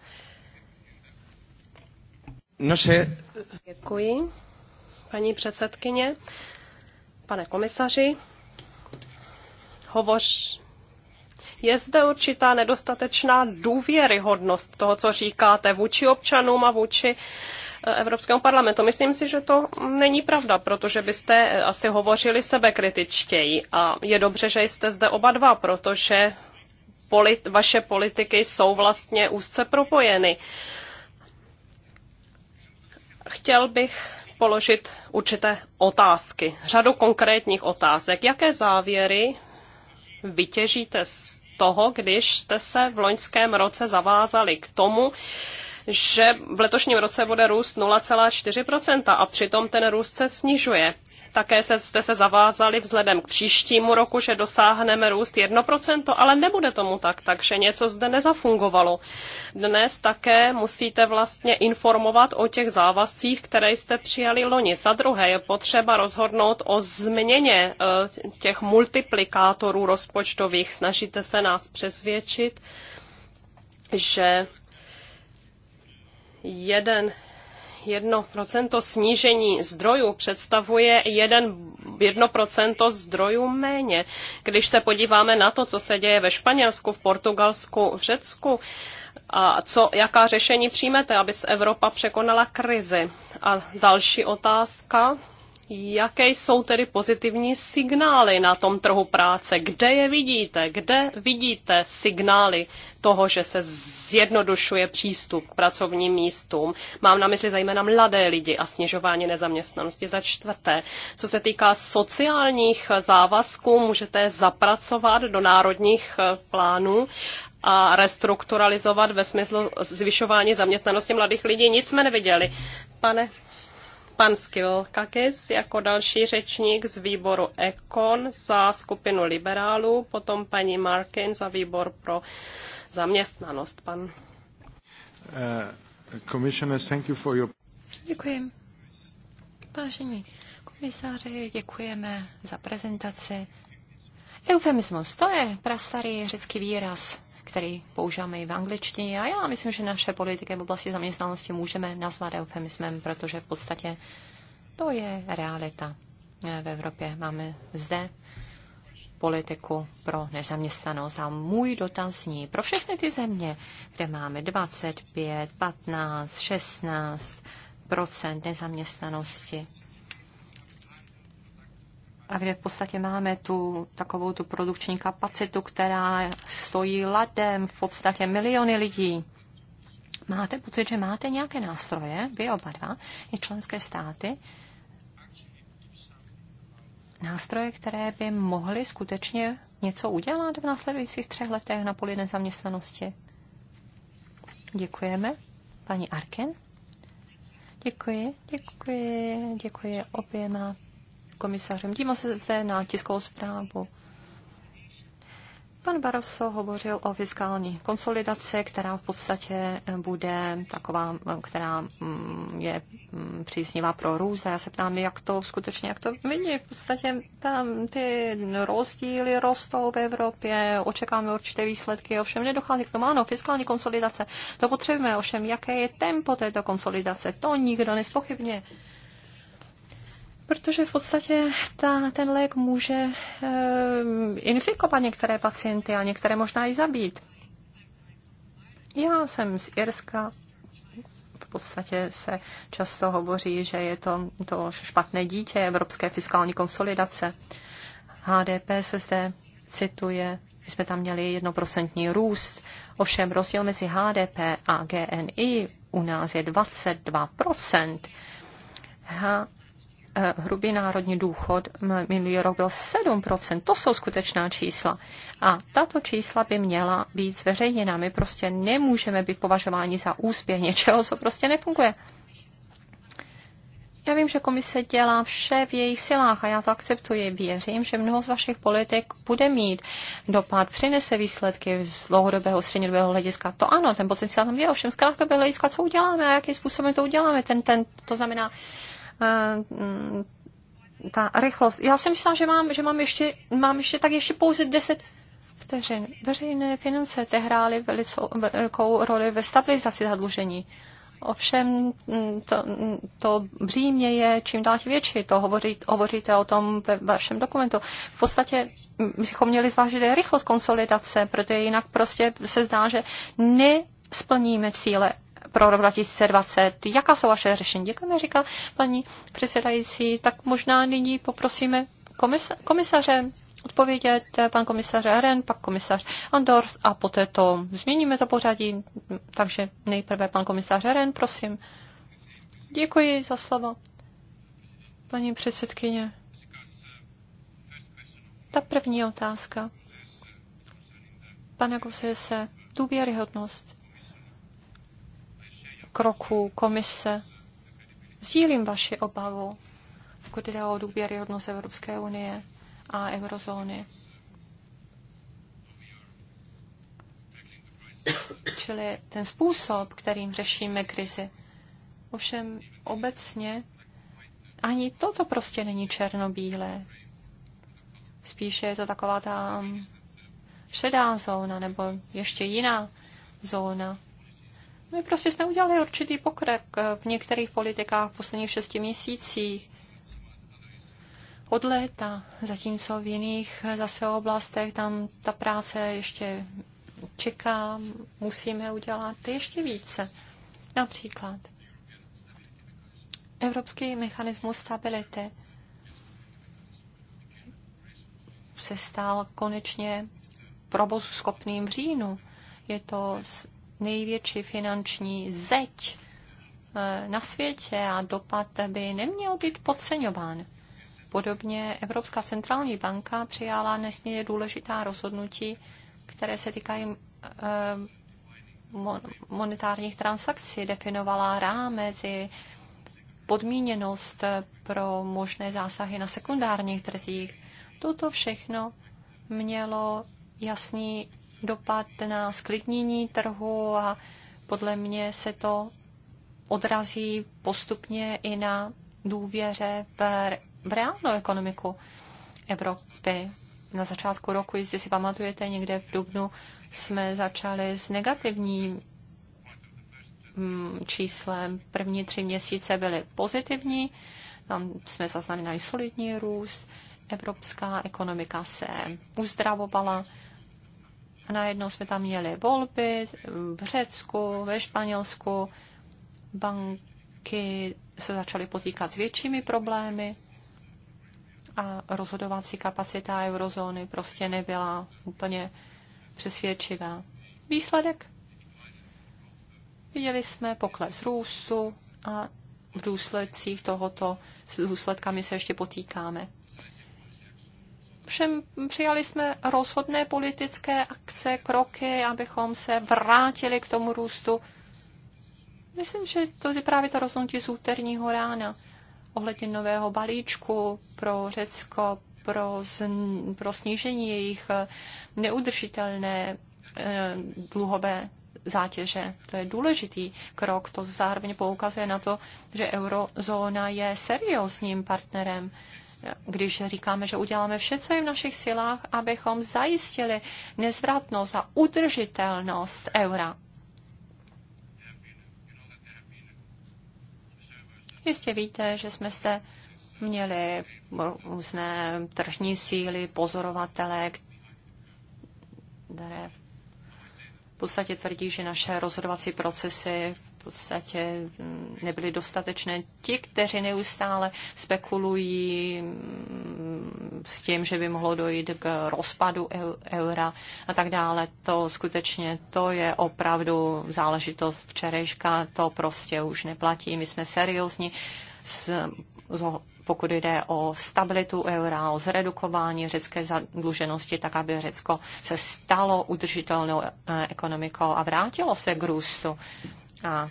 No se... Děkuji, paní předsedkyně. Pane komisaři, hovoř, je zde určitá nedostatečná důvěryhodnost toho, co říkáte vůči občanům a vůči eh, Evropskému parlamentu. Myslím si, že to není pravda, protože byste eh, asi hovořili sebekritičtěji a je dobře, že jste zde oba dva, protože polit, vaše politiky jsou vlastně úzce propojeny. Uh, Chtěl bych položit určité otázky, řadu konkrétních otázek. Jaké závěry vytěžíte z toho, když jste se v loňském roce zavázali k tomu, že v letošním roce bude růst 0,4% a přitom ten růst se snižuje. Také se, jste se zavázali vzhledem k příštímu roku, že dosáhneme růst 1%, ale nebude tomu tak, takže něco zde nezafungovalo. Dnes také musíte vlastně informovat o těch závazcích, které jste přijali loni. Za druhé je potřeba rozhodnout o změně eh, těch multiplikátorů rozpočtových. Snažíte se nás přesvědčit, že jeden 1% snížení zdrojů představuje 1%, zdrojů méně. Když se podíváme na to, co se děje ve Španělsku, v Portugalsku, v Řecku, a co, jaká řešení přijmete, aby se Evropa překonala krizi? A další otázka Jaké jsou tedy pozitivní signály na tom trhu práce? Kde je vidíte? Kde vidíte signály toho, že se zjednodušuje přístup k pracovním místům? Mám na mysli zejména mladé lidi a snižování nezaměstnanosti za čtvrté. Co se týká sociálních závazků, můžete zapracovat do národních eh, plánů a restrukturalizovat ve smyslu zvyšování zaměstnanosti mladých lidí. Nic jsme neviděli. Pane pan Skilkakis jako další řečník z výboru Econ za skupinu liberálů, potom paní Markin za výbor pro zaměstnanost. Pan. Uh, thank you for your... Děkuji. Vážení komisáři, děkujeme za prezentaci. Eufemismus, to je prastarý řecký výraz který používáme i v angličtině. A já myslím, že naše politiky v oblasti zaměstnanosti můžeme nazvat eufemismem, protože v podstatě to je realita eh, v Evropě. Máme zde politiku pro nezaměstnanost. A můj dotaz zní, pro všechny ty země, kde máme 25, 15, 16 nezaměstnanosti, a kde v podstatě máme tu takovou tu produkční kapacitu, která stojí ladem v podstatě miliony lidí. Máte pocit, že máte nějaké nástroje, vy oba dva, i členské státy, nástroje, které by mohly skutečně něco udělat v následujících třech letech na poli nezaměstnanosti? Děkujeme. Paní Arken. Děkuji, děkuji, děkuji oběma komisařem. díma se zde na tiskovou zprávu. Pan Barroso hovořil o fiskální konsolidaci, která v podstatě bude taková, která mm, je mm, příznivá pro růst. A já se ptám, jak to skutečně, jak to vidí. V podstatě tam ty rozdíly rostou v Evropě, očekáváme určité výsledky, ovšem nedochází k tomu. Ano, fiskální konsolidace, to potřebujeme, ovšem jaké je tempo této konsolidace, to nikdo nespochybně. Protože v podstatě ta, ten lék může e, infikovat některé pacienty a některé možná i zabít. Já jsem z Irska. V podstatě se často hovoří, že je to, to špatné dítě evropské fiskální konsolidace. HDP se zde cituje, že jsme tam měli jednoprocentní růst, ovšem rozdíl mezi HDP a GNI u nás je 22%. Eh, hrubý národní důchod minulý rok byl 7%. To jsou skutečná čísla. A tato čísla by měla být zveřejněna. My prostě nemůžeme být považováni za úspěch něčeho, co prostě nefunguje. Já vím, že komise dělá vše v jejich silách a já to akceptuji. Věřím, že mnoho z vašich politik bude mít dopad, přinese výsledky z dlouhodobého, střednědobého hlediska. To ano, ten potenciál tam je, ovšem z krátkodobého hlediska, co uděláme a jakým způsobem to uděláme. Ten, ten, to znamená, Eh, ta rychlost. Já jsem myslela, že mám, že mám ještě, mám ještě tak ještě pouze 10 vteřin. Veřejné finance te hrály velikou roli ve stabilizaci zadlužení. Ovšem hm, to, hm, to břímě je čím dál větší. To hovoří, hovoříte o tom ve vašem dokumentu. V podstatě hm, bychom měli zvážit rychlost konsolidace, protože jinak prostě se zdá, že ne splníme cíle pro rok 2020. Jaká jsou vaše řešení? Děkujeme, říká paní předsedající. Tak možná nyní poprosíme komisa- komisaře odpovědět, pan komisař Aren, pak komisař Andors a poté to změníme to pořadí. Takže nejprve pan komisař Aren, prosím. Děkuji za slovo, paní předsedkyně. Ta první otázka. Pane Guse, se důvěryhodnost kroků komise. Sdílím vaši obavu, pokud jde o důvěryhodnost Evropské unie a eurozóny. Čili ten způsob, kterým řešíme krizi. Ovšem obecně ani toto prostě není černobílé. Spíše je to taková ta šedá zóna nebo ještě jiná zóna my prostě jsme udělali určitý pokrok eh, v některých politikách v posledních šesti měsících od léta, zatímco v jiných eh, zase oblastech tam ta práce ještě čeká, musíme udělat ještě více. Například Evropský mechanismus stability se stal konečně provozu schopným v říjnu. Je to největší finanční zeď eh, na světě a dopad by neměl být podceňován. Podobně Evropská centrální banka přijala nesmírně důležitá rozhodnutí, které se týkají eh, monetárních transakcí, definovala rámec i podmíněnost pro možné zásahy na sekundárních trzích. Toto všechno mělo jasný dopad na sklidnění trhu a podle mě se to odrazí postupně i na důvěře v reálnou ekonomiku Evropy. Na začátku roku, jestli si pamatujete, někde v Dubnu jsme začali s negativním mm, číslem. První tři měsíce byly pozitivní, tam jsme zaznamenali solidní růst, evropská ekonomika se uzdravovala, a najednou jsme tam měli volby v Řecku, ve Španělsku. Banky se začaly potýkat s většími problémy a rozhodovací kapacita eurozóny prostě nebyla úplně přesvědčivá. Výsledek? Viděli jsme pokles růstu a v důsledcích tohoto, s důsledkami se ještě potýkáme. Ovšem přijali jsme rozhodné politické akce, kroky, abychom se vrátili k tomu růstu. Myslím, že to je právě to rozhodnutí z úterního rána ohledně nového balíčku pro Řecko, pro, z, pro snížení jejich eh, neudržitelné eh, dluhové zátěže. To je důležitý krok. To zároveň poukazuje na to, že eurozóna je seriózním partnerem když říkáme, že uděláme vše, co je v našich silách, abychom zajistili nezvratnost a udržitelnost eura. Jistě víte, že jsme zde měli různé tržní síly, pozorovatele, které v podstatě tvrdí, že naše rozhodovací procesy podstatě mm, nebyly dostatečné. Ti, kteří neustále spekulují mm, s tím, že by mohlo dojít k rozpadu eura a tak dále, to skutečně to je opravdu záležitost včerejška, to prostě už neplatí. My jsme seriózní s, pokud jde o stabilitu eura, o zredukování řecké zadluženosti, tak aby Řecko se stalo udržitelnou eh, ekonomikou a vrátilo se k růstu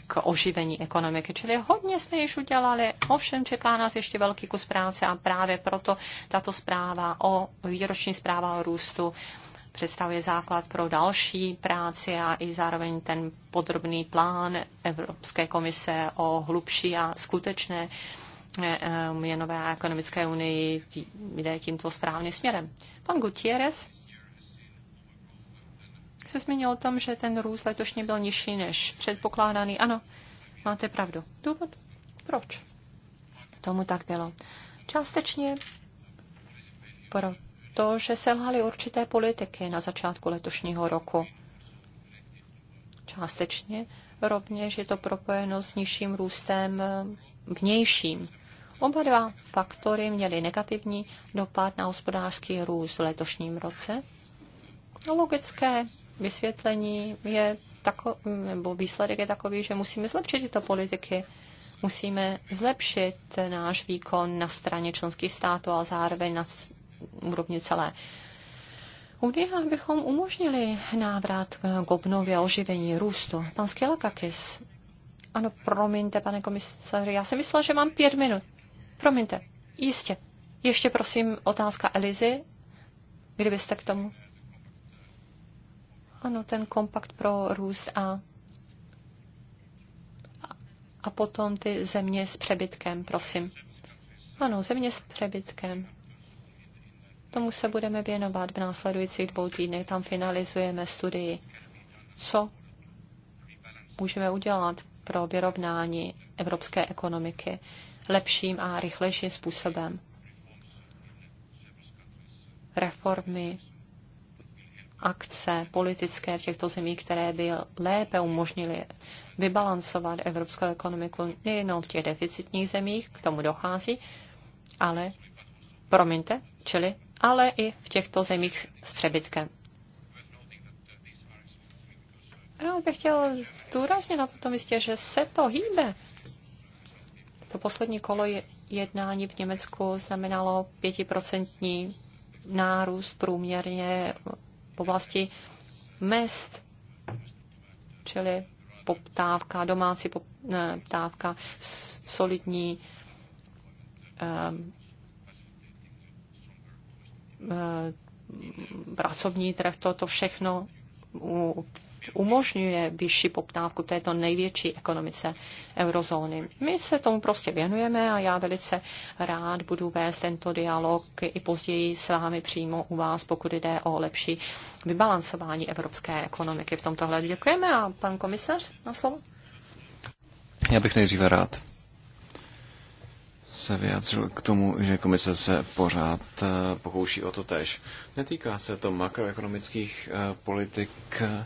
k oživení ekonomiky. Čili hodně jsme již udělali, ovšem čeká nás ještě velký kus práce a právě proto tato zpráva o výroční zpráva o růstu představuje základ pro další práci a i zároveň ten podrobný plán Evropské komise o hlubší a skutečné eh, eh, měnové a ekonomické unii jde tímto správným směrem. Pan Gutierrez se zmínil o tom, že ten růst letošně byl nižší než předpokládaný. Ano, máte pravdu. Důvod? Proč? Tomu tak bylo. Částečně proto, že selhaly určité politiky na začátku letošního roku. Částečně rovněž je to propojeno s nižším růstem vnějším. Oba dva faktory měly negativní dopad na hospodářský růst v letošním roce. Logické vysvětlení je tako, nebo výsledek je takový, že musíme zlepšit tyto politiky. Musíme zlepšit náš výkon na straně členských států a zároveň na úrovni celé Unie, abychom umožnili návrat k obnově, oživení, růstu. Pan Skelakakis. Ano, promiňte, pane komisaři, já jsem myslela, že mám pět minut. Promiňte, jistě. Ještě prosím otázka Elizy, kdybyste k tomu ano, ten kompakt pro růst a a potom ty země s přebytkem, prosím. Ano, země s přebytkem. Tomu se budeme věnovat v následujících dvou týdnech. Tam finalizujeme studii. Co můžeme udělat pro vyrovnání evropské ekonomiky lepším a rychlejším způsobem? Reformy akce politické v těchto zemích, které by lépe umožnily vybalancovat evropskou ekonomiku nejenom v těch deficitních zemích, k tomu dochází, ale, promiňte, čili, ale i v těchto zemích s přebytkem. Já bych chtěl důrazně na tom místě, že se to hýbe. To poslední kolo jednání v Německu znamenalo pětiprocentní nárůst průměrně v oblasti mest, čili poptávka, domácí poptávka, solidní um, pracovní trh, to, to všechno u umožňuje vyšší poptávku této největší ekonomice eurozóny. My se tomu prostě věnujeme a já velice rád budu vést tento dialog i později s vámi přímo u vás, pokud jde o lepší vybalancování evropské ekonomiky. V tomto hledu děkujeme a pan komisař na slovo. Já bych nejdříve rád se vyjádřil k tomu, že komise se pořád eh, pokouší o to tež. Netýká se to makroekonomických eh, politik eh,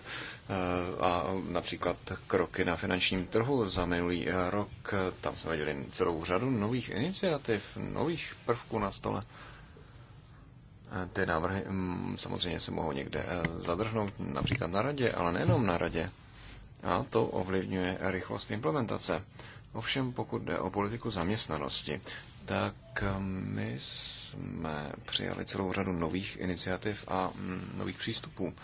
Eh, a například kroky na finančním trhu za minulý eh, rok. Tam jsme viděli celou řadu nových iniciativ, nových prvků na stole. Eh, ty návrhy mm, samozřejmě se mohou někde zadrhnout, například na radě, ale nejenom na radě. A to ovlivňuje rychlost implementace. Ovšem, pokud jde o politiku zaměstnanosti, tak my jsme přijali celou řadu nových iniciativ a mm, nových přístupů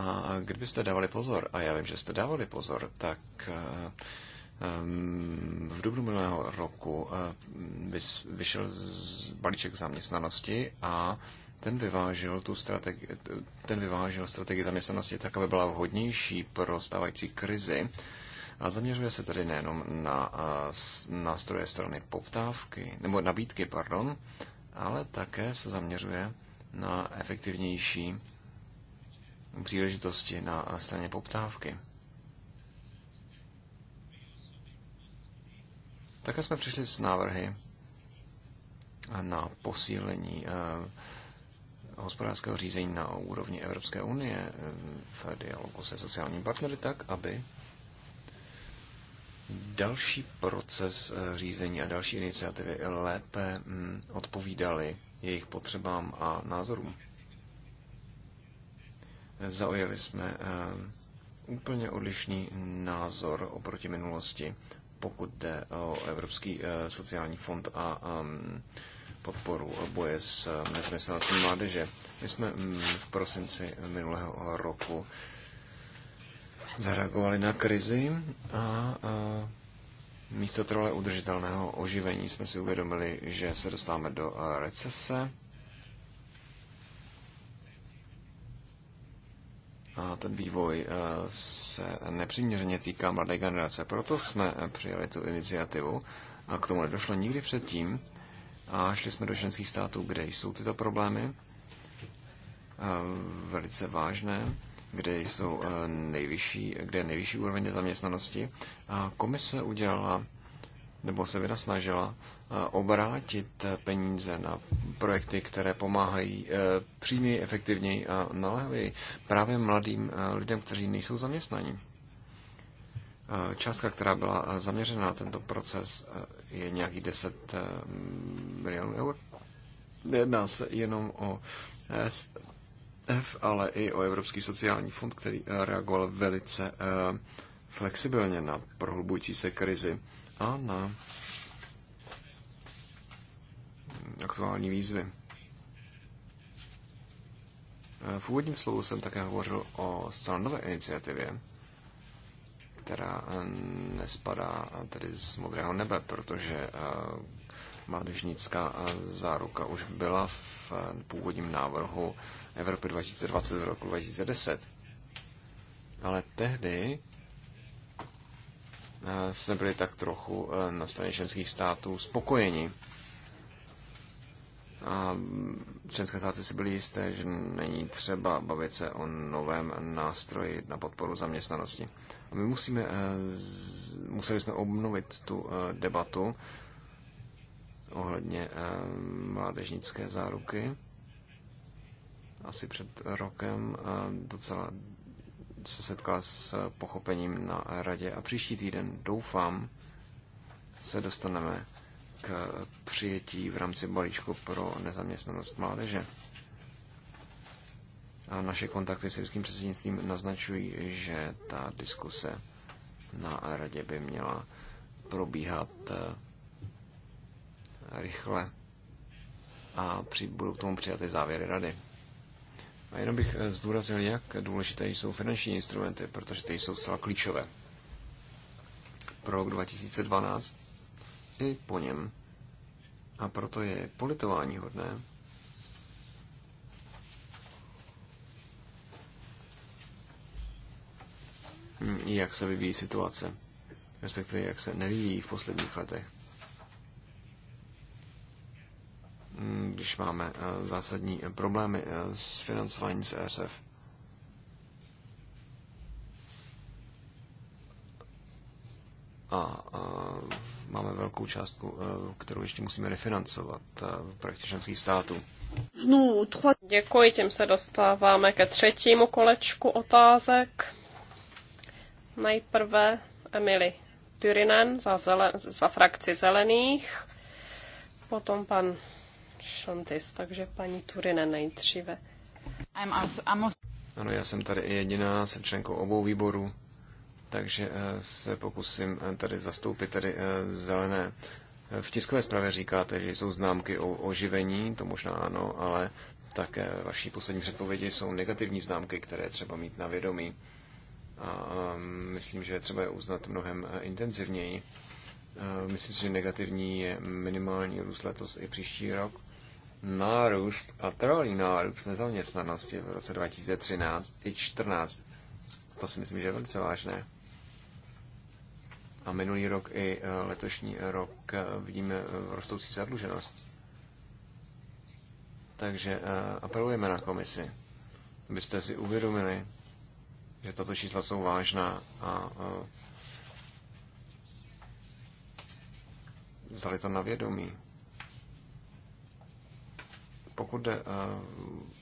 a kdybyste dávali pozor, a já vím, že jste dávali pozor, tak eh, ehm, v dubnu minulého roku eh, vyšel z balíček zaměstnanosti a ten vyvážel, tu strategi- ten vyvážel strategii zaměstnanosti tak, aby byla vhodnější pro stávající krizi. A zaměřuje se tedy nejenom na eh, nástroje strany poptávky, nebo nabídky, pardon, ale také se zaměřuje na efektivnější příležitosti na straně poptávky. Také jsme přišli s návrhy na posílení eh, hospodářského řízení na úrovni Evropské unie eh, v dialogu se sociálními partnery tak, aby další proces eh, řízení a další iniciativy lépe mm, odpovídaly jejich potřebám a názorům. Zaujali jsme eh, úplně odlišný názor oproti minulosti, pokud jde o Evropský eh, sociální fond a ehm, podporu boje s eh, nezaměstnaností mládeže. My jsme mm, v prosinci minulého roku zareagovali na krizi a, místo trole udržitelného oživení jsme si uvědomili, že se dostáváme do recese a ten vývoj eh, se nepřiměřeně týká mladé generace. Proto jsme přijali tu iniciativu a k tomu nedošlo nikdy předtím. A šli jsme do ženských států, kde jsou tyto problémy eh, velice vážné, kde, jsou eh, nejvyšší, kde je nejvyšší úroveň zaměstnanosti. A komise udělala, nebo se vynasnažila Eh, obrátit peníze na projekty, které pomáhají eh, přímě, efektivněji a naléhavěji právě mladým eh, lidem, kteří nejsou zaměstnaní. Částka, která byla zaměřena na tento proces, je nějaký 10 milionů eur. Jedná se jenom o SF, ale i o Evropský sociální fond, který reagoval velice flexibilně na prohlubující se krizi a na aktuální výzvy. Eh, v úvodním slovu jsem také hovořil o zcela nové iniciativě, která eh, nespadá eh, tedy z modrého nebe, protože mládežnická záruka už byla v původním návrhu Evropy 2020 v roku 2010. Ale tehdy jsme byli tak trochu na straně členských států spokojeni a členské státy si byly jisté, že není třeba bavit se o novém nástroji na podporu zaměstnanosti. A my musíme, eh, museli jsme obnovit tu eh, debatu ohledně eh, mládežnické záruky. Asi před rokem docela se setkala s pochopením na radě a příští týden doufám se dostaneme k přijetí v rámci balíčku pro nezaměstnanost mládeže. A naše kontakty s irským předsednictvím naznačují, že ta diskuse na radě by měla probíhat eh, rychle a budou k tomu přijaty závěry rady. A jenom bych eh, zdůraznil, jak důležité jsou finanční instrumenty, protože ty jsou zcela klíčové. Pro rok 2012 i po něm. A proto je politování hodné, jak se vyvíjí situace, respektive jak se nevyvíjí v posledních letech. Když máme eh, zásadní eh, problémy eh, s financováním ESF, A, a máme velkou částku, eh, kterou ještě musíme refinancovat eh, projekty členských států. No, Děkuji, tím se dostáváme ke třetímu kolečku otázek. Nejprve Emily Tyrinen za, zelen, za frakci zelených, potom pan Šontis, takže paní Turinen nejdříve. Ano, já jsem tady jediná, jsem členkou obou výborů takže eh, se pokusím eh, tady zastoupit tady eh, zelené. V tiskové zprávě říkáte, že jsou známky o oživení, to možná ano, ale také vaší poslední předpovědi jsou negativní známky, které třeba mít na vědomí. A ehm, myslím, že třeba je uznat mnohem intenzivněji. Myslím si, že negativní je minimální růst letos i příští rok. Nárůst a trvalý nárůst nezaměstnanosti v roce 2013 i 2014. To si myslím, že je velice vážné. A minulý rok i e, letošní rok e, vidíme e, rostoucí zadluženost. Takže apelujeme na komisi, abyste si uvědomili, že tato čísla jsou vážná a vzali to na vědomí. Pokud jde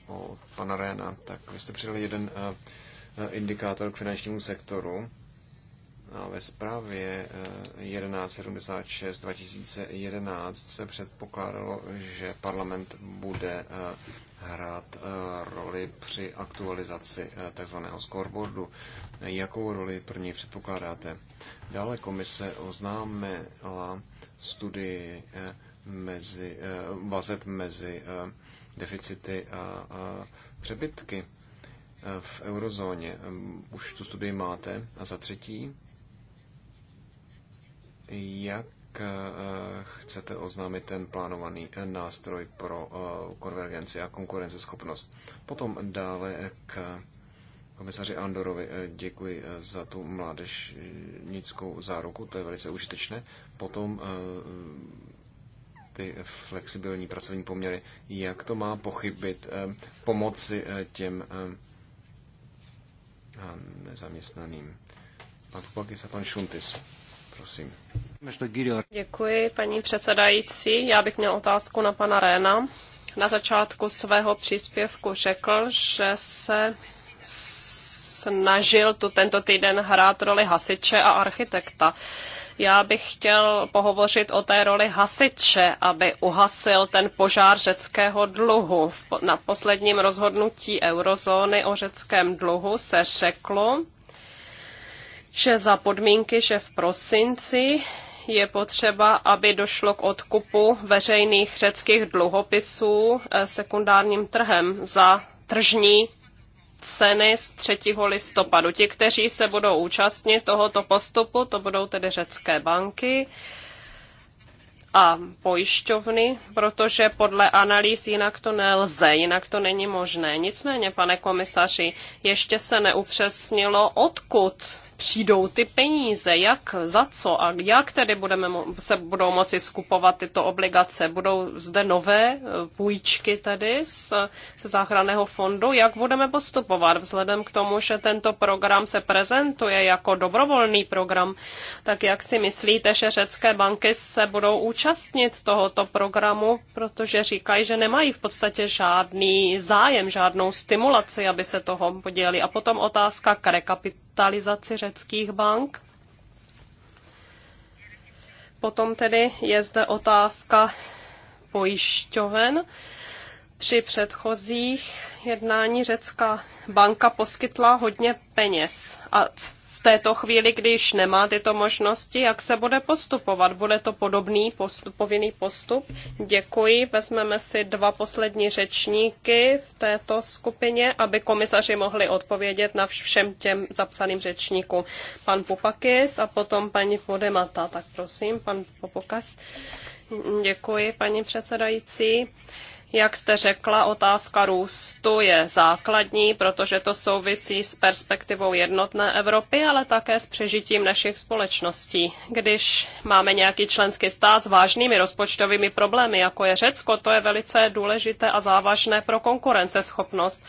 o pana Réna, tak vy jste přidali jeden indikátor k finančnímu sektoru a ve zprávě 1176 eh, 2011 se předpokládalo, že parlament bude eh, hrát eh, roli při aktualizaci tzv. scoreboardu. Jakou roli pro něj předpokládáte? Dále komise oznámila studii mezi, vazeb mezi deficity a přebytky v eurozóně. Už tu studii máte. A za třetí, jak eh, chcete oznámit ten plánovaný eh, nástroj pro eh, konvergenci a konkurenceschopnost. Potom dále k komisaři Andorovi děkuji za tu mládežnickou záruku, to je velice užitečné. Potom ty flexibilní pracovní poměry, jak to má pochybit pomoci těm nezaměstnaným. Pak pak je se pan Šuntis prosím. Děkuji, paní předsedající. Já bych měl otázku na pana Réna. Na začátku svého příspěvku řekl, že se snažil tu tento týden hrát roli hasiče a architekta. Já bych chtěl pohovořit o té roli hasiče, aby uhasil ten požár řeckého dluhu. Na posledním rozhodnutí eurozóny o řeckém dluhu se řeklo, že za podmínky, že v prosinci je potřeba, aby došlo k odkupu veřejných řeckých dluhopisů eh, sekundárním trhem za tržní ceny z 3. listopadu. Ti, kteří se budou účastnit tohoto postupu, to budou tedy řecké banky a pojišťovny, protože podle analýz jinak to nelze, jinak to není možné. Nicméně, pane komisaři, ještě se neupřesnilo, odkud přijdou ty peníze, jak, za co a jak tedy budeme, se budou moci skupovat tyto obligace. Budou zde nové e, půjčky tedy z, záchranného fondu, jak budeme postupovat vzhledem k tomu, že tento program se prezentuje jako dobrovolný program, tak jak si myslíte, že řecké banky se budou účastnit tohoto programu, protože říkají, že nemají v podstatě žádný zájem, žádnou stimulaci, aby se toho podělili. A potom otázka k rekapitulaci kapitalizaci řeckých bank. Potom tedy je zde otázka pojišťoven. Při předchozích jednání řecká banka poskytla hodně peněz a v v této chvíli, když nemá tyto možnosti, jak se bude postupovat? Bude to podobný postup, povinný postup? Děkuji. Vezmeme si dva poslední řečníky v této skupině, aby komisaři mohli odpovědět na všem těm zapsaným řečníkům. Pan Pupakis a potom paní Podemata. Tak prosím, pan Popokas. Děkuji, paní předsedající. Jak jste řekla, otázka růstu je základní, protože to souvisí s perspektivou jednotné Evropy, ale také s přežitím našich společností. Když máme nějaký členský stát s vážnými rozpočtovými problémy, jako je Řecko, to je velice důležité a závažné pro konkurenceschopnost.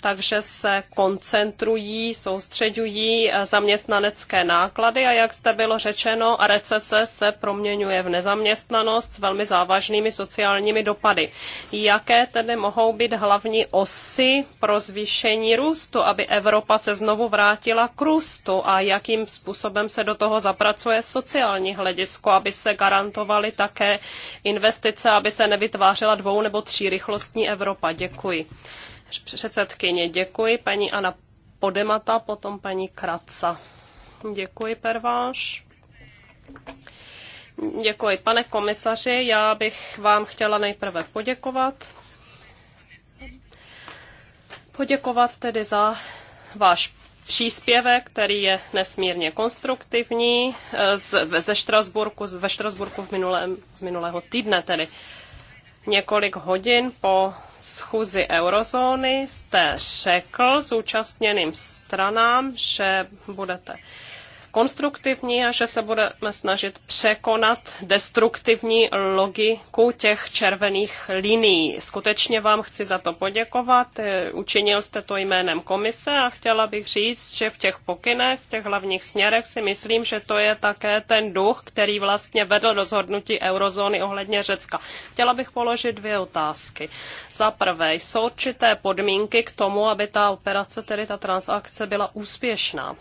Takže se koncentrují, soustředují zaměstnanecké náklady a jak jste bylo řečeno, recese se proměňuje v nezaměstnanost s velmi závažnými sociálními dopady jaké tedy mohou být hlavní osy pro zvýšení růstu, aby Evropa se znovu vrátila k růstu a jakým způsobem se do toho zapracuje sociální hledisko, aby se garantovaly také investice, aby se nevytvářela dvou nebo tří rychlostní Evropa. Děkuji. Předsedkyně, děkuji. Paní Ana Podemata, potom paní Kraca. Děkuji, Perváš. Děkuji, pane komisaři. Já bych vám chtěla nejprve poděkovat. Poděkovat tedy za váš příspěvek, který je nesmírně konstruktivní eh, z, ze Štrasburku, z, ve Štrasburku v minulém, z minulého týdne tedy. Několik hodin po schůzi eurozóny jste řekl zúčastněným stranám, že budete konstruktivní a že se budeme snažit překonat destruktivní logiku těch červených linií. Skutečně vám chci za to poděkovat. Učinil jste to jménem komise a chtěla bych říct, že v těch pokynech, v těch hlavních směrech si myslím, že to je také ten duch, který vlastně vedl rozhodnutí eurozóny ohledně Řecka. Chtěla bych položit dvě otázky. Za prvé, jsou určité podmínky k tomu, aby ta operace, tedy ta transakce byla úspěšná.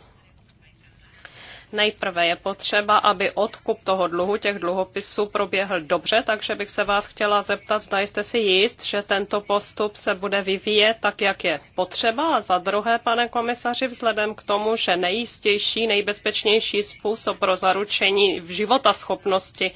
Nejprve je potřeba, aby odkup toho dluhu, těch dluhopisů proběhl dobře, takže bych se vás chtěla zeptat, zda jste si jist, že tento postup se bude vyvíjet tak, jak je potřeba. A za druhé, pane komisaři, vzhledem k tomu, že nejistější, nejbezpečnější způsob pro zaručení v životaschopnosti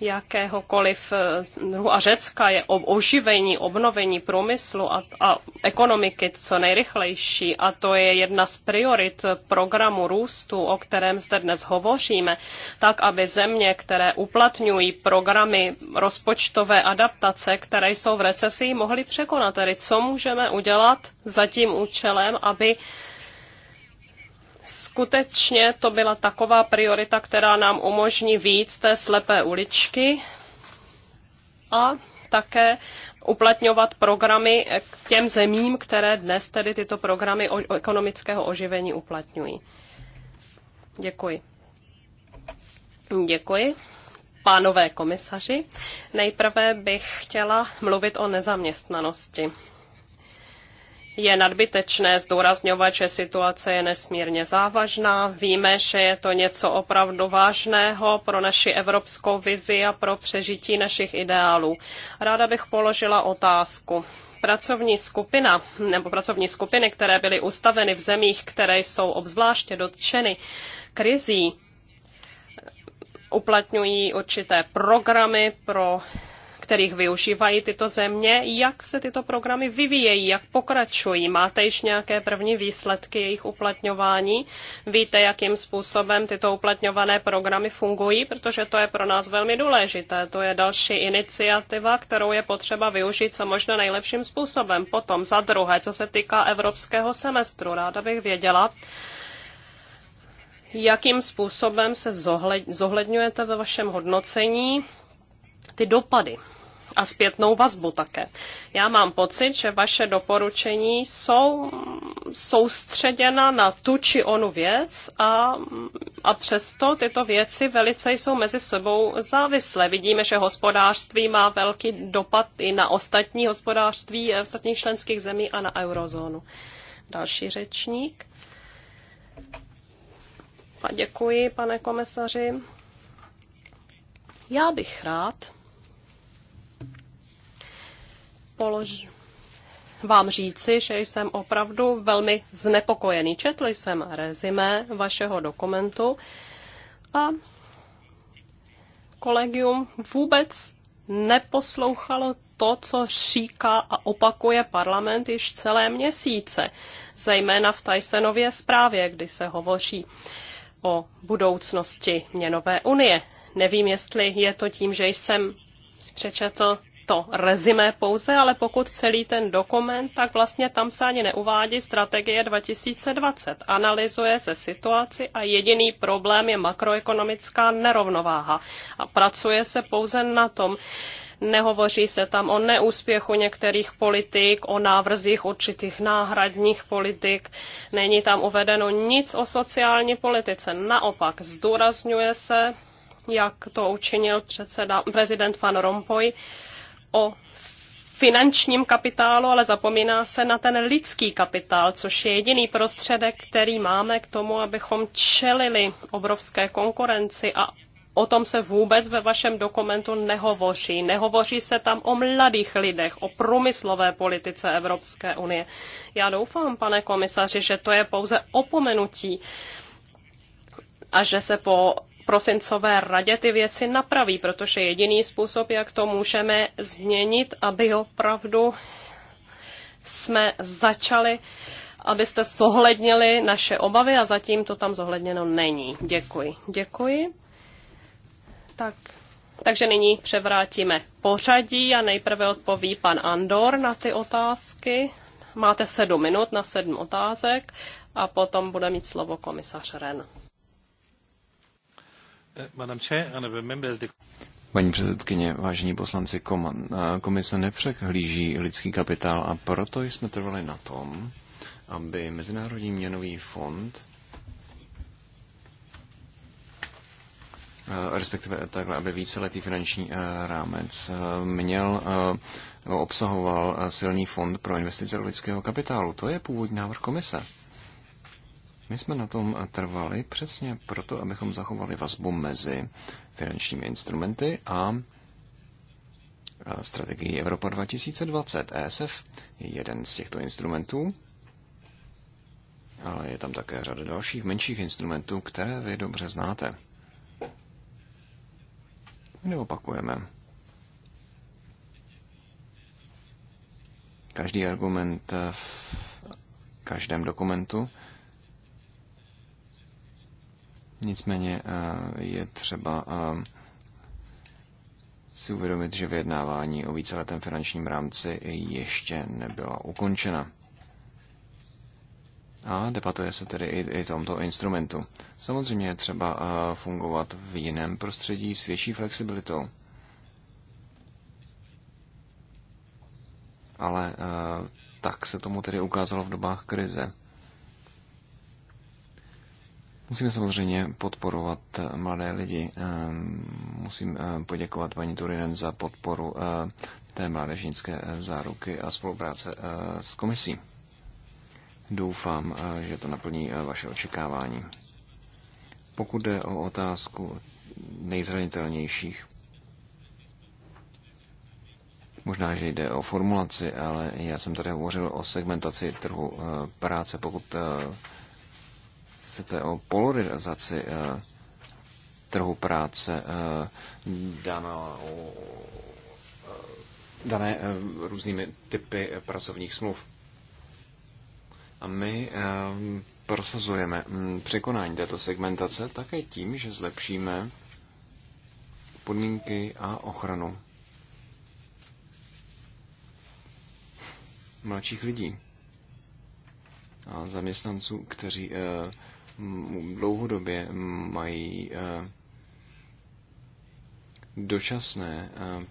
jakéhokoliv eh, druhu a Řecka je o oživení, obnovení průmyslu a, a ekonomiky co nejrychlejší a to je jedna z priorit programu růstu, o kterém zde dnes hovoříme, tak aby země, které uplatňují programy rozpočtové adaptace, které jsou v recesi, mohly překonat. Tedy co můžeme udělat za tím účelem, aby skutečně to byla taková priorita, která nám umožní víc té slepé uličky a také uplatňovat programy k těm zemím, které dnes tedy tyto programy o, ekonomického oživení uplatňují. Děkuji. Děkuji. Pánové komisaři, nejprve bych chtěla mluvit o nezaměstnanosti je nadbytečné zdůrazňovat, že situace je nesmírně závažná. Víme, že je to něco opravdu vážného pro naši evropskou vizi a pro přežití našich ideálů. Ráda bych položila otázku pracovní skupina nebo pracovní skupiny, které byly ustaveny v zemích, které jsou obzvláště dotčeny krizí, uplatňují určité programy pro kterých využívají tyto země, jak se tyto programy vyvíjejí, jak pokračují. Máte již nějaké první výsledky jejich uplatňování? Víte, jakým způsobem tyto uplatňované programy fungují? Protože to je pro nás velmi důležité. To je další iniciativa, kterou je potřeba využít co možná nejlepším způsobem. Potom za druhé, co se týká evropského semestru, ráda bych věděla, jakým způsobem se zohledňujete ve vašem hodnocení ty dopady a zpětnou vazbu také. Já mám pocit, že vaše doporučení jsou soustředěna na tu či onu věc a, a přesto tyto věci velice jsou mezi sebou závislé. Vidíme, že hospodářství má velký dopad i na ostatní hospodářství v ostatních členských zemí a na eurozónu. Další řečník. A děkuji, pane komisaři. Já bych rád polož, vám říci, že jsem opravdu velmi znepokojený. Četl jsem rezime vašeho dokumentu a kolegium vůbec neposlouchalo to, co říká a opakuje parlament již celé měsíce, zejména v Tysonově zprávě, kdy se hovoří o budoucnosti měnové unie. Nevím, jestli je to tím, že jsem přečetl to rezime pouze, ale pokud celý ten dokument, tak vlastně tam se ani neuvádí strategie 2020. Analyzuje se situaci a jediný problém je makroekonomická nerovnováha. A pracuje se pouze na tom, Nehovoří se tam o neúspěchu některých politik, o návrzích určitých náhradních politik. Není tam uvedeno nic o sociální politice. Naopak zdůrazňuje se, jak to učinil předseda, prezident Van Rompuy, o finančním kapitálu, ale zapomíná se na ten lidský kapitál, což je jediný prostředek, který máme k tomu, abychom čelili obrovské konkurenci a O tom se vůbec ve vašem dokumentu nehovoří. Nehovoří se tam o mladých lidech, o průmyslové politice Evropské unie. Já doufám, pane komisaři, že to je pouze opomenutí a že se po prosincové radě ty věci napraví, protože jediný způsob, jak to můžeme změnit, aby opravdu jsme začali, abyste zohlednili naše obavy a zatím to tam zohledněno není. Děkuji. Děkuji. Tak. Takže nyní převrátíme pořadí a nejprve odpoví pan Andor na ty otázky. Máte sedm minut na sedm otázek a potom bude mít slovo komisař Ren. Paní předsedkyně, vážení poslanci, komise nepřehlíží lidský kapitál a proto jsme trvali na tom, aby Mezinárodní měnový fond respektive takhle, aby víceletý finanční rámec měl, obsahoval silný fond pro investice do lidského kapitálu. To je původní návrh komise. My jsme na tom trvali přesně proto, abychom zachovali vazbu mezi finančními instrumenty a strategii Evropa 2020. ESF je jeden z těchto instrumentů, ale je tam také řada dalších menších instrumentů, které vy dobře znáte. My neopakujeme. Každý argument v každém dokumentu Nicméně eh, je třeba eh, si uvědomit, že vyjednávání o víceletém finančním rámci ještě nebyla ukončena. A debatuje se tedy i, i tomto instrumentu. Samozřejmě je třeba eh, fungovat v jiném prostředí s větší flexibilitou. Ale tak se tomu tedy ukázalo v dobách krize. Musíme samozřejmě podporovat eh, mladé lidi. Eh, musím eh, poděkovat paní Turinen za podporu té mládežnické záruky a spolupráce s komisí. Doufám, že to naplní vaše očekávání. Pokud jde o otázku nejzranitelnějších, Možná, že jde o formulaci, ale já jsem tady hovořil o segmentaci trhu práce. Pokud chcete o polarizaci eh, trhu práce, danou, eh, dané eh, různými typy pracovních smluv. A my prosazujeme hm, překonání této segmentace také tím, že zlepšíme podmínky a ochranu mladších lidí a zaměstnanců, kteří dlouhodobě mají eh, dočasné eh,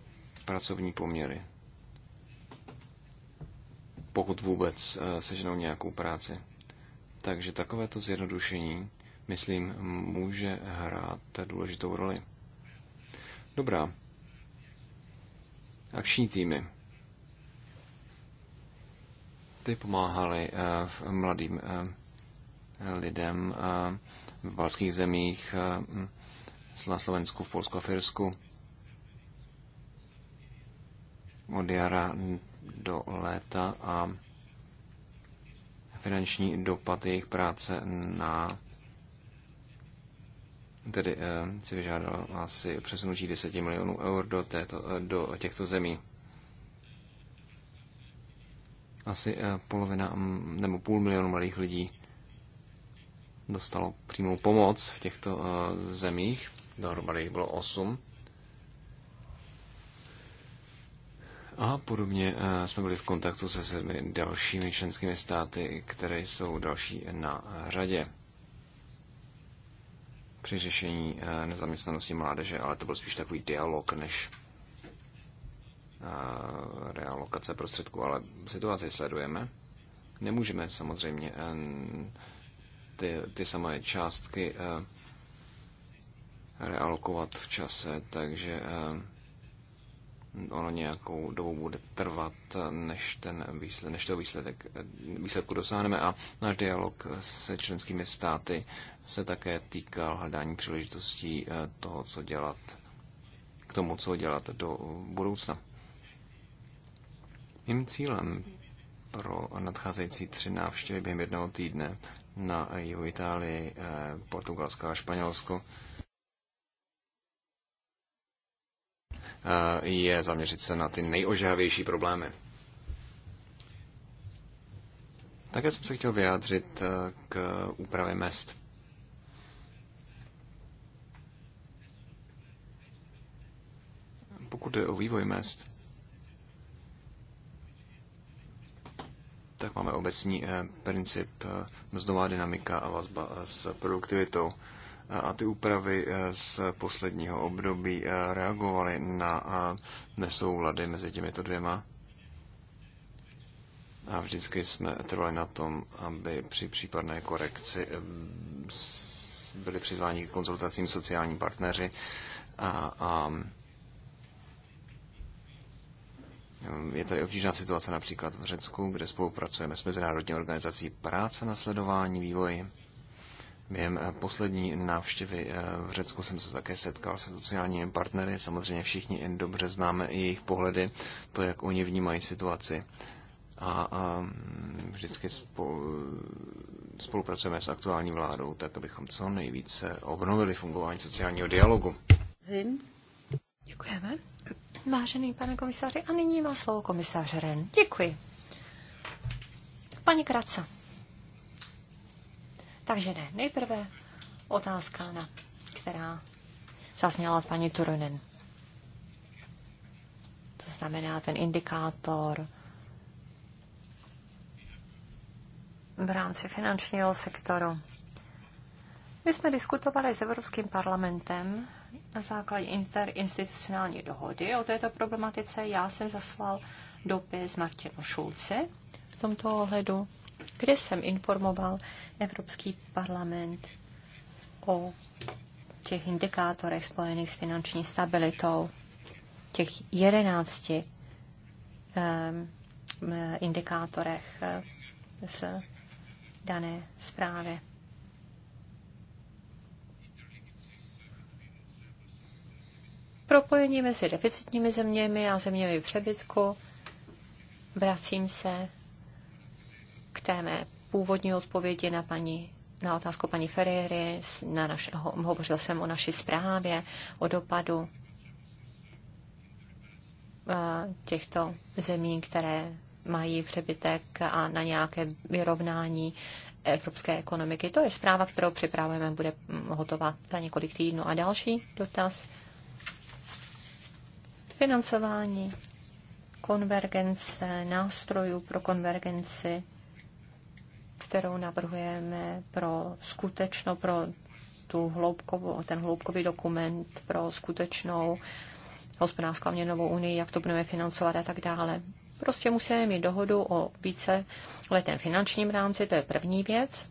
pracovní poměry, pokud vůbec eh, seženou nějakou práci. Takže takovéto zjednodušení, myslím, může hrát důležitou roli. Dobrá. Akční týmy ty pomáhaly mladým lidem eh, v balských zemích, eh, na Slovensku, v Polsku a v Od jara do léta a finanční dopad jejich práce na tedy eh, si vyžádal asi přesunutí 10 milionů eur do, této, eh, do těchto zemí. Asi eh, polovina mm, nebo půl milionu malých lidí dostalo přímou pomoc v těchto eh, zemích. Dohromady jich bylo osm A podobně eh, jsme byli v kontaktu se sedmi dalšími členskými státy, které jsou další na řadě při řešení eh, nezaměstnanosti mládeže, ale to byl spíš takový dialog než realokace prostředků, ale situaci sledujeme. Nemůžeme samozřejmě ty, ty samé částky eh, realokovat v čase, takže eh, ono nějakou dobu bude trvat, než, ten výsledek, než toho výsledek, výsledku dosáhneme. A náš dialog se členskými státy se také týkal hledání příležitostí eh, toho, co dělat, k tomu, co dělat do budoucna. Mým cílem pro nadcházející tři návštěvy během jednoho týdne na jihu Itálii, eh, Portugalsko a Španělsko, eh, je zaměřit se na ty nejožehavější problémy. Také jsem se chtěl vyjádřit eh, k úpravě mest. Pokud jde o vývoj mest, tak máme obecní eh, princip eh, mzdová dynamika a vazba eh, s produktivitou. A ty úpravy z posledního období reagovaly na nesoulady mezi těmito dvěma. A vždycky jsme trvali na tom, aby při případné korekci byli přizváni k konzultacím sociální partneři a, a Eh, je tady obtížná situace například v Řecku, kde spolupracujeme s Mezinárodní organizací práce na sledování vývoji. Během eh, poslední návštěvy eh, v Řecku jsem se také setkal se sociálními partnery. Samozřejmě všichni dobře známe i jejich pohledy, to, jak oni vnímají situaci. A, a mm, vždycky spolupracujeme s aktuální vládou, tak abychom co nejvíce obnovili fungování sociálního dialogu. Děkujeme. Vážený pane komisáři, a nyní má slovo komisář Ren. Děkuji. Paní Kraca. Takže ne, nejprve otázka, na, která zazněla od paní Turunen. To znamená ten indikátor v rámci finančního sektoru. My jsme diskutovali s Evropským parlamentem na základě interinstitucionální dohody o této problematice. Já jsem zaslal dopis Martinu Šulci v tomto ohledu, kde jsem informoval Evropský parlament o těch indikátorech spojených s finanční stabilitou, těch jedenácti um, indikátorech eh, z dané zprávy. propojení mezi deficitními zeměmi a zeměmi přebytku. Vracím se k té mé původní odpovědi na paní na otázku paní Ferrieri. na naš, ho, hovořil jsem o naší zprávě, o dopadu eh, těchto zemí, které mají přebytek a na nějaké vyrovnání evropské ekonomiky. To je zpráva, kterou připravujeme, bude hm, hotová za několik týdnů. A další dotaz Financování konvergence, nástrojů pro konvergenci, kterou navrhujeme pro skutečnou, pro tu hloubkovou, ten hloubkový dokument pro skutečnou hospodářskou měnovou unii, jak to budeme financovat a tak dále. Prostě musíme mít dohodu o více letem finančním rámci, to je první věc.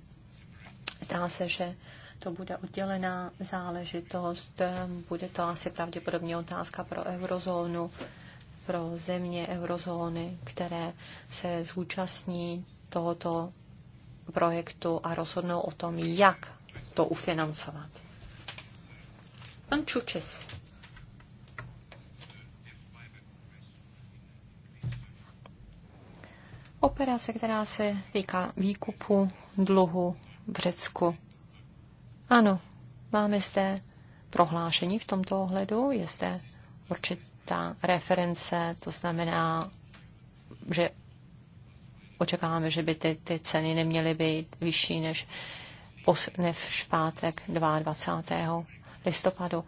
Zdá se, že to bude oddělená záležitost. Bude to asi pravděpodobně otázka pro eurozónu, pro země eurozóny, které se zúčastní tohoto projektu a rozhodnou o tom, jak to ufinancovat. Pan Čučes. Operace, která se týká výkupu dluhu v Řecku. Ano, máme zde prohlášení v tomto ohledu, je zde určitá reference, to znamená, že očekáváme, že by ty, ty ceny neměly být vyšší než, pos, v špátek 22. listopadu.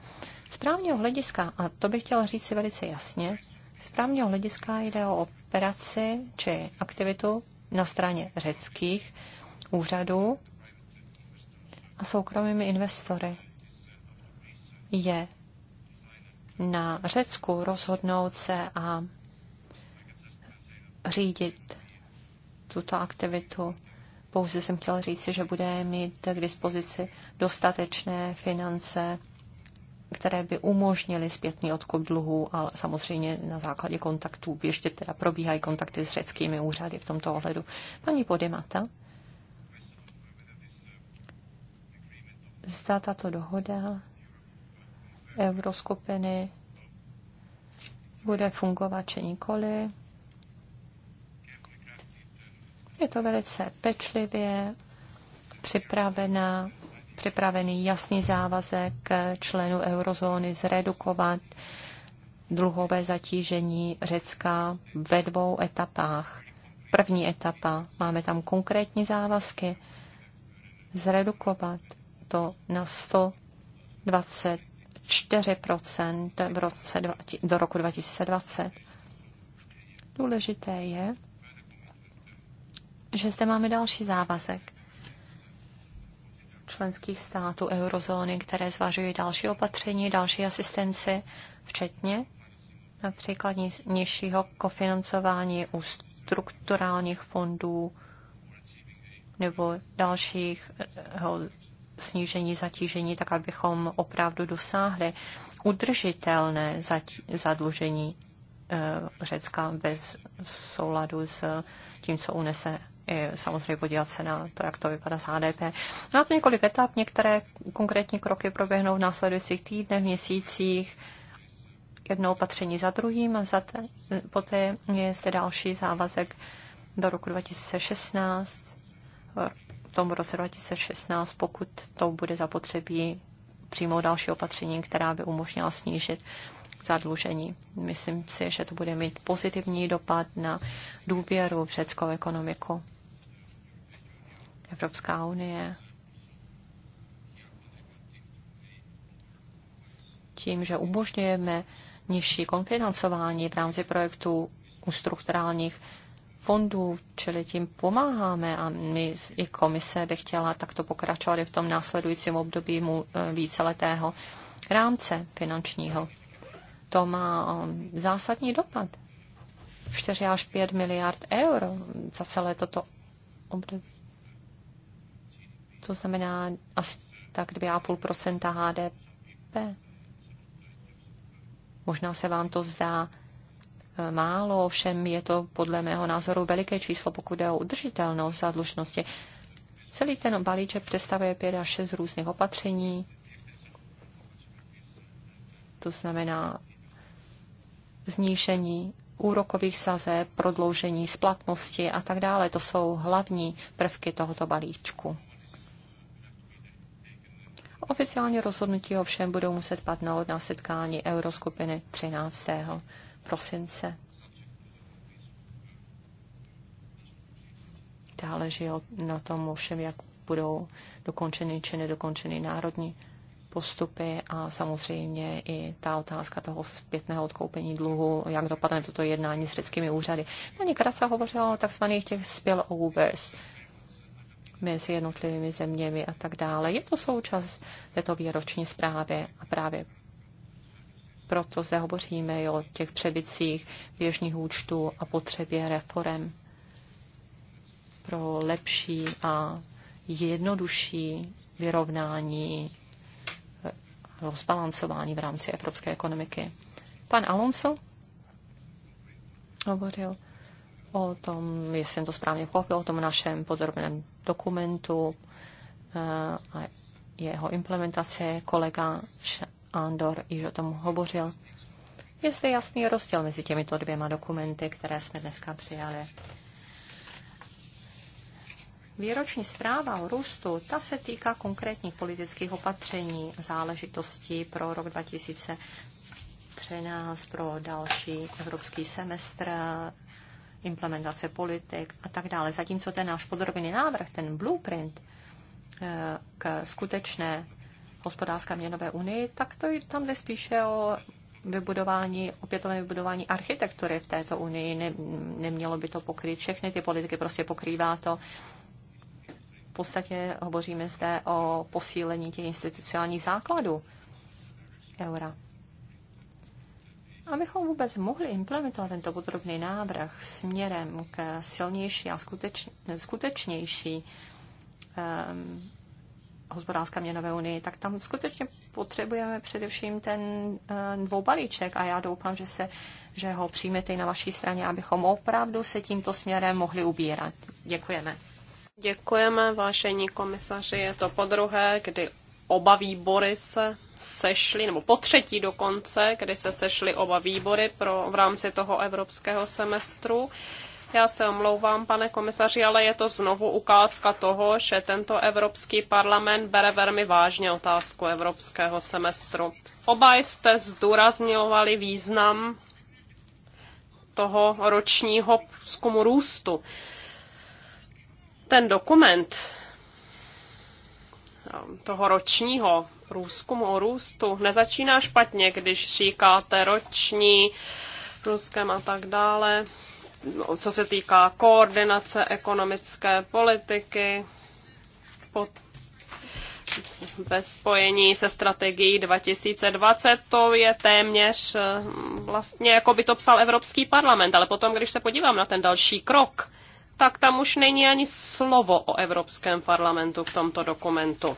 Z právního hlediska, a to bych chtěla říct si velice jasně, z právního hlediska jde o operaci či aktivitu na straně řeckých úřadů a soukromými investory. Je na Řecku rozhodnout se a řídit tuto aktivitu. Pouze jsem chtěl říct, že bude mít k dispozici dostatečné finance, které by umožnily zpětný odkup dluhů, ale samozřejmě na základě kontaktů. Ještě teda probíhají kontakty s řeckými úřady v tomto ohledu. Paní Podemata. zda tato dohoda euroskupiny bude fungovat či nikoli. Je to velice pečlivě připravená, připravený jasný závazek členů eurozóny zredukovat dluhové zatížení Řecka ve dvou etapách. První etapa, máme tam konkrétní závazky, zredukovat to na 124 v roce, do roku 2020. Důležité je, že zde máme další závazek členských států eurozóny, které zvažují další opatření, další asistenci, včetně například nižšího kofinancování u strukturálních fondů nebo dalších snížení zatížení, tak abychom opravdu dosáhli udržitelné zadlužení eh, Řecka bez souladu s tím, co unese eh, samozřejmě podívat se na to, jak to vypadá s HDP. Na no to několik etap, některé konkrétní kroky proběhnou v následujících týdnech, měsících, jedno opatření za druhým a za te, poté je zde další závazek do roku 2016 tom roce 2016, pokud to bude zapotřebí přijmout další opatření, která by umožnila snížit zadlužení. Myslím si, že to bude mít pozitivní dopad na důvěru v řeckou ekonomiku. Evropská unie tím, že umožňujeme nižší konfinancování v rámci projektů u strukturálních fondů, čili tím pomáháme a my i komise by chtěla takto pokračovat i v tom následujícím období mu eh, víceletého rámce finančního. To má eh, zásadní dopad. 4 až 5 miliard eur za celé toto období. To znamená asi tak 2,5 HDP. Možná se vám to zdá málo, ovšem je to podle mého názoru veliké číslo, pokud je o udržitelnost zadlužnosti. Celý ten balíček představuje pět až šest různých opatření, to znamená znížení úrokových sazeb, prodloužení splatnosti a tak dále. To jsou hlavní prvky tohoto balíčku. Oficiální rozhodnutí ovšem budou muset padnout na setkání Euroskupiny 13 prosince. Záleží na tom ovšem, jak budou dokončeny či nedokončeny národní postupy a samozřejmě i ta otázka toho zpětného odkoupení dluhu, jak dopadne toto jednání s řeckými úřady. Paní Krasa hovořila o takzvaných těch spillovers mezi jednotlivými zeměmi a tak dále. Je to součas této výroční zprávy a právě proto zde hovoříme o těch převicích běžných účtů a potřebě reform pro lepší a jednodušší vyrovnání eh, rozbalancování v rámci evropské ekonomiky. Pan Alonso hovořil o tom, jestli jsem to správně pochopil, o tom našem podrobném dokumentu eh, a jeho implementace. Kolega Andor již o tom hovořil. Je zde jasný rozdíl mezi těmito dvěma dokumenty, které jsme dneska přijali. Výroční zpráva o růstu, ta se týká konkrétních politických opatření, záležitostí pro rok 2013, pro další evropský semestr, implementace politik a tak dále. Zatímco ten náš podrobný návrh, ten blueprint eh, k skutečné hospodářské měnové unii, tak to tam jde spíše o vybudování, opětovné vybudování architektury v této unii. Ne, nemělo by to pokryt všechny ty politiky, prostě pokrývá to. V podstatě hovoříme zde o posílení těch institucionálních základů eura. Abychom vůbec mohli implementovat tento podrobný návrh směrem k silnější a skutečnější um, hospodářské měnové unii, tak tam skutečně potřebujeme především ten eh, dvoubalíček a já doufám, že, se, že ho přijmete i na vaší straně, abychom opravdu se tímto směrem mohli ubírat. Děkujeme. Děkujeme, vážení komisaři. Je to po druhé, kdy oba výbory se sešly, nebo po třetí dokonce, kdy se sešly oba výbory pro, v rámci toho evropského semestru. Já se omlouvám, pane komisaři, ale je to znovu ukázka toho, že tento Evropský parlament bere velmi vážně otázku evropského semestru. Oba jste zdůrazňovali význam toho ročního průzkumu růstu. Ten dokument toho ročního průzkumu o růstu nezačíná špatně, když říkáte roční průzkum a tak dále co se týká koordinace ekonomické politiky pod, ve spojení se strategií 2020, to je téměř eh, vlastně, jako by to psal Evropský parlament, ale potom, když se podívám na ten další krok, tak tam už není ani slovo o Evropském parlamentu v tomto dokumentu.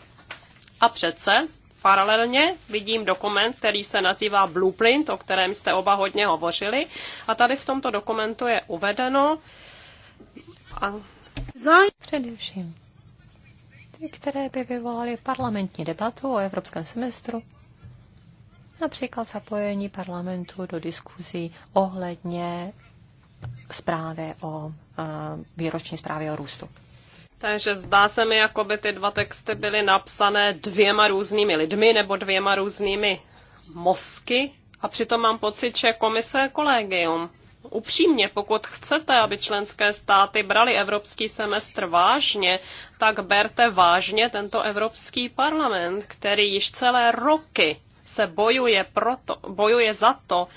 A přece Paralelně vidím dokument, který se nazývá Blueprint, o kterém jste oba hodně hovořili. A tady v tomto dokumentu je uvedeno. A... Především ty, které by vyvolaly parlamentní debatu o evropském semestru, například zapojení parlamentu do diskuzí ohledně zprávy o výroční zprávě o růstu. Takže zdá se mi, jako by ty dva texty byly napsané dvěma různými lidmi nebo dvěma různými mozky. A přitom mám pocit, že komise je kolegium. Upřímně, pokud chcete, aby členské státy brali evropský semestr vážně, tak berte vážně tento Evropský parlament, který již celé roky se bojuje, proto, bojuje za to,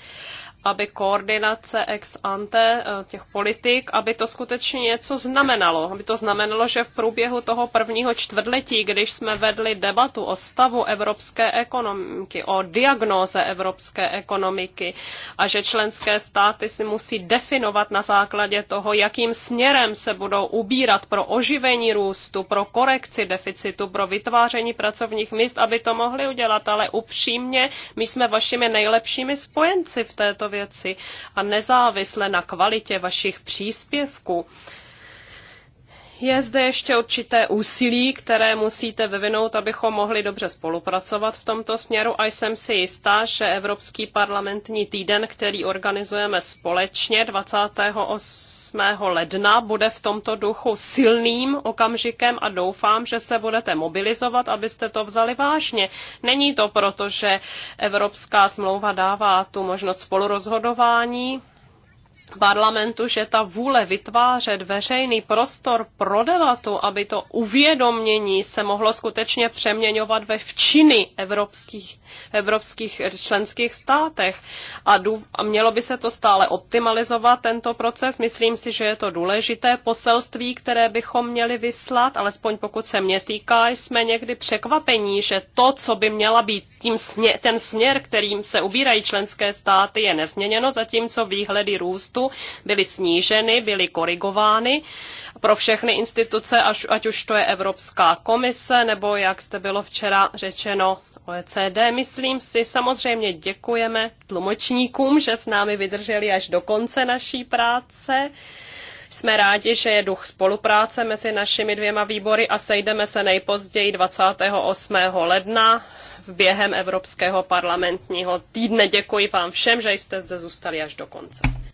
aby koordinace ex ante eh, těch politik, aby to skutečně něco znamenalo. Aby to znamenalo, že v průběhu toho prvního čtvrtletí, když jsme vedli debatu o stavu evropské ekonomiky, o diagnóze evropské ekonomiky a že členské státy si musí definovat na základě toho, jakým směrem se budou ubírat pro oživení růstu, pro korekci deficitu, pro vytváření pracovních míst, aby to mohli udělat. Ale upřímně, my jsme vašimi nejlepšími spojenci v této věci a nezávisle na kvalitě vašich příspěvků je zde ještě určité úsilí, které musíte vyvinout, abychom mohli dobře spolupracovat v tomto směru a jsem si jistá, že Evropský parlamentní týden, který organizujeme společně 28. ledna, bude v tomto duchu silným okamžikem a doufám, že se budete mobilizovat, abyste to vzali vážně. Není to proto, že Evropská smlouva dává tu možnost spolurozhodování, parlamentu, že ta vůle vytvářet veřejný prostor pro debatu, aby to uvědomění se mohlo skutečně přeměňovat ve včiny evropských, evropských členských státech. A, dů, a mělo by se to stále optimalizovat, tento proces. Myslím si, že je to důležité poselství, které bychom měli vyslat, alespoň pokud se mě týká, jsme někdy překvapení, že to, co by měla být tím směr, ten směr, kterým se ubírají členské státy, je nezměněno, zatímco výhledy růstu byly sníženy, byly korigovány pro všechny instituce, až, ať už to je Evropská komise, nebo jak jste bylo včera řečeno, OECD, myslím si. Samozřejmě děkujeme tlumočníkům, že s námi vydrželi až do konce naší práce. Jsme rádi, že je duch spolupráce mezi našimi dvěma výbory a sejdeme se nejpozději 28. ledna v během Evropského parlamentního týdne. Děkuji vám všem, že jste zde zůstali až do konce.